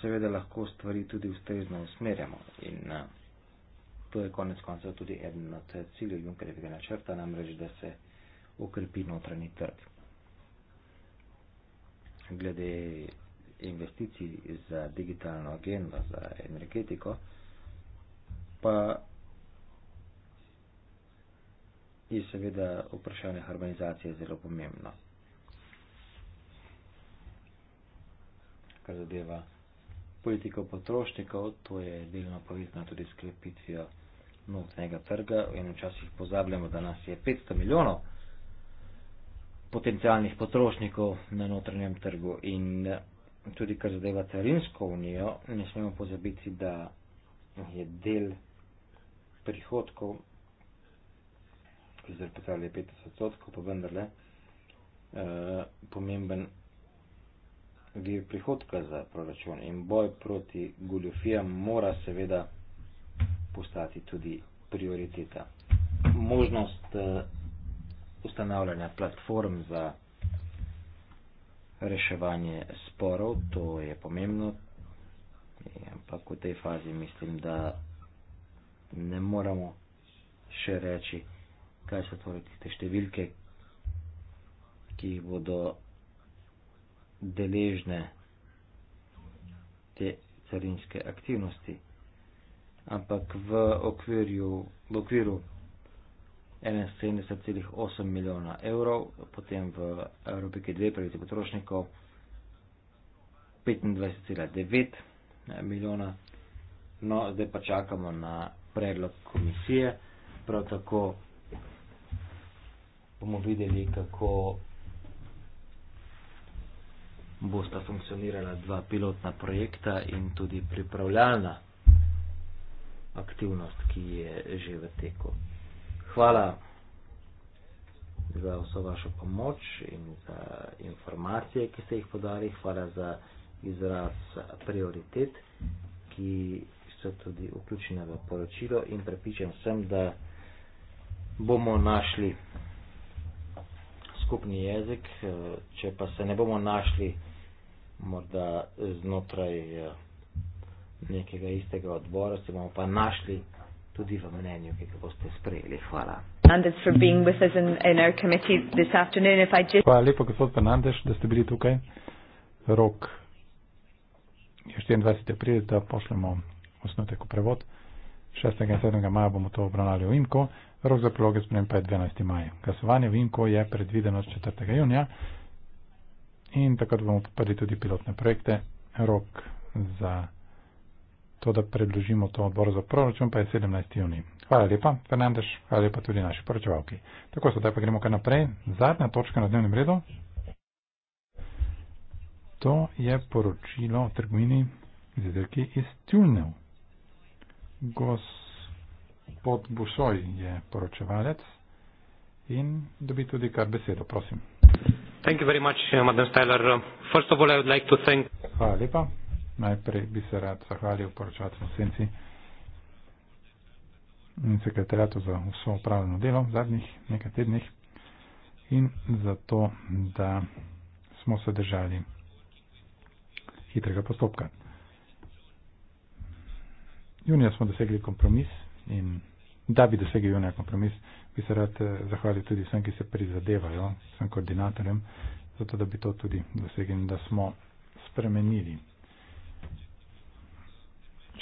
seveda lahko stvari tudi ustrezno usmerjamo in eh, to je konec koncev tudi eden od eh, ciljev Junkerjevega načrta, namreč da se okrepi notranji trg glede investicij za digitalno agendo, za energetiko, pa je seveda vprašanje harmonizacije zelo pomembno. Kar zadeva politiko potrošnikov, to je delno povezano tudi s krepitvijo notnega trga in včasih pozabljamo, da nas je 500 milijonov potencijalnih potrošnikov na notranjem trgu in eh, tudi kar zadeva carinsko unijo, ne smemo pozabiti, da je del prihodkov, ki zdaj predstavlja 50 odstotkov, pa vendarle eh, pomemben vir prihodka za proračun in boj proti goljofijam mora seveda postati tudi prioriteta. Možnost eh, ustanavljanja platform za reševanje sporov, to je pomembno, ampak v tej fazi mislim, da ne moramo še reči, kaj so torej tiste številke, ki bodo deležne te carinske aktivnosti, ampak v okviru, v okviru 71,8 milijona evrov, potem v rubriki 2 pravice potrošnikov 25,9 eh, milijona. No, zdaj pa čakamo na predlog komisije. Prav tako bomo videli, kako bosta funkcionirala dva pilotna projekta in tudi pripravljalna aktivnost, ki je že v teku hvala za vso vašo pomoč in za informacije, ki ste jih podali. Hvala za izraz prioritet, ki so tudi vključene v poročilo in prepričan sem, da bomo našli skupni jezik, če pa se ne bomo našli morda znotraj eh, nekega istega odbora, se bomo pa našli tudi v mnenju, ki ga boste sprejeli. Hvala. Hvala lepo, gospod Fernandez, da ste bili tukaj. Rok je 24. april, da pošljemo osnotek v prevod. 6. in 7. maja bomo to obravnali v Imko. Rok za priloge sprejem pa je 12. maja. Glasovanje v Imko je predvideno 4. junija in takrat bomo podprli tudi pilotne projekte. Rok za to, da predložimo to odbor za proračun, pa je 17. juni. Hvala lepa, Fernandeš, hvala lepa tudi naši poročevalki. Tako se zdaj pa gremo kar naprej. Zadnja točka na dnevnem redu. To je poročilo o trgovini z izdelki iz Tjulnev. Gospod Bušoj je poročevalec in dobi tudi kar besedo, prosim. Thank you very much, Madam Steller. First of all, I would like to thank... Hvala lepa, Najprej bi se rad zahvalil poročatelju senci in sekretariatu za vso upravljeno delo v zadnjih nekaj tednih in za to, da smo se držali hitrega postopka. Junija smo dosegli kompromis in da bi dosegli junija kompromis, bi se rad eh, zahvalil tudi vsem, ki se prizadevajo, sem koordinatorem, zato da bi to tudi dosegli in da smo spremenili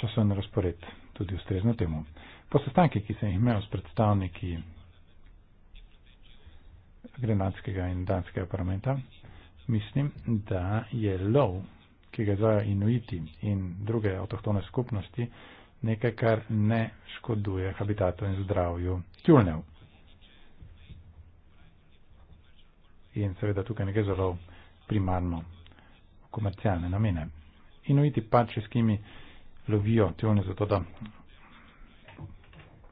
časoven razpored tudi ustrezno temu. Po sestanki, ki sem jih imel s predstavniki grenadskega in danskega parlamenta, mislim, da je lov, ki ga zvajo inuiti in druge avtohtone skupnosti, nekaj, kar ne škoduje habitatu in zdravju tjulnev. In seveda tukaj nekaj zelo primarno komercialne namene. Inuiti pač, s kimi lovijo tjone za to, da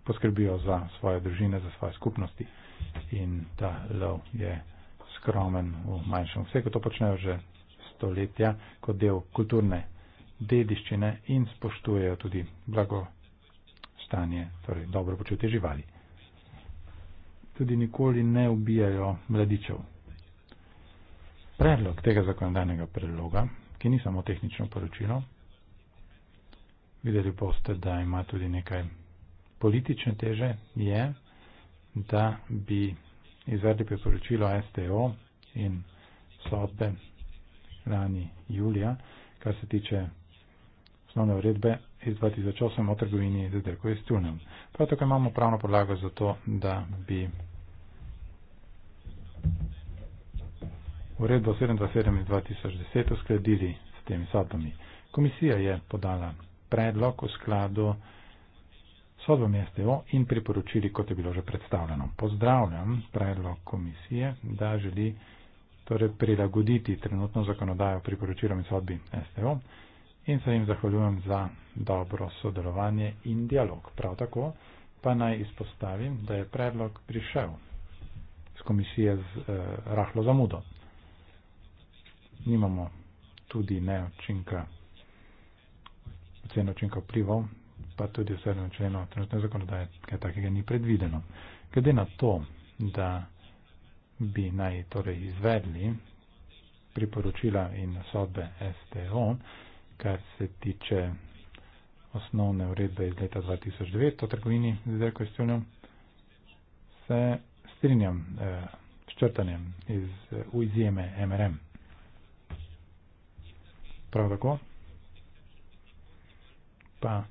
poskrbijo za svoje družine, za svoje skupnosti in ta lov je skromen v manjšem obsegu. To počnejo že stoletja kot del kulturne dediščine in spoštujejo tudi blago stanje, torej dobro počutje živali. Tudi nikoli ne ubijajo mladičev. Predlog tega zakonodajnega predloga, ki ni samo tehnično poročilo, videli poste, da ima tudi nekaj politične teže, je, da bi izvedli priporočilo STO in sodbe lani julija, kar se tiče osnovne uredbe iz 2008 o trgovini z drkovi s tunem. Prav tako imamo pravno podlago za to, da bi uredbo 727 iz 2010 uskladili s temi sodbami. Komisija je podala predlog v skladu sodbo MSTO in priporočili, kot je bilo že predstavljeno. Pozdravljam predlog komisije, da želi torej prilagoditi trenutno zakonodajo priporočilom in sodbi MSTO in se jim zahvaljujem za dobro sodelovanje in dialog. Prav tako pa naj izpostavim, da je predlog prišel z komisije z eh, rahlo zamudo. Nimamo tudi neočinka cen učinka vplival, pa tudi v sedmem členu trenutne zakonodaje, kaj takega ni predvideno. Glede na to, da bi naj torej izvedli priporočila in sodbe STO, kar se tiče osnovne uredbe iz leta 2009 o trgovini z izdelkom iz tjulnja, se strinjam eh, s črtanjem iz eh, ujzijeme MRM. Prav tako pa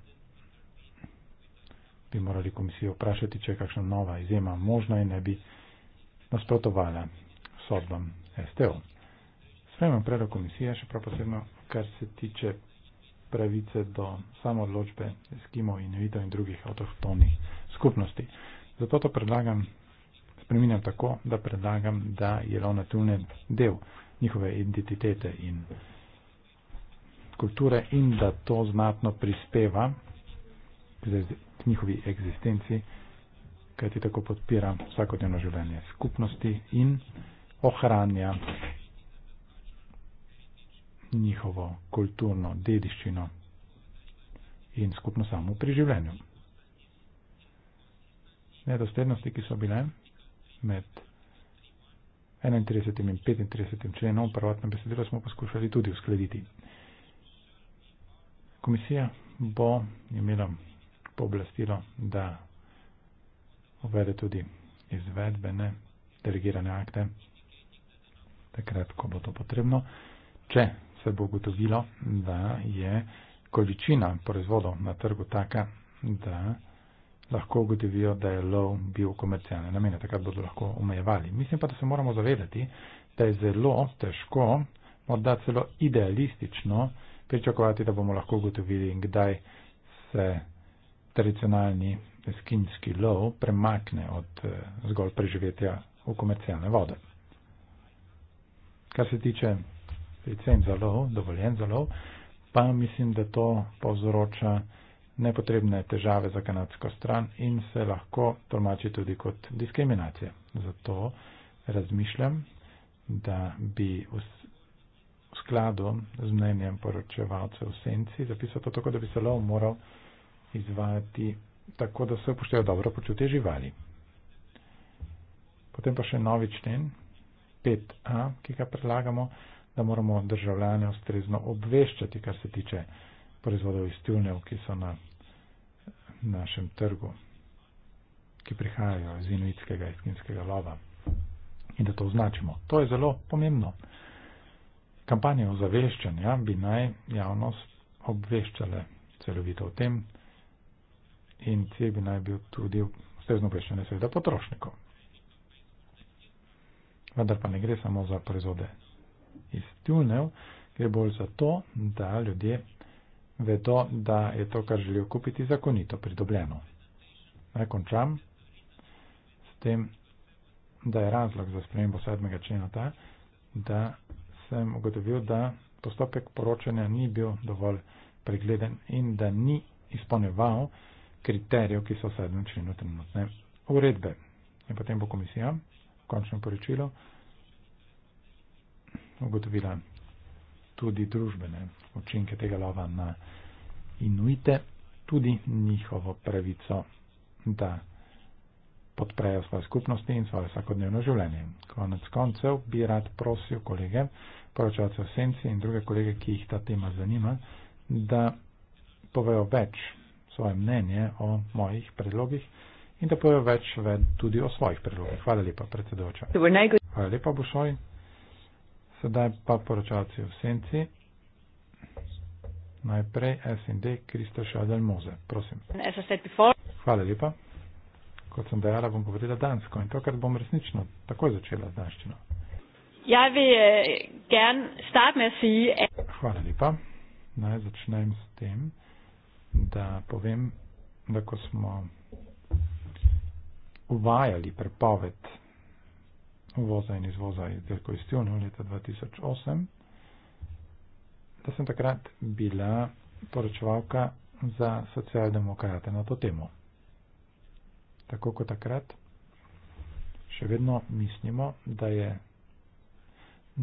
bi morali komisijo vprašati, če je kakšna nova izjema možna in ne bi nasprotovala sodbam STO. Sprejemam predlog komisije, še prav posebno, kar se tiče pravice do samodločbe Eskimo in Nevito in drugih avtohtonih skupnosti. Zato to predlagam, spreminjam tako, da predlagam, da je lovna tunel del njihove identitete in identitete kulture in da to znatno prispeva k njihovi eksistenci, kajti tako podpira vsakodnevno življenje skupnosti in ohranja njihovo kulturno dediščino in skupno samo pri življenju. Nedoslednosti, ki so bile med 31. in 35. členom prvotnem besedilu, smo poskušali tudi uskladiti. Komisija bo imela pooblastilo, da uvede tudi izvedbene delegirane akte, takrat, ko bo to potrebno. Če se bo ugotovilo, da je količina proizvodov na trgu taka, da lahko ugotovijo, da je lov bil komercialne namene, takrat bodo lahko omejevali. Mislim pa, da se moramo zavedati, da je zelo težko, morda celo idealistično, pričakovati, da bomo lahko ugotovili, kdaj se tradicionalni eskinski lov premakne od eh, zgolj preživetja v komercialne vode. Kar se tiče licenc za lov, dovoljen za lov, pa mislim, da to povzroča nepotrebne težave za kanadsko stran in se lahko tolmači tudi kot diskriminacija. Zato razmišljam, da bi vse skladu z mnenjem poročevalcev v senci, zapisal to tako, da bi se lov moral izvajati tako, da se upoštevajo dobro počutje živali. Potem pa še novi člen, 5a, ki ga predlagamo, da moramo državljane ustrezno obveščati, kar se tiče proizvodov iz tjulnev, ki so na našem trgu, ki prihajajo iz inuitskega, iz kinskega lova. In da to označimo. To je zelo pomembno kampanje ozaveščanja bi naj javnost obveščale celovito o tem in cilj bi naj bil tudi ustrezno obveščanje seveda potrošnikov. Vendar pa ne gre samo za proizvode iz tunev, gre bolj za to, da ljudje vedo, da je to, kar želijo kupiti, zakonito pridobljeno. Naj končam s tem, da je razlog za spremembo sedmega člena ta, da sem ugotovil, da postopek poročanja ni bil dovolj pregleden in da ni izpolneval kriterijev, ki so v sedmem členu trenutne uredbe. In potem bo komisija v končnem poročilu ugotovila tudi družbene učinke tega lova na inuite, tudi njihovo pravico, da podprejo svoje skupnosti in svoje vsakodnevno življenje. Konec koncev bi rad prosil kolege, poročavce v senci in druge kolege, ki jih ta tema zanima, da povejo več svoje mnenje o mojih predlogih in da povejo več ved tudi o svojih predlogih. Hvala lepa, predsedoča. Hvala lepa, Bušoj. Sedaj pa poročavci v senci. Najprej SND Krista Šadel Moze. Prosim. Hvala lepa. Kot sem dejala, bom povedala dansko in tokrat bom resnično takoj začela z danščino. Jeg vil øh, gerne starte med at sige, at... Hvala lepa. Naj začnem s tem, da povem, da ko smo uvajali prepoved uvoza in izvoza iz delko no, leta 2008, da sem takrat bila poročevalka za socialdemokrate na to temo. Tako kot takrat, še vedno mislimo, da je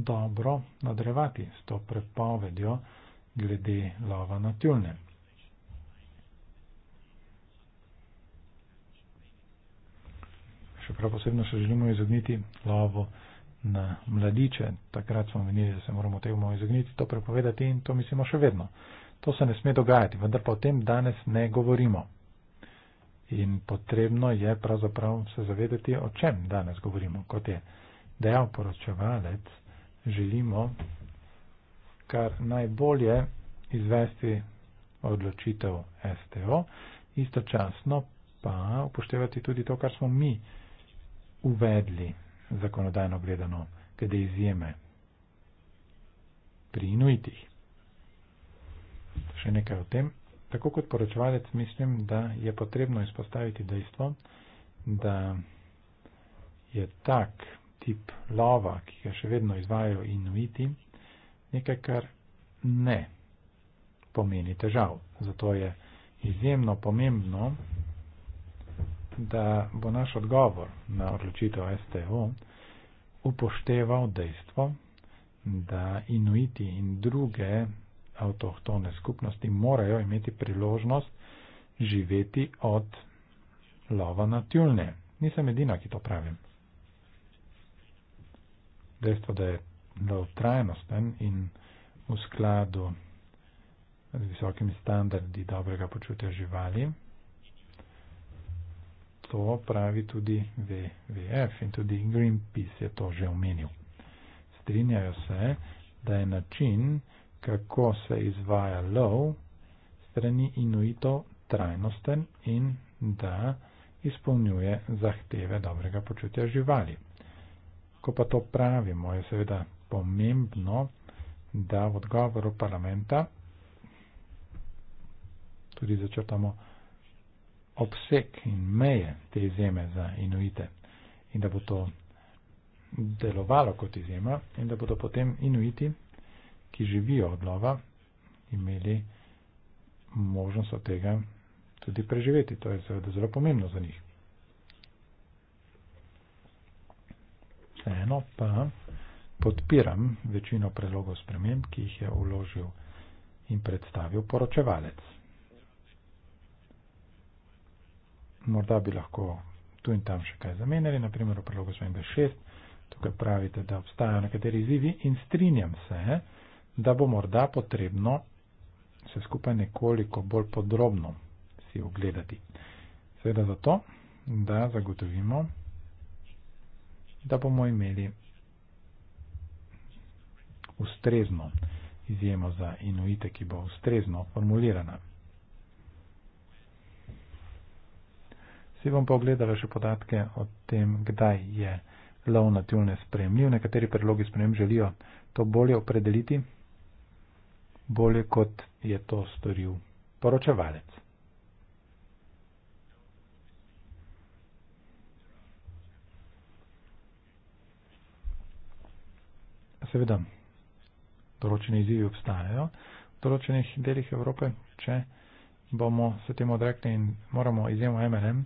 dobro nadrevati s to prepovedjo glede lova na tjulne. Še prav posebno še želimo izogniti lovo na mladiče. Takrat smo menili, da se moramo temu izogniti, to prepovedati in to mislimo še vedno. To se ne sme dogajati, vendar pa o tem danes ne govorimo. In potrebno je pravzaprav se zavedati, o čem danes govorimo. Kot je dejal poročevalec, želimo kar najbolje izvesti odločitev STO, istočasno pa upoštevati tudi to, kar smo mi uvedli zakonodajno gledano, glede izjeme pri inuitih. Še nekaj o tem. Tako kot poročevalec mislim, da je potrebno izpostaviti dejstvo, da je tak tip lova, ki ga še vedno izvajo inuiti, nekaj, kar ne pomeni težav. Zato je izjemno pomembno, da bo naš odgovor na odločitev STO upošteval dejstvo, da inuiti in druge avtohtone skupnosti morajo imeti priložnost živeti od lova na tjulne. Nisem edina, ki to pravim dejstvo, da je zelo trajnosten in v skladu z visokimi standardi dobrega počutja živali. To pravi tudi VVF in tudi Greenpeace je to že omenil. Strinjajo se, da je način, kako se izvaja lov strani inuito trajnosten in da izpolnjuje zahteve dobrega počutja živali ko pa to pravimo, je seveda pomembno, da v odgovoru parlamenta tudi začrtamo obseg in meje te izjeme za inuite in da bo to delovalo kot izjema in da bodo potem inuiti, ki živijo od lova, imeli možnost od tega tudi preživeti. To je seveda zelo pomembno za njih. vseeno pa podpiram večino predlogov sprememb, ki jih je uložil in predstavil poročevalec. Morda bi lahko tu in tam še kaj zamenjali, naprimer v predlogu spremembe 6, tukaj pravite, da obstajajo nekateri izzivi in strinjam se, da bo morda potrebno se skupaj nekoliko bolj podrobno si ogledati. Seveda zato, da zagotovimo da bomo imeli ustrezno izjemo za inuite, ki bo ustrezno formulirana. Si bom pogledala še podatke o tem, kdaj je lov na tjulne sprejemljiv. Nekateri predlogi sprejem želijo to bolje opredeliti, bolje kot je to storil poročevalec. seveda določene izzivi obstajajo, v določenih delih Evrope, če bomo se temu odrekli in moramo izjemo MLM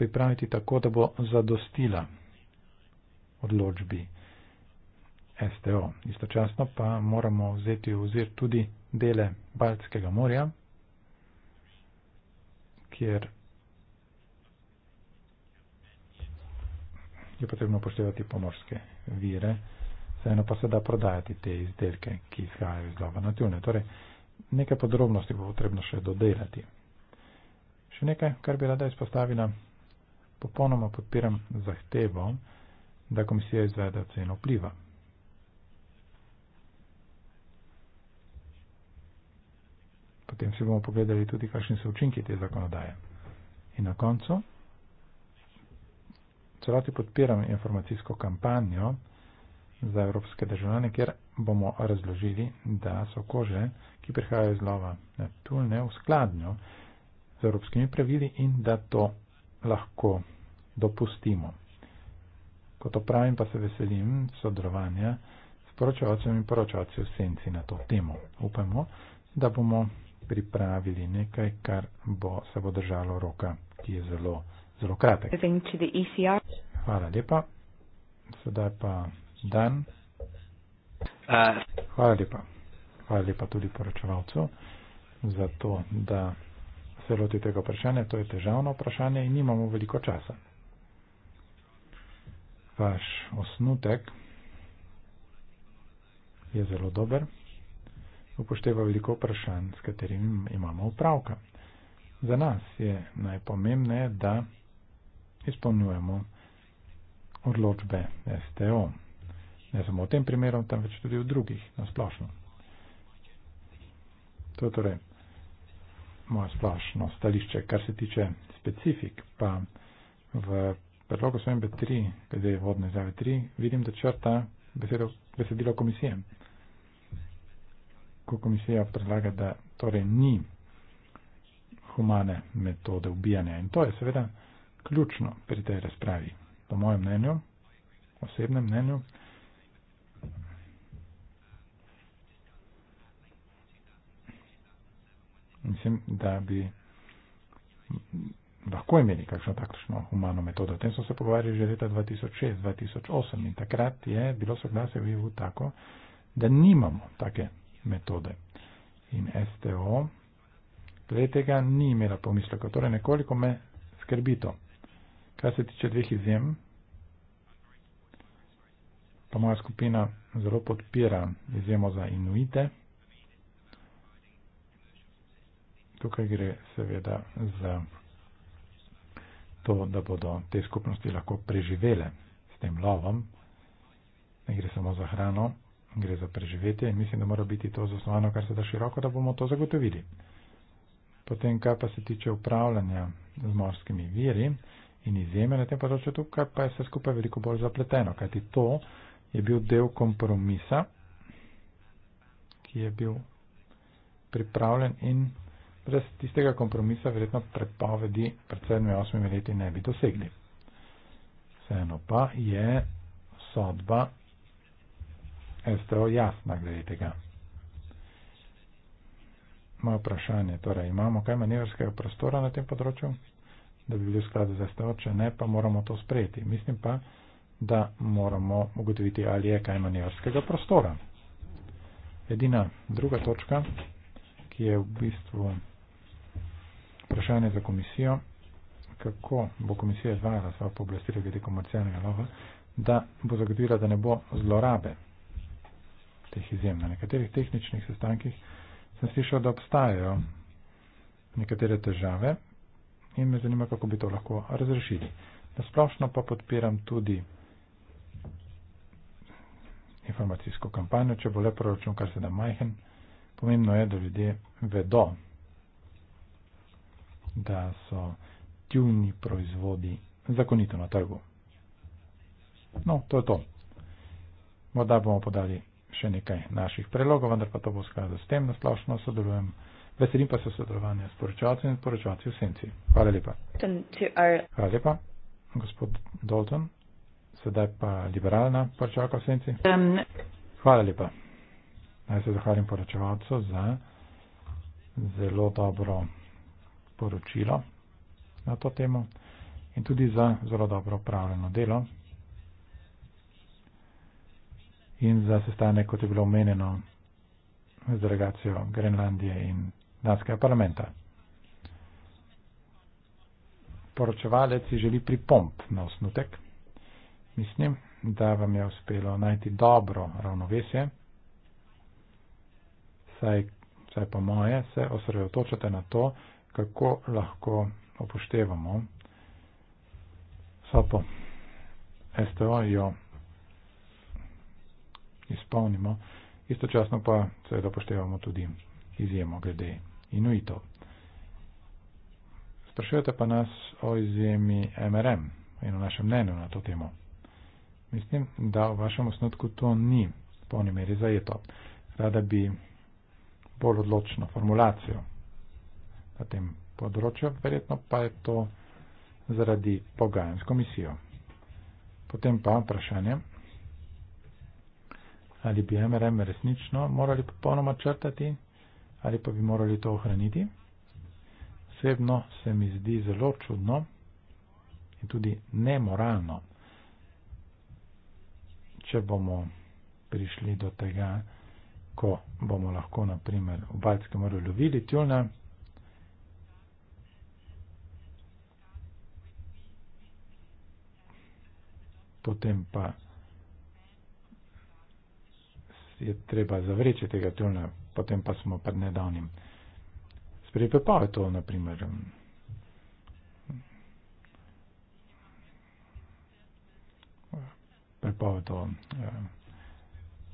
pripraviti tako, da bo zadostila odločbi STO. Istočasno pa moramo vzeti v zir tudi dele Baltskega morja, kjer je potrebno upoštevati pomorske vire vseeno pa se da prodajati te izdelke, ki izhajajo iz globalne tune. Torej, nekaj podrobnosti bo potrebno še dodelati. Še nekaj, kar bi rada izpostavila, popolnoma podpiram zahtevo, da komisija izvede oceno vpliva. Potem si bomo pogledali tudi, kakšni so učinki te zakonodaje. In na koncu, celoti podpiram informacijsko kampanjo, za evropske državljane, kjer bomo razložili, da so kože, ki prihajajo iz lova na tulne, v skladnju z evropskimi pravili in da to lahko dopustimo. Ko to pravim, pa se veselim sodelovanja s poročevalcem in poročevalci v senci na to temo. Upamo, da bomo pripravili nekaj, kar bo, se bo držalo roka, ki je zelo, zelo kratek. E Hvala lepa. Sedaj pa dan. Uh. Hvala lepa. Hvala lepa tudi poročevalcu za to, da se loti tega vprašanja. To je težavno vprašanje in nimamo veliko časa. Vaš osnutek je zelo dober, upošteva veliko vprašanj, s katerim imamo upravka. Za nas je najpomembneje, da izpolnjujemo odločbe STO. Ne samo v tem primeru, temveč tudi v drugih, na splošno. To je torej moja splošno stališče, kar se tiče specifik, pa v predlogu SMB3, glede vodne zave 3, vidim, da črta besedo, besedilo komisije. Ko komisija predlaga, da torej ni humane metode ubijanja. In to je seveda ključno pri tej razpravi. Po mojem mnenju, osebnem mnenju, mislim, da bi lahko imeli kakšno takšno humano metodo. O tem so se pogovarjali že leta 2006-2008 in takrat je bilo soglasje v EU tako, da nimamo take metode. In STO glede tega ni imela pomisleka. Torej nekoliko me skrbi to. Kar se tiče dveh izjem, pa moja skupina zelo podpira izjemo za inuite. Tukaj gre seveda za to, da bodo te skupnosti lahko preživele s tem lovom. Ne gre samo za hrano, gre za preživetje in mislim, da mora biti to zasnovano kar se da široko, da bomo to zagotovili. Potem, kar pa se tiče upravljanja z morskimi viri in izjeme na tem področju, tukaj pa je vse skupaj veliko bolj zapleteno, kajti to je bil del kompromisa, ki je bil pripravljen in brez tistega kompromisa verjetno prepovedi pred 7-8 leti ne bi dosegli. Vseeno pa je sodba STO jasna glede tega. Moje vprašanje, torej imamo kaj manevrskega prostora na tem področju, da bi bili v skladu z STO, če ne, pa moramo to sprejeti. Mislim pa, da moramo ugotoviti, ali je kaj manevrskega prostora. Edina druga točka, ki je v bistvu vprašanje za komisijo, kako bo komisija izvajala svoje pooblastilo glede komercialnega lova, da bo zagotovila, da ne bo zlorabe teh izjem. Na nekaterih tehničnih sestankih sem slišal, da obstajajo nekatere težave in me zanima, kako bi to lahko razrešili. Na splošno pa podpiram tudi informacijsko kampanjo, če bo le proračun kar se da majhen. Pomembno je, da ljudje vedo, da so tjuni proizvodi zakonito na trgu. No, to je to. Morda bomo podali še nekaj naših predlogov, vendar pa to bo skladno s tem, da splošno sodelujem. Veselim pa se sodelovanja s poročevalci in poročevalci v senci. Hvala lepa. Hvala lepa, gospod Dalton. Sedaj pa liberalna poročevalka v senci. Um, Hvala lepa. Naj se zahvalim poročevalcu za zelo dobro sporočilo na to temo in tudi za zelo dobro upravljeno delo in za sestanek, kot je bilo omenjeno, z delegacijo Grenlandije in Danskega parlamenta. Poročevalec si želi pripomp na osnutek. Mislim, da vam je uspelo najti dobro ravnovesje, saj, saj po moje se osredotočate na to, kako lahko upoštevamo vsako STO jo izpolnimo, istočasno pa seveda upoštevamo tudi izjemo glede inuitov. Sprašujete pa nas o izjemi MRM in o našem mnenju na to temo. Mislim, da v vašem osnutku to ni v polni meri zajeto. Rada bi bolj odločno formulacijo na tem področju, verjetno pa je to zaradi pogajansko misijo. Potem pa vprašanje, ali bi MRM resnično morali popolnoma črtati ali pa bi morali to ohraniti. Osebno se mi zdi zelo čudno in tudi nemoralno, če bomo prišli do tega, ko bomo lahko naprimer v Baltskem morju lovili tjulne. potem pa je treba zavreči tega tulna, potem pa smo pred nedavnim. Sprepepal je to, na primer. prepoved o eh,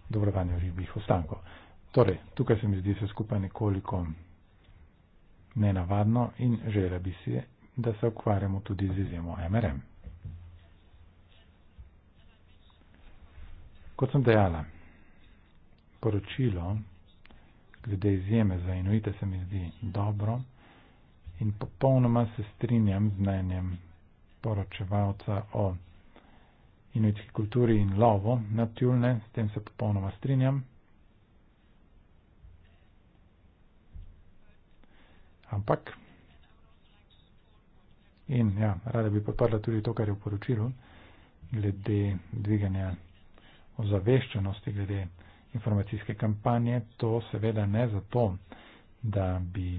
dobrovanju ribih ostankov. Torej, tukaj se mi zdi vse skupaj nekoliko nenavadno in žele bi si, da se ukvarjamo tudi z izjemo MRM. Kot sem dejala, poročilo glede izjeme za inuite se mi zdi dobro in popolnoma se strinjam z mnenjem poročevalca o inuitski kulturi in lovo na tjulne, s tem se popolnoma strinjam. Ampak, in ja, rada bi podprla tudi to, kar je v poročilu, glede dviganja ozaveščenosti glede informacijske kampanje. To seveda ne zato, da bi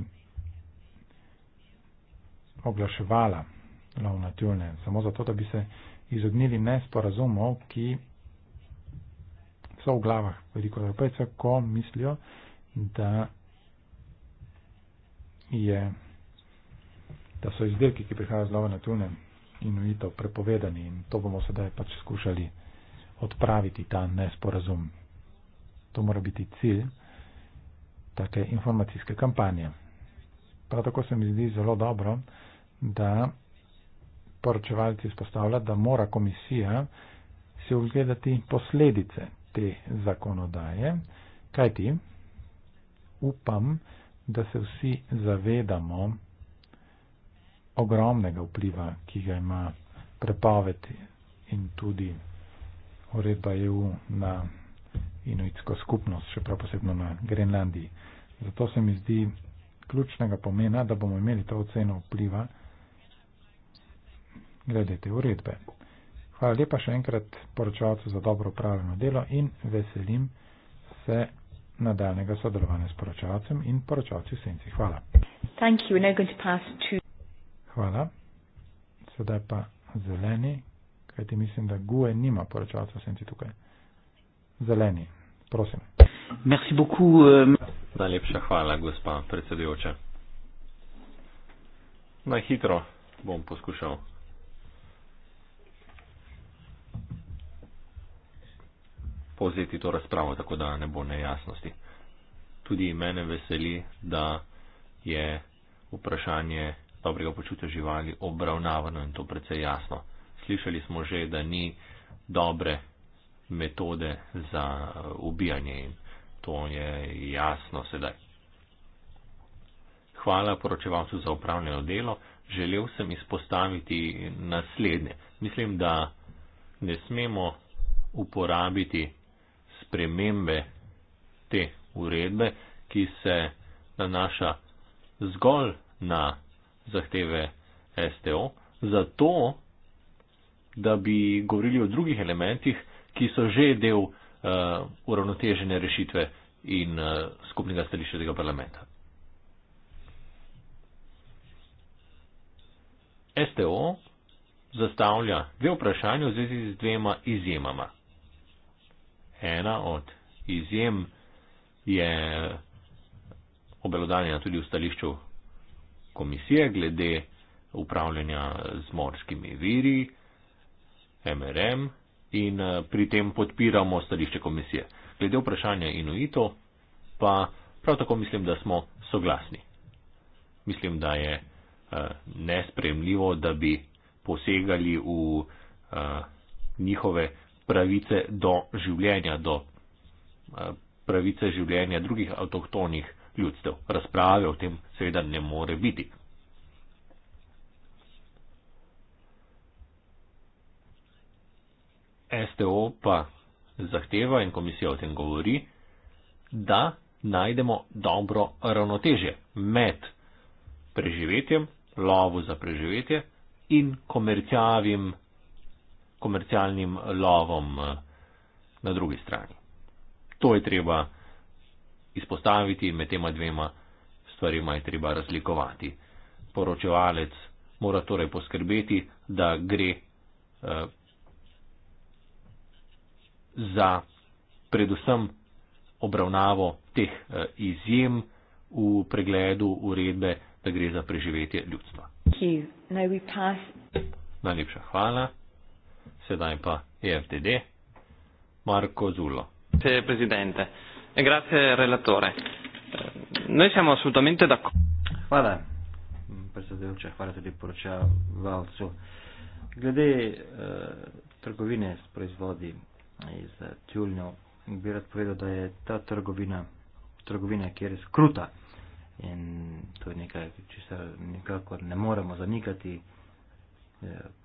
oglaševala lov na tjulne, samo zato, da bi se izognili nesporazumov, ki so v glavah veliko evropejcev, ko mislijo, da je da so izdelki, ki prihajajo z lova na tune in ujitev prepovedani in to bomo sedaj pač skušali odpraviti ta nesporazum. To mora biti cilj take informacijske kampanje. Prav tako se mi zdi zelo dobro, da poročevalci izpostavlja, da mora komisija si ogledati posledice te zakonodaje, kajti upam, da se vsi zavedamo ogromnega vpliva, ki ga ima prepoved in tudi uredba EU na inuitsko skupnost, še prav posebno na Grenlandiji. Zato se mi zdi ključnega pomena, da bomo imeli to oceno vpliva glede te uredbe. Hvala lepa še enkrat poročevalcu za dobro upravljeno delo in veselim se nadaljnega sodelovanja s poročevalcem in poročevalci v senci. Hvala. Hvala. Sedaj pa zeleni kajti mislim, da Gue nima poročalca senci tukaj. Zeleni, prosim. Merci beaucoup. Um... Najlepša hvala, gospa predsedujoča. Najhitro bom poskušal. povzeti to razpravo, tako da ne bo nejasnosti. Tudi mene veseli, da je vprašanje dobrega počutja živali obravnavano in to precej jasno slišali smo že, da ni dobre metode za uh, ubijanje in to je jasno sedaj. Hvala poročevalcu za upravljeno delo. Želel sem izpostaviti naslednje. Mislim, da ne smemo uporabiti spremembe te uredbe, ki se nanaša zgolj na zahteve STO, zato da bi govorili o drugih elementih, ki so že del uh, uravnotežene rešitve in uh, skupnega stališča tega parlamenta. STO zastavlja dve vprašanje v zvezi z dvema izjemama. Ena od izjem je obelodanjena tudi v stališču komisije glede upravljanja z morskimi viri, MRM in eh, pri tem podpiramo stališče komisije. Glede vprašanja inuito pa prav tako mislim, da smo soglasni. Mislim, da je eh, nespremljivo, da bi posegali v eh, njihove pravice do življenja, do pravice življenja drugih avtohtonih ljudstev. Razprave o tem seveda ne more biti. STO pa zahteva in komisija o tem govori, da najdemo dobro ravnotežje med preživetjem, lovu za preživetje in komercialnim, komercialnim lovom eh, na drugi strani. To je treba izpostaviti med tema dvema stvarima je treba razlikovati. Poročevalec mora torej poskrbeti, da gre eh, za predvsem obravnavo teh eh, izjem v pregledu uredbe, da gre za preživetje ljudstva. Najlepša hvala. Sedaj pa EFTD. Marko Zulo. E eh, hvala, predsedujoče. Hvala tudi poročevalcu. Glede eh, trgovine s proizvodi iz eh, tjulnjo, bi rad povedal, da je ta trgovina, trgovina, ki je res kruta in to je nekaj, če se nikakor ne moremo zanikati,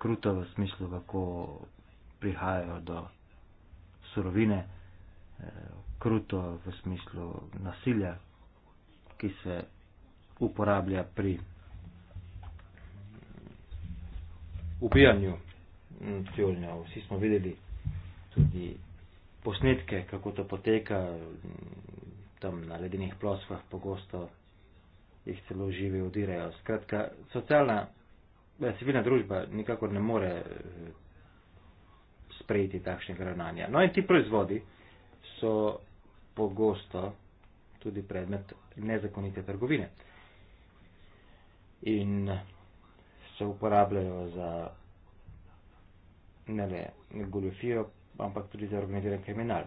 kruto v smislu, kako prihajajo do surovine, eh, kruto v smislu nasilja, ki se uporablja pri ubijanju mm, tjulnja. Vsi smo videli tudi posnetke, kako to poteka tam na ledenih plosvah, pogosto jih celo živi odirajo. Skratka, socialna, ja, civilna družba nikakor ne more eh, sprejeti takšnega ravnanja. No in ti proizvodi so pogosto tudi predmet nezakonite trgovine. In se uporabljajo za ne le goljofijo, ampak tudi za organiziran kriminal.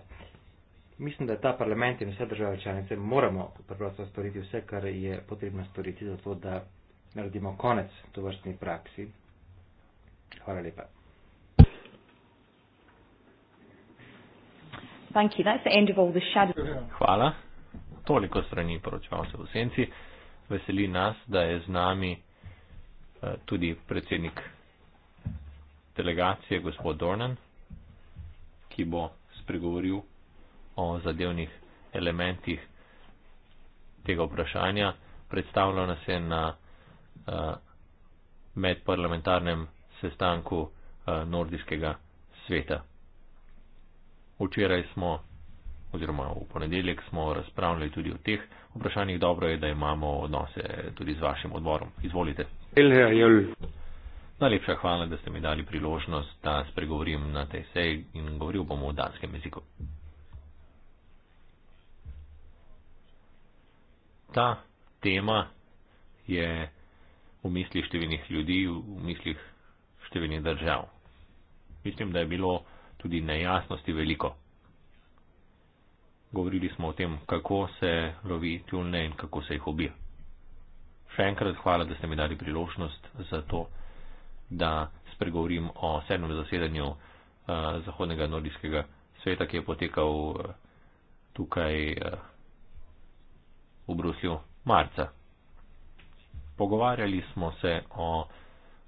Mislim, da ta parlament in vse države članice moramo preprosto storiti vse, kar je potrebno storiti, zato da naredimo konec to vrstni praksi. Hvala lepa. Thank you. That's the end of all the shadow. Hvala. Toliko strani poročevalcev v senci. Veseli nas, da je z nami uh, tudi predsednik delegacije, gospod Dornan ki bo spregovoril o zadevnih elementih tega vprašanja. Predstavljal nas je na uh, medparlamentarnem sestanku uh, Nordijskega sveta. Včeraj smo, oziroma v ponedeljek smo razpravljali tudi o teh vprašanjih. Dobro je, da imamo odnose tudi z vašim odborom. Izvolite. Elja, jel. Najlepša hvala, da ste mi dali priložnost, da spregovorim na tej seji in govoril bom v danskem jeziku. Ta tema je v mislih številnih ljudi, v mislih številnih držav. Mislim, da je bilo tudi nejasnosti veliko. Govorili smo o tem, kako se lovi tjulne in kako se jih ubija. Še enkrat hvala, da ste mi dali priložnost za to da spregovorim o sedmem zasedanju uh, Zahodnega nordijskega sveta, ki je potekal uh, tukaj uh, v Bruslju marca. Pogovarjali smo se o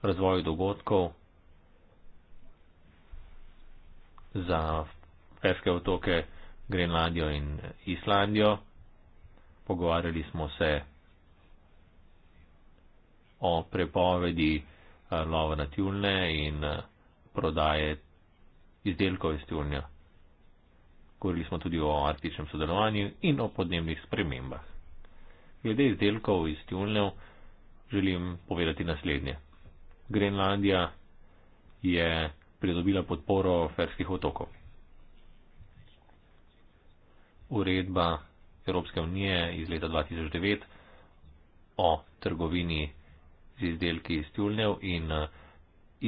razvoju dogodkov za Ferske otoke, Grenlandijo in Islandijo. Pogovarjali smo se o prepovedi lova eh, na tjulne in eh, prodaje izdelkov iz tjulnja. Govorili smo tudi o arktičnem sodelovanju in o podnebnih spremembah. Glede izdelkov iz tjulnjev želim povedati naslednje. Grenlandija je pridobila podporo ferskih otokov. Uredba Evropske unije iz leta 2009 o trgovini z izdelki iz tjulnjev in eh,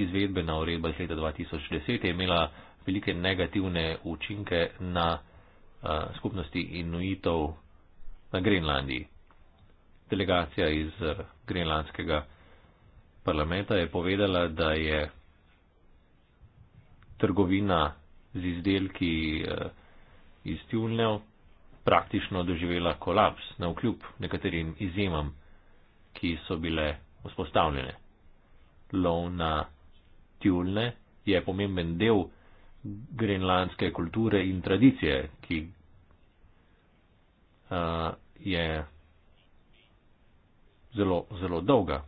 izvedbena uredba iz leta 2010 je imela velike negativne učinke na eh, skupnosti inuitov na Grenlandiji. Delegacija iz eh, grenlandskega parlamenta je povedala, da je trgovina z izdelki iz tjulnjev praktično doživela kolaps na vkljub nekaterim izjemam, ki so bile vzpostavljene. Lov na tjulne je pomemben del grenlandske kulture in tradicije, ki uh, je zelo, zelo dolga.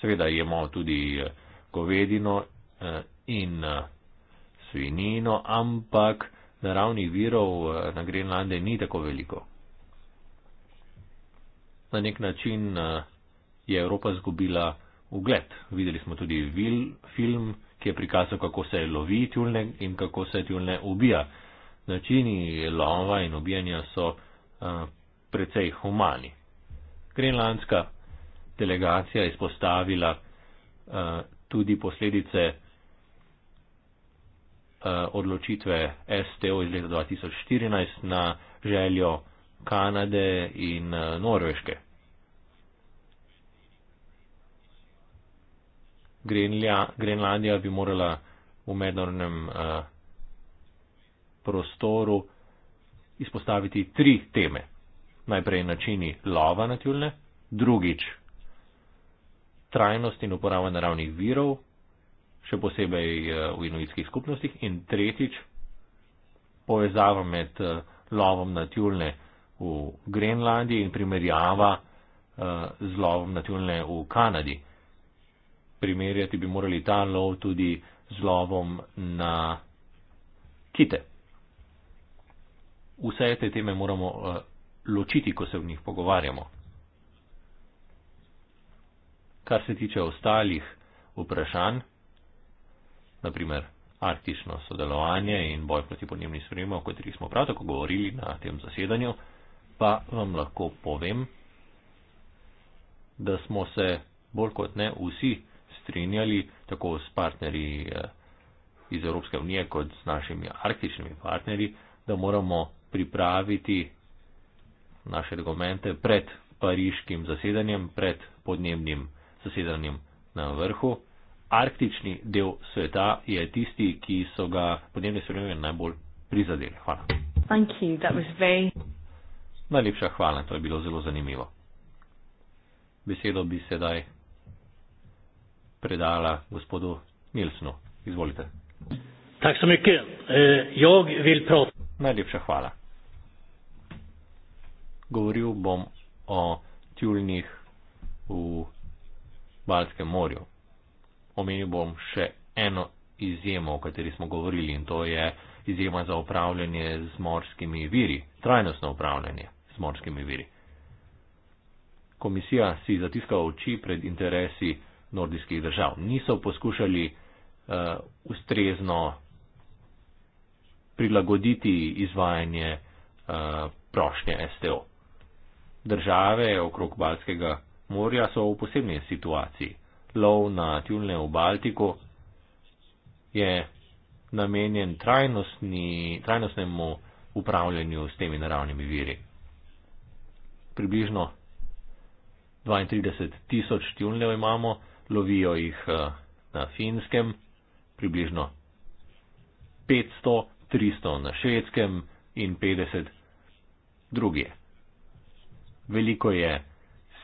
Seveda jemo tudi e, govedino uh, in uh, svinino, ampak naravnih virov uh, na Grenlande ni tako veliko na nek način eh, je Evropa zgubila ugled. Videli smo tudi vil, film, ki je prikazal, kako se lovi tjulne in kako se tjulne ubija. Načini lova in ubijanja so a, eh, precej humani. Grenlandska delegacija je izpostavila a, eh, tudi posledice a, odločitve STO iz leta 2014 na željo Kanade in a, Norveške. Grenlandija bi morala v mednarodnem eh, prostoru izpostaviti tri teme. Najprej načini lova na tjulne, drugič trajnost in uporaba naravnih virov, še posebej eh, v inovitskih skupnostih, in tretjič povezava med eh, lovom na tjulne v Grenlandiji in primerjava z lovom na tjulne v Kanadi primerjati bi morali ta lov tudi z lovom na kite. Vse te teme moramo eh, ločiti, ko se v njih pogovarjamo. Kar se tiče ostalih vprašanj, naprimer arktično sodelovanje in boj proti podnebnim spremembam, o katerih smo prav tako govorili na tem zasedanju, pa vam lahko povem, da smo se bolj kot ne vsi strinjali tako s partnerji eh, iz Evropske unije kot s našimi arktičnimi partnerji, da moramo pripraviti naše dokumente pred pariškim zasedanjem, pred podnebnim zasedanjem na vrhu. Arktični del sveta je tisti, ki so ga podnebne spremembe najbolj prizadele. Hvala. Najlepša hvala, to je bilo zelo zanimivo. Besedo bi sedaj predala gospodu Nilsnu. Izvolite. Tak sem ikke. E, jog vil prot. Najlepša hvala. Govoril bom o tjulnih v Balskem morju. Omenil bom še eno izjemo, o kateri smo govorili in to je izjema za upravljanje z morskimi viri, trajnostno upravljanje z morskimi viri. Komisija si zatiska oči pred interesi nordijskih držav. Niso poskušali uh, ustrezno prilagoditi izvajanje uh, prošnje STO. Države okrog Balskega morja so v posebni situaciji. Lov na tjulne v Baltiku je namenjen trajnostnemu upravljanju s temi naravnimi viri. Približno 32 tisoč tjulnev imamo, lovijo jih eh, na finskem, približno 500, 300 na švedskem in 50 druge. Veliko je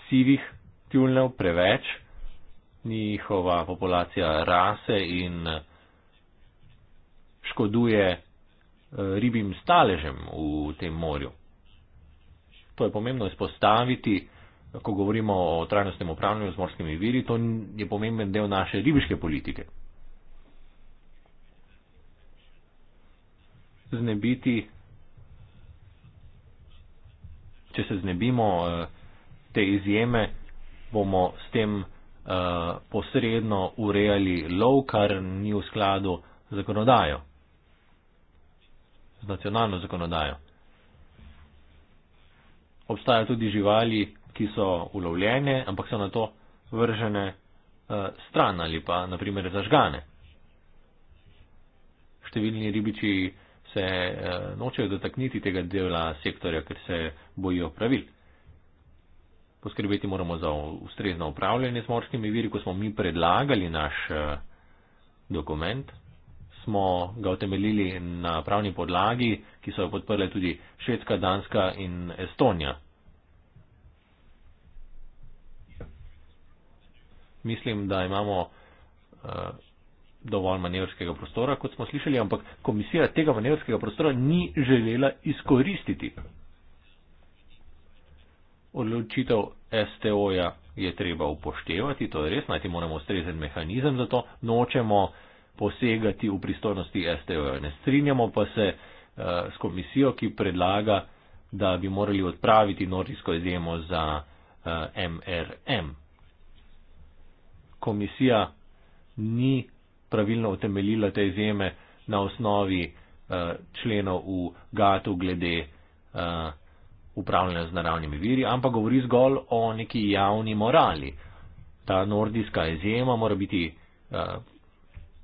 sivih tjulnev, preveč, njihova populacija rase in eh, škoduje eh, ribim staležem v tem morju. To je pomembno izpostaviti, ko govorimo o trajnostnem upravljanju z morskimi viri, to je pomemben del naše ribiške politike. Znebiti, če se znebimo eh, te izjeme, bomo s tem eh, posredno urejali lov, kar ni v skladu z zakonodajo, z nacionalno zakonodajo. Obstajajo tudi živali, ki so ulovljene, ampak so na to vržene uh, stran ali pa naprimer zažgane. Številni ribiči se uh, nočejo dotakniti tega dela sektorja, ker se bojijo pravil. Poskrbeti moramo za ustrezno upravljanje z morskimi viri, ko smo mi predlagali naš uh, dokument smo ga utemeljili na pravni podlagi, ki so jo podprle tudi Švedska, Danska in Estonija. mislim, da imamo eh, dovolj manevrskega prostora, kot smo slišali, ampak komisija tega manevrskega prostora ni želela izkoristiti. Odločitev STO-ja je treba upoštevati, to je res, najti moramo ustrezen mehanizem za to, nočemo posegati v pristojnosti STO-ja. Ne strinjamo pa se uh, s komisijo, ki predlaga, da bi morali odpraviti nordijsko izjemo za uh, eh, MRM komisija ni pravilno utemeljila te izjeme na osnovi eh, členov v gatu glede eh, upravljanja z naravnimi viri, ampak govori zgolj o neki javni morali. Ta nordijska izjema mora biti eh,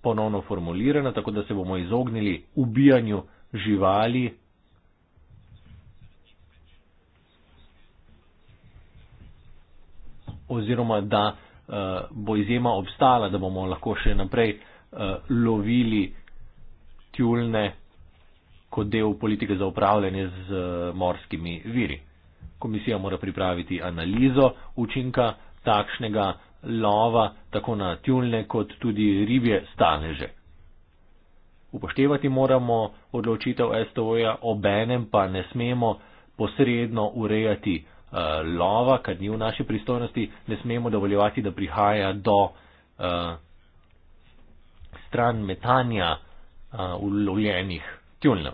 ponovno formulirana, tako da se bomo izognili ubijanju živali. Oziroma, da Eh, bo izjema obstala, da bomo lahko še naprej uh, lovili tjulne kot del politike za upravljanje z uh, morskimi viri. Komisija mora pripraviti analizo učinka takšnega lova tako na tjulne kot tudi ribje staneže. Upoštevati moramo odločitev STO-ja, obenem pa ne smemo posredno urejati uh, Eh, lova, kar ni v naši pristojnosti, ne smemo dovoljevati, da prihaja do eh, stran metanja eh, ulovljenih tjulnev.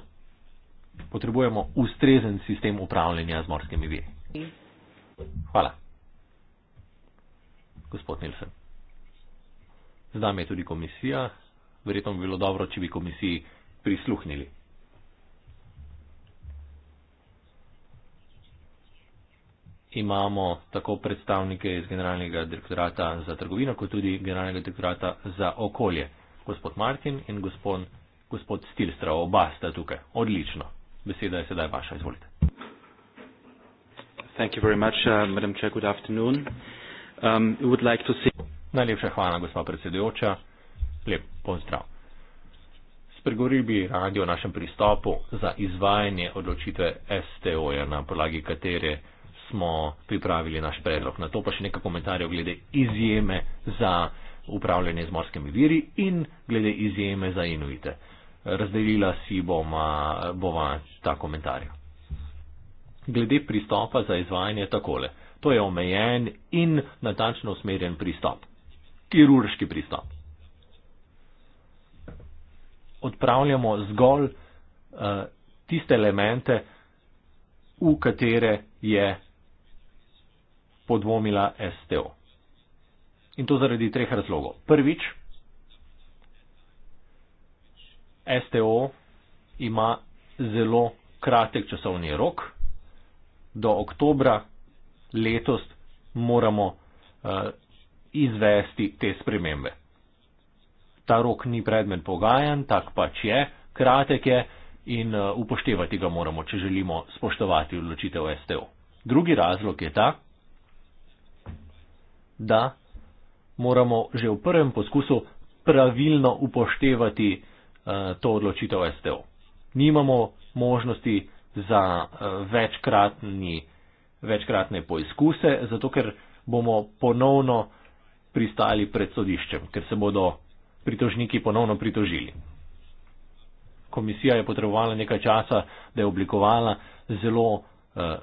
Potrebujemo ustrezen sistem upravljanja z morskimi viri. Hvala. Gospod Nilsen. Z nami je tudi komisija. Verjetno bi bilo dobro, če bi komisiji prisluhnili. imamo tako predstavnike iz Generalnega direktorata za trgovino, kot tudi Generalnega direktorata za okolje. Gospod Martin in gospod, gospod Stilstra, oba sta tukaj. Odlično. Beseda je sedaj vaša. Izvolite. Much, uh, um, like see... Najlepša hvala, gospa predsedujoča. Lep pozdrav. Spregovoril bi radi o našem pristopu za izvajanje odločitve STO-ja, na podlagi katere smo pripravili naš predlog. Na to pa še nekaj komentarjev glede izjeme za upravljanje z morskimi viri in glede izjeme za inuite. Razdelila si bova, bova ta komentarja. Glede pristopa za izvajanje takole. To je omejen in natančno usmerjen pristop. Kirurški pristop. Odpravljamo zgolj uh, tiste elemente, v katere je podvomila STO. In to zaradi treh razlogov. Prvič, STO ima zelo kratek časovni rok. Do oktobra letos moramo uh, izvesti te spremembe. Ta rok ni predmet pogajan, tak pač je, kratek je in uh, upoštevati ga moramo, če želimo spoštovati odločitev STO. Drugi razlog je ta, da moramo že v prvem poskusu pravilno upoštevati uh, to odločitev STO. Nimamo možnosti za uh, večkratni, večkratne poizkuse, zato ker bomo ponovno pristali pred sodiščem, ker se bodo pritožniki ponovno pritožili. Komisija je potrebovala nekaj časa, da je oblikovala zelo uh,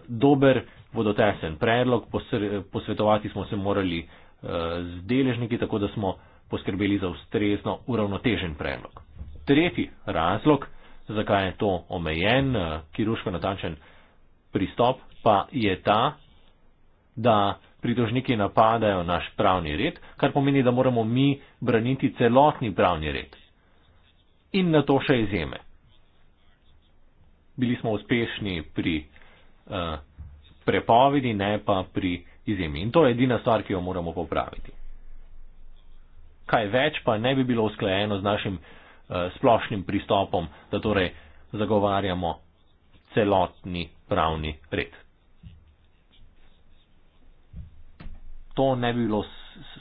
dober vodotesen predlog, posvetovati smo se morali eh, z deležniki, tako da smo poskrbeli za ustrezno uravnotežen predlog. Tretji razlog, zakaj je to omejen, eh, kiruško natančen pristop, pa je ta, da pridožniki napadajo naš pravni red, kar pomeni, da moramo mi braniti celotni pravni red. In na to še izjeme. Bili smo uspešni pri uh, prepovedi, ne pa pri izjemi. In to je edina stvar, ki jo moramo popraviti. Kaj več pa ne bi bilo usklajeno z našim uh, splošnim pristopom, da torej zagovarjamo celotni pravni red. To ne bi bilo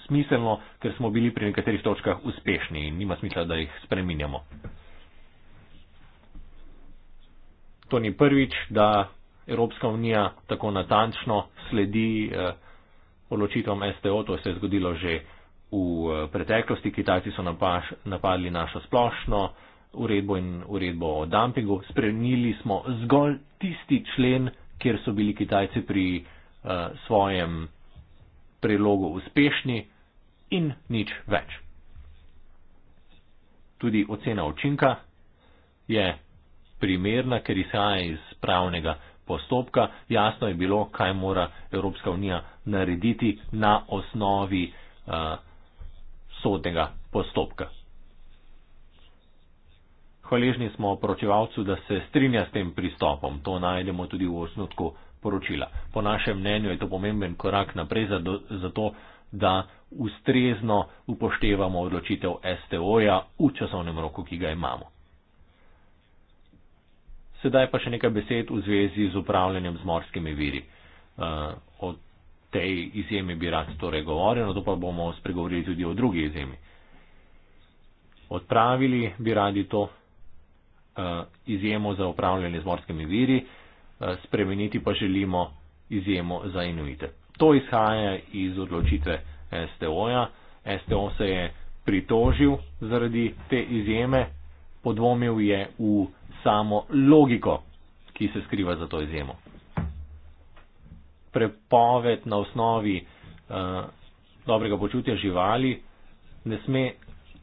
smiselno, ker smo bili pri nekaterih točkah uspešni in nima smisla, da jih spreminjamo. To ni prvič, da Evropska unija tako natančno sledi eh, odločitvam STO, to se je zgodilo že v eh, preteklosti, Kitajci so napaš, napadli našo splošno uredbo in uredbo o dumpingu, spremenili smo zgolj tisti člen, kjer so bili Kitajci pri uh, svojem predlogu uspešni in nič več. Tudi ocena učinka je primerna, ker izhaja iz pravnega postopka, jasno je bilo, kaj mora Evropska unija narediti na osnovi uh, sodnega postopka. Hvaležni smo poročevalcu, da se strinja s tem pristopom. To najdemo tudi v osnutku poročila. Po našem mnenju je to pomemben korak naprej zato, da ustrezno upoštevamo odločitev STO-ja v časovnem roku, ki ga imamo. Sedaj pa še nekaj besed v zvezi z upravljanjem z morskimi viri. Eh, o tej izjemi bi rad torej govoril, no to pa bomo spregovorili tudi o drugi izjemi. Odpravili bi radi to eh, izjemo za upravljanje z morskimi viri, eh, spremeniti pa želimo izjemo za inuite. To izhaja iz odločitve STO-ja. STO se je pritožil zaradi te izjeme, podvomil je v samo logiko, ki se skriva za to izjemo. Prepoved na osnovi uh, dobrega počutja živali ne sme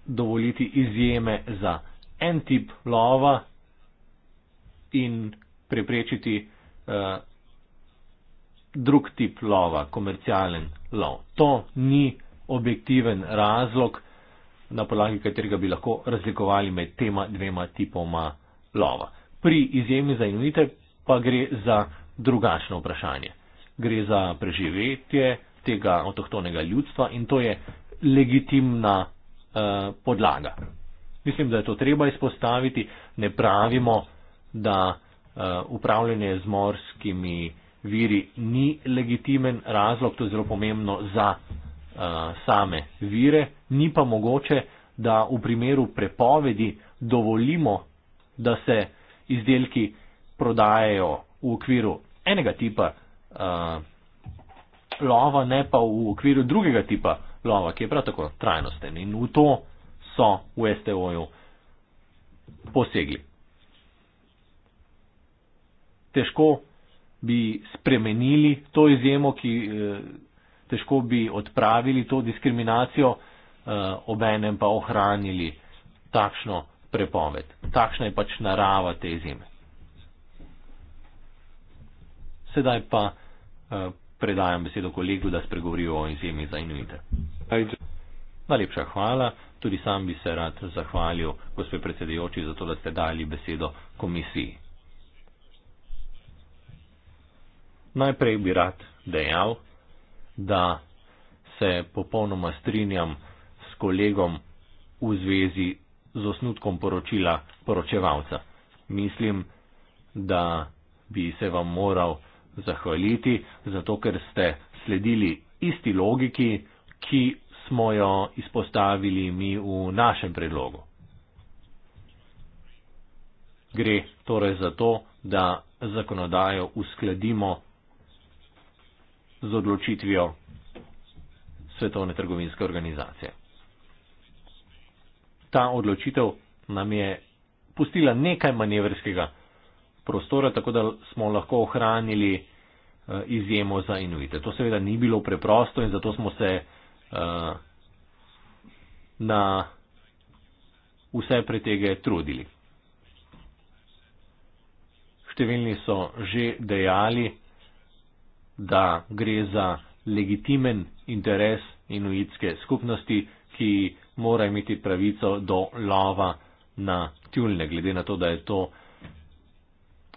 dovoliti izjeme za en tip lova in preprečiti uh, drug tip lova, komercialen lov. To ni objektiven razlog, na podlagi katerega bi lahko razlikovali med tema dvema tipoma lova. Pri izjemi za inuite pa gre za drugačno vprašanje. Gre za preživetje tega avtohtonega ljudstva in to je legitimna eh, podlaga. Mislim, da je to treba izpostaviti. Ne pravimo, da eh, upravljanje z morskimi viri ni legitimen razlog, to je zelo pomembno za eh, same vire, ni pa mogoče, da v primeru prepovedi dovolimo da se izdelki prodajajo v okviru enega tipa uh, lova, ne pa v okviru drugega tipa lova, ki je prav tako trajnosten. In v to so v STO-ju posegli. Težko bi spremenili to izjemo, ki, eh, težko bi odpravili to diskriminacijo, eh, obenem pa ohranili takšno prepoved. Takšna je pač narava te zime. Sedaj pa uh, predajam besedo kolegu, da spregovorijo o izjemi za inuite. Najlepša hvala. Tudi sam bi se rad zahvalil, gospod predsedujoči, za to, da ste dali besedo komisiji. Najprej bi rad dejal, da se popolnoma strinjam s kolegom v zvezi z osnutkom poročila poročevalca. Mislim, da bi se vam moral zahvaliti, zato ker ste sledili isti logiki, ki smo jo izpostavili mi v našem predlogu. Gre torej za to, da zakonodajo uskladimo z odločitvijo Svetovne trgovinske organizacije ta odločitev nam je pustila nekaj manevrskega prostora, tako da smo lahko ohranili eh, izjemo za inuite. To seveda ni bilo preprosto in zato smo se uh, na vse pretege trudili. Številni so že dejali, da gre za legitimen interes inuitske skupnosti, ki mora imeti pravico do lova na tjulne, glede na to, da je to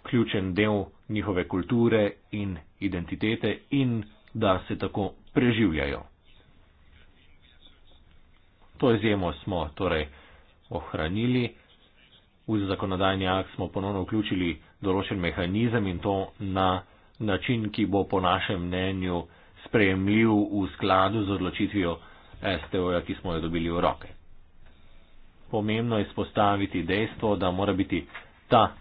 ključen del njihove kulture in identitete in da se tako preživljajo. To izjemo smo torej ohranili. V zakonodajni akt smo ponovno vključili določen mehanizem in to na način, ki bo po našem mnenju sprejemljiv v skladu z odločitvijo STO-ja, ki smo jo dobili v roke. Pomembno je spostaviti dejstvo, da mora biti ta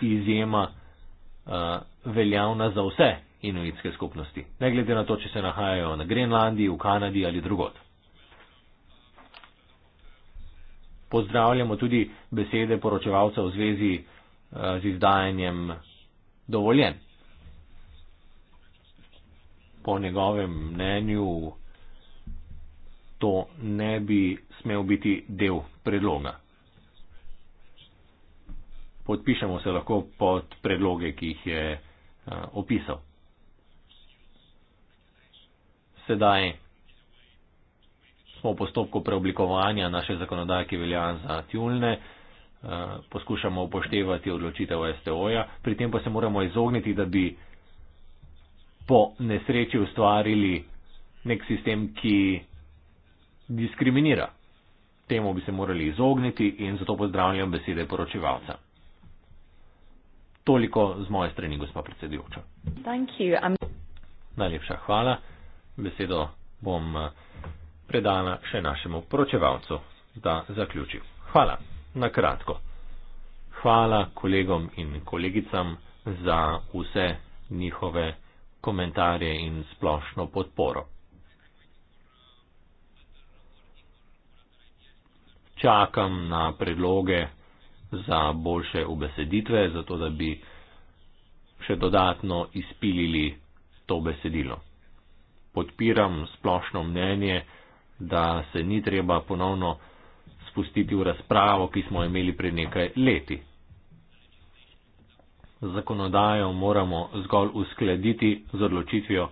izjema uh, veljavna za vse inuitske skupnosti, ne glede na to, če se nahajajo na Grenlandiji, v Kanadi ali drugot. Pozdravljamo tudi besede poročevalca v zvezi eh, z izdajanjem dovoljen. Po njegovem mnenju to ne bi smel biti del predloga. Podpišemo se lahko pod predloge, ki jih je eh, opisal. Sedaj smo v postopku preoblikovanja naše zakonodaje, ki velja za tjulne. Eh, poskušamo upoštevati odločitev STO-ja, pri tem pa se moramo izogniti, da bi po nesreči ustvarili nek sistem, ki diskriminira. Temu bi se morali izogniti in zato pozdravljam besede poročevalca. Toliko z moje strani, gospa predsedujoča. Najlepša hvala. Besedo bom eh, predala še našemu poročevalcu, da zaključi. Hvala. Na kratko. Hvala kolegom in kolegicam za vse njihove komentarje in splošno podporo. čakam na predloge za boljše ubeseditve, zato da bi še dodatno izpilili to besedilo. Podpiram splošno mnenje, da se ni treba ponovno spustiti v razpravo, ki smo imeli pred nekaj leti. Zakonodajo moramo zgolj uskladiti z odločitvijo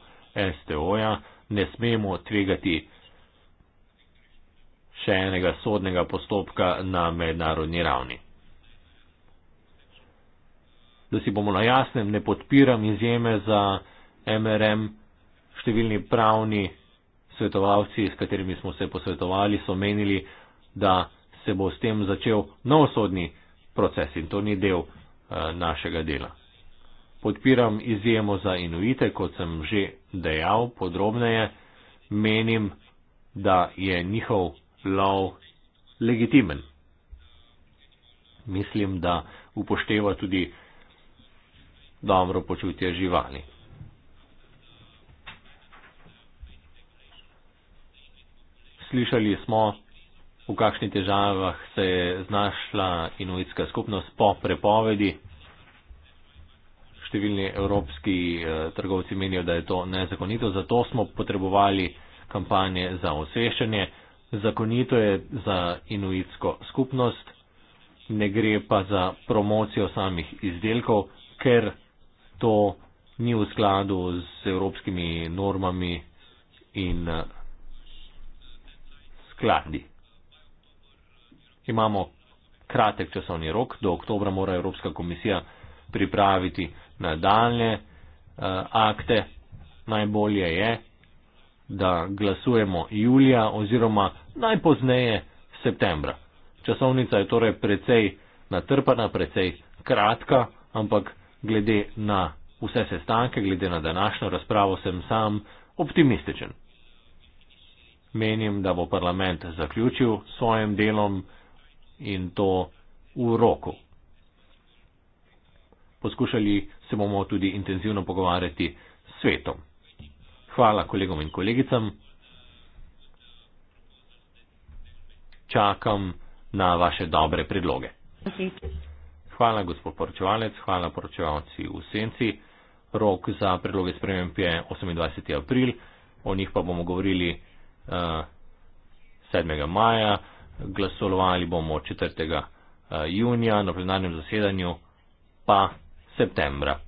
STO-ja, ne smemo tvegati še enega sodnega postopka na mednarodni ravni. Da si bomo na jasnem, ne podpiram izjeme za MRM. Številni pravni svetovalci, s katerimi smo se posvetovali, so menili, da se bo s tem začel nov sodni proces in to ni del uh, našega dela. Podpiram izjemo za inuite, kot sem že dejal podrobneje, menim, da je njihov lov legitimen. Mislim, da upošteva tudi dobro počutje živali. Slišali smo, v kakšni težavah se je znašla inuitska skupnost po prepovedi. Številni evropski eh, trgovci menijo, da je to nezakonito, zato smo potrebovali kampanje za osveščanje zakonito je za inuitsko skupnost, ne gre pa za promocijo samih izdelkov, ker to ni v skladu z evropskimi normami in eh, skladi. Imamo kratek časovni rok, do oktobra mora Evropska komisija pripraviti nadaljne uh, eh, akte. Najbolje je, da glasujemo julija oziroma najpozneje septembra. Časovnica je torej precej natrpana, precej kratka, ampak glede na vse sestanke, glede na današnjo razpravo sem sam optimističen. Menim, da bo parlament zaključil svojim delom in to v roku. Poskušali se bomo tudi intenzivno pogovarjati s svetom. Hvala kolegom in kolegicam. Čakam na vaše dobre predloge. Hvala, gospod poročevalec, hvala poročevalci v senci. Rok za predloge spremem je 28. april, o njih pa bomo govorili uh, eh, 7. maja, glasovali bomo 4. Eh, junija na plenarnem zasedanju pa septembra.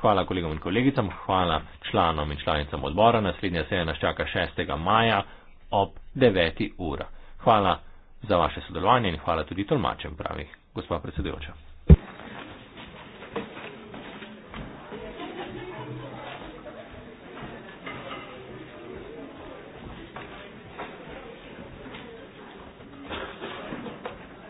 Hvala kolegom in kolegicam, hvala članom in članicam odbora. Naslednja seja nas čaka 6. maja ob 9. ura. Hvala za vaše sodelovanje in hvala tudi tolmačem pravih, gospod predsedujoča.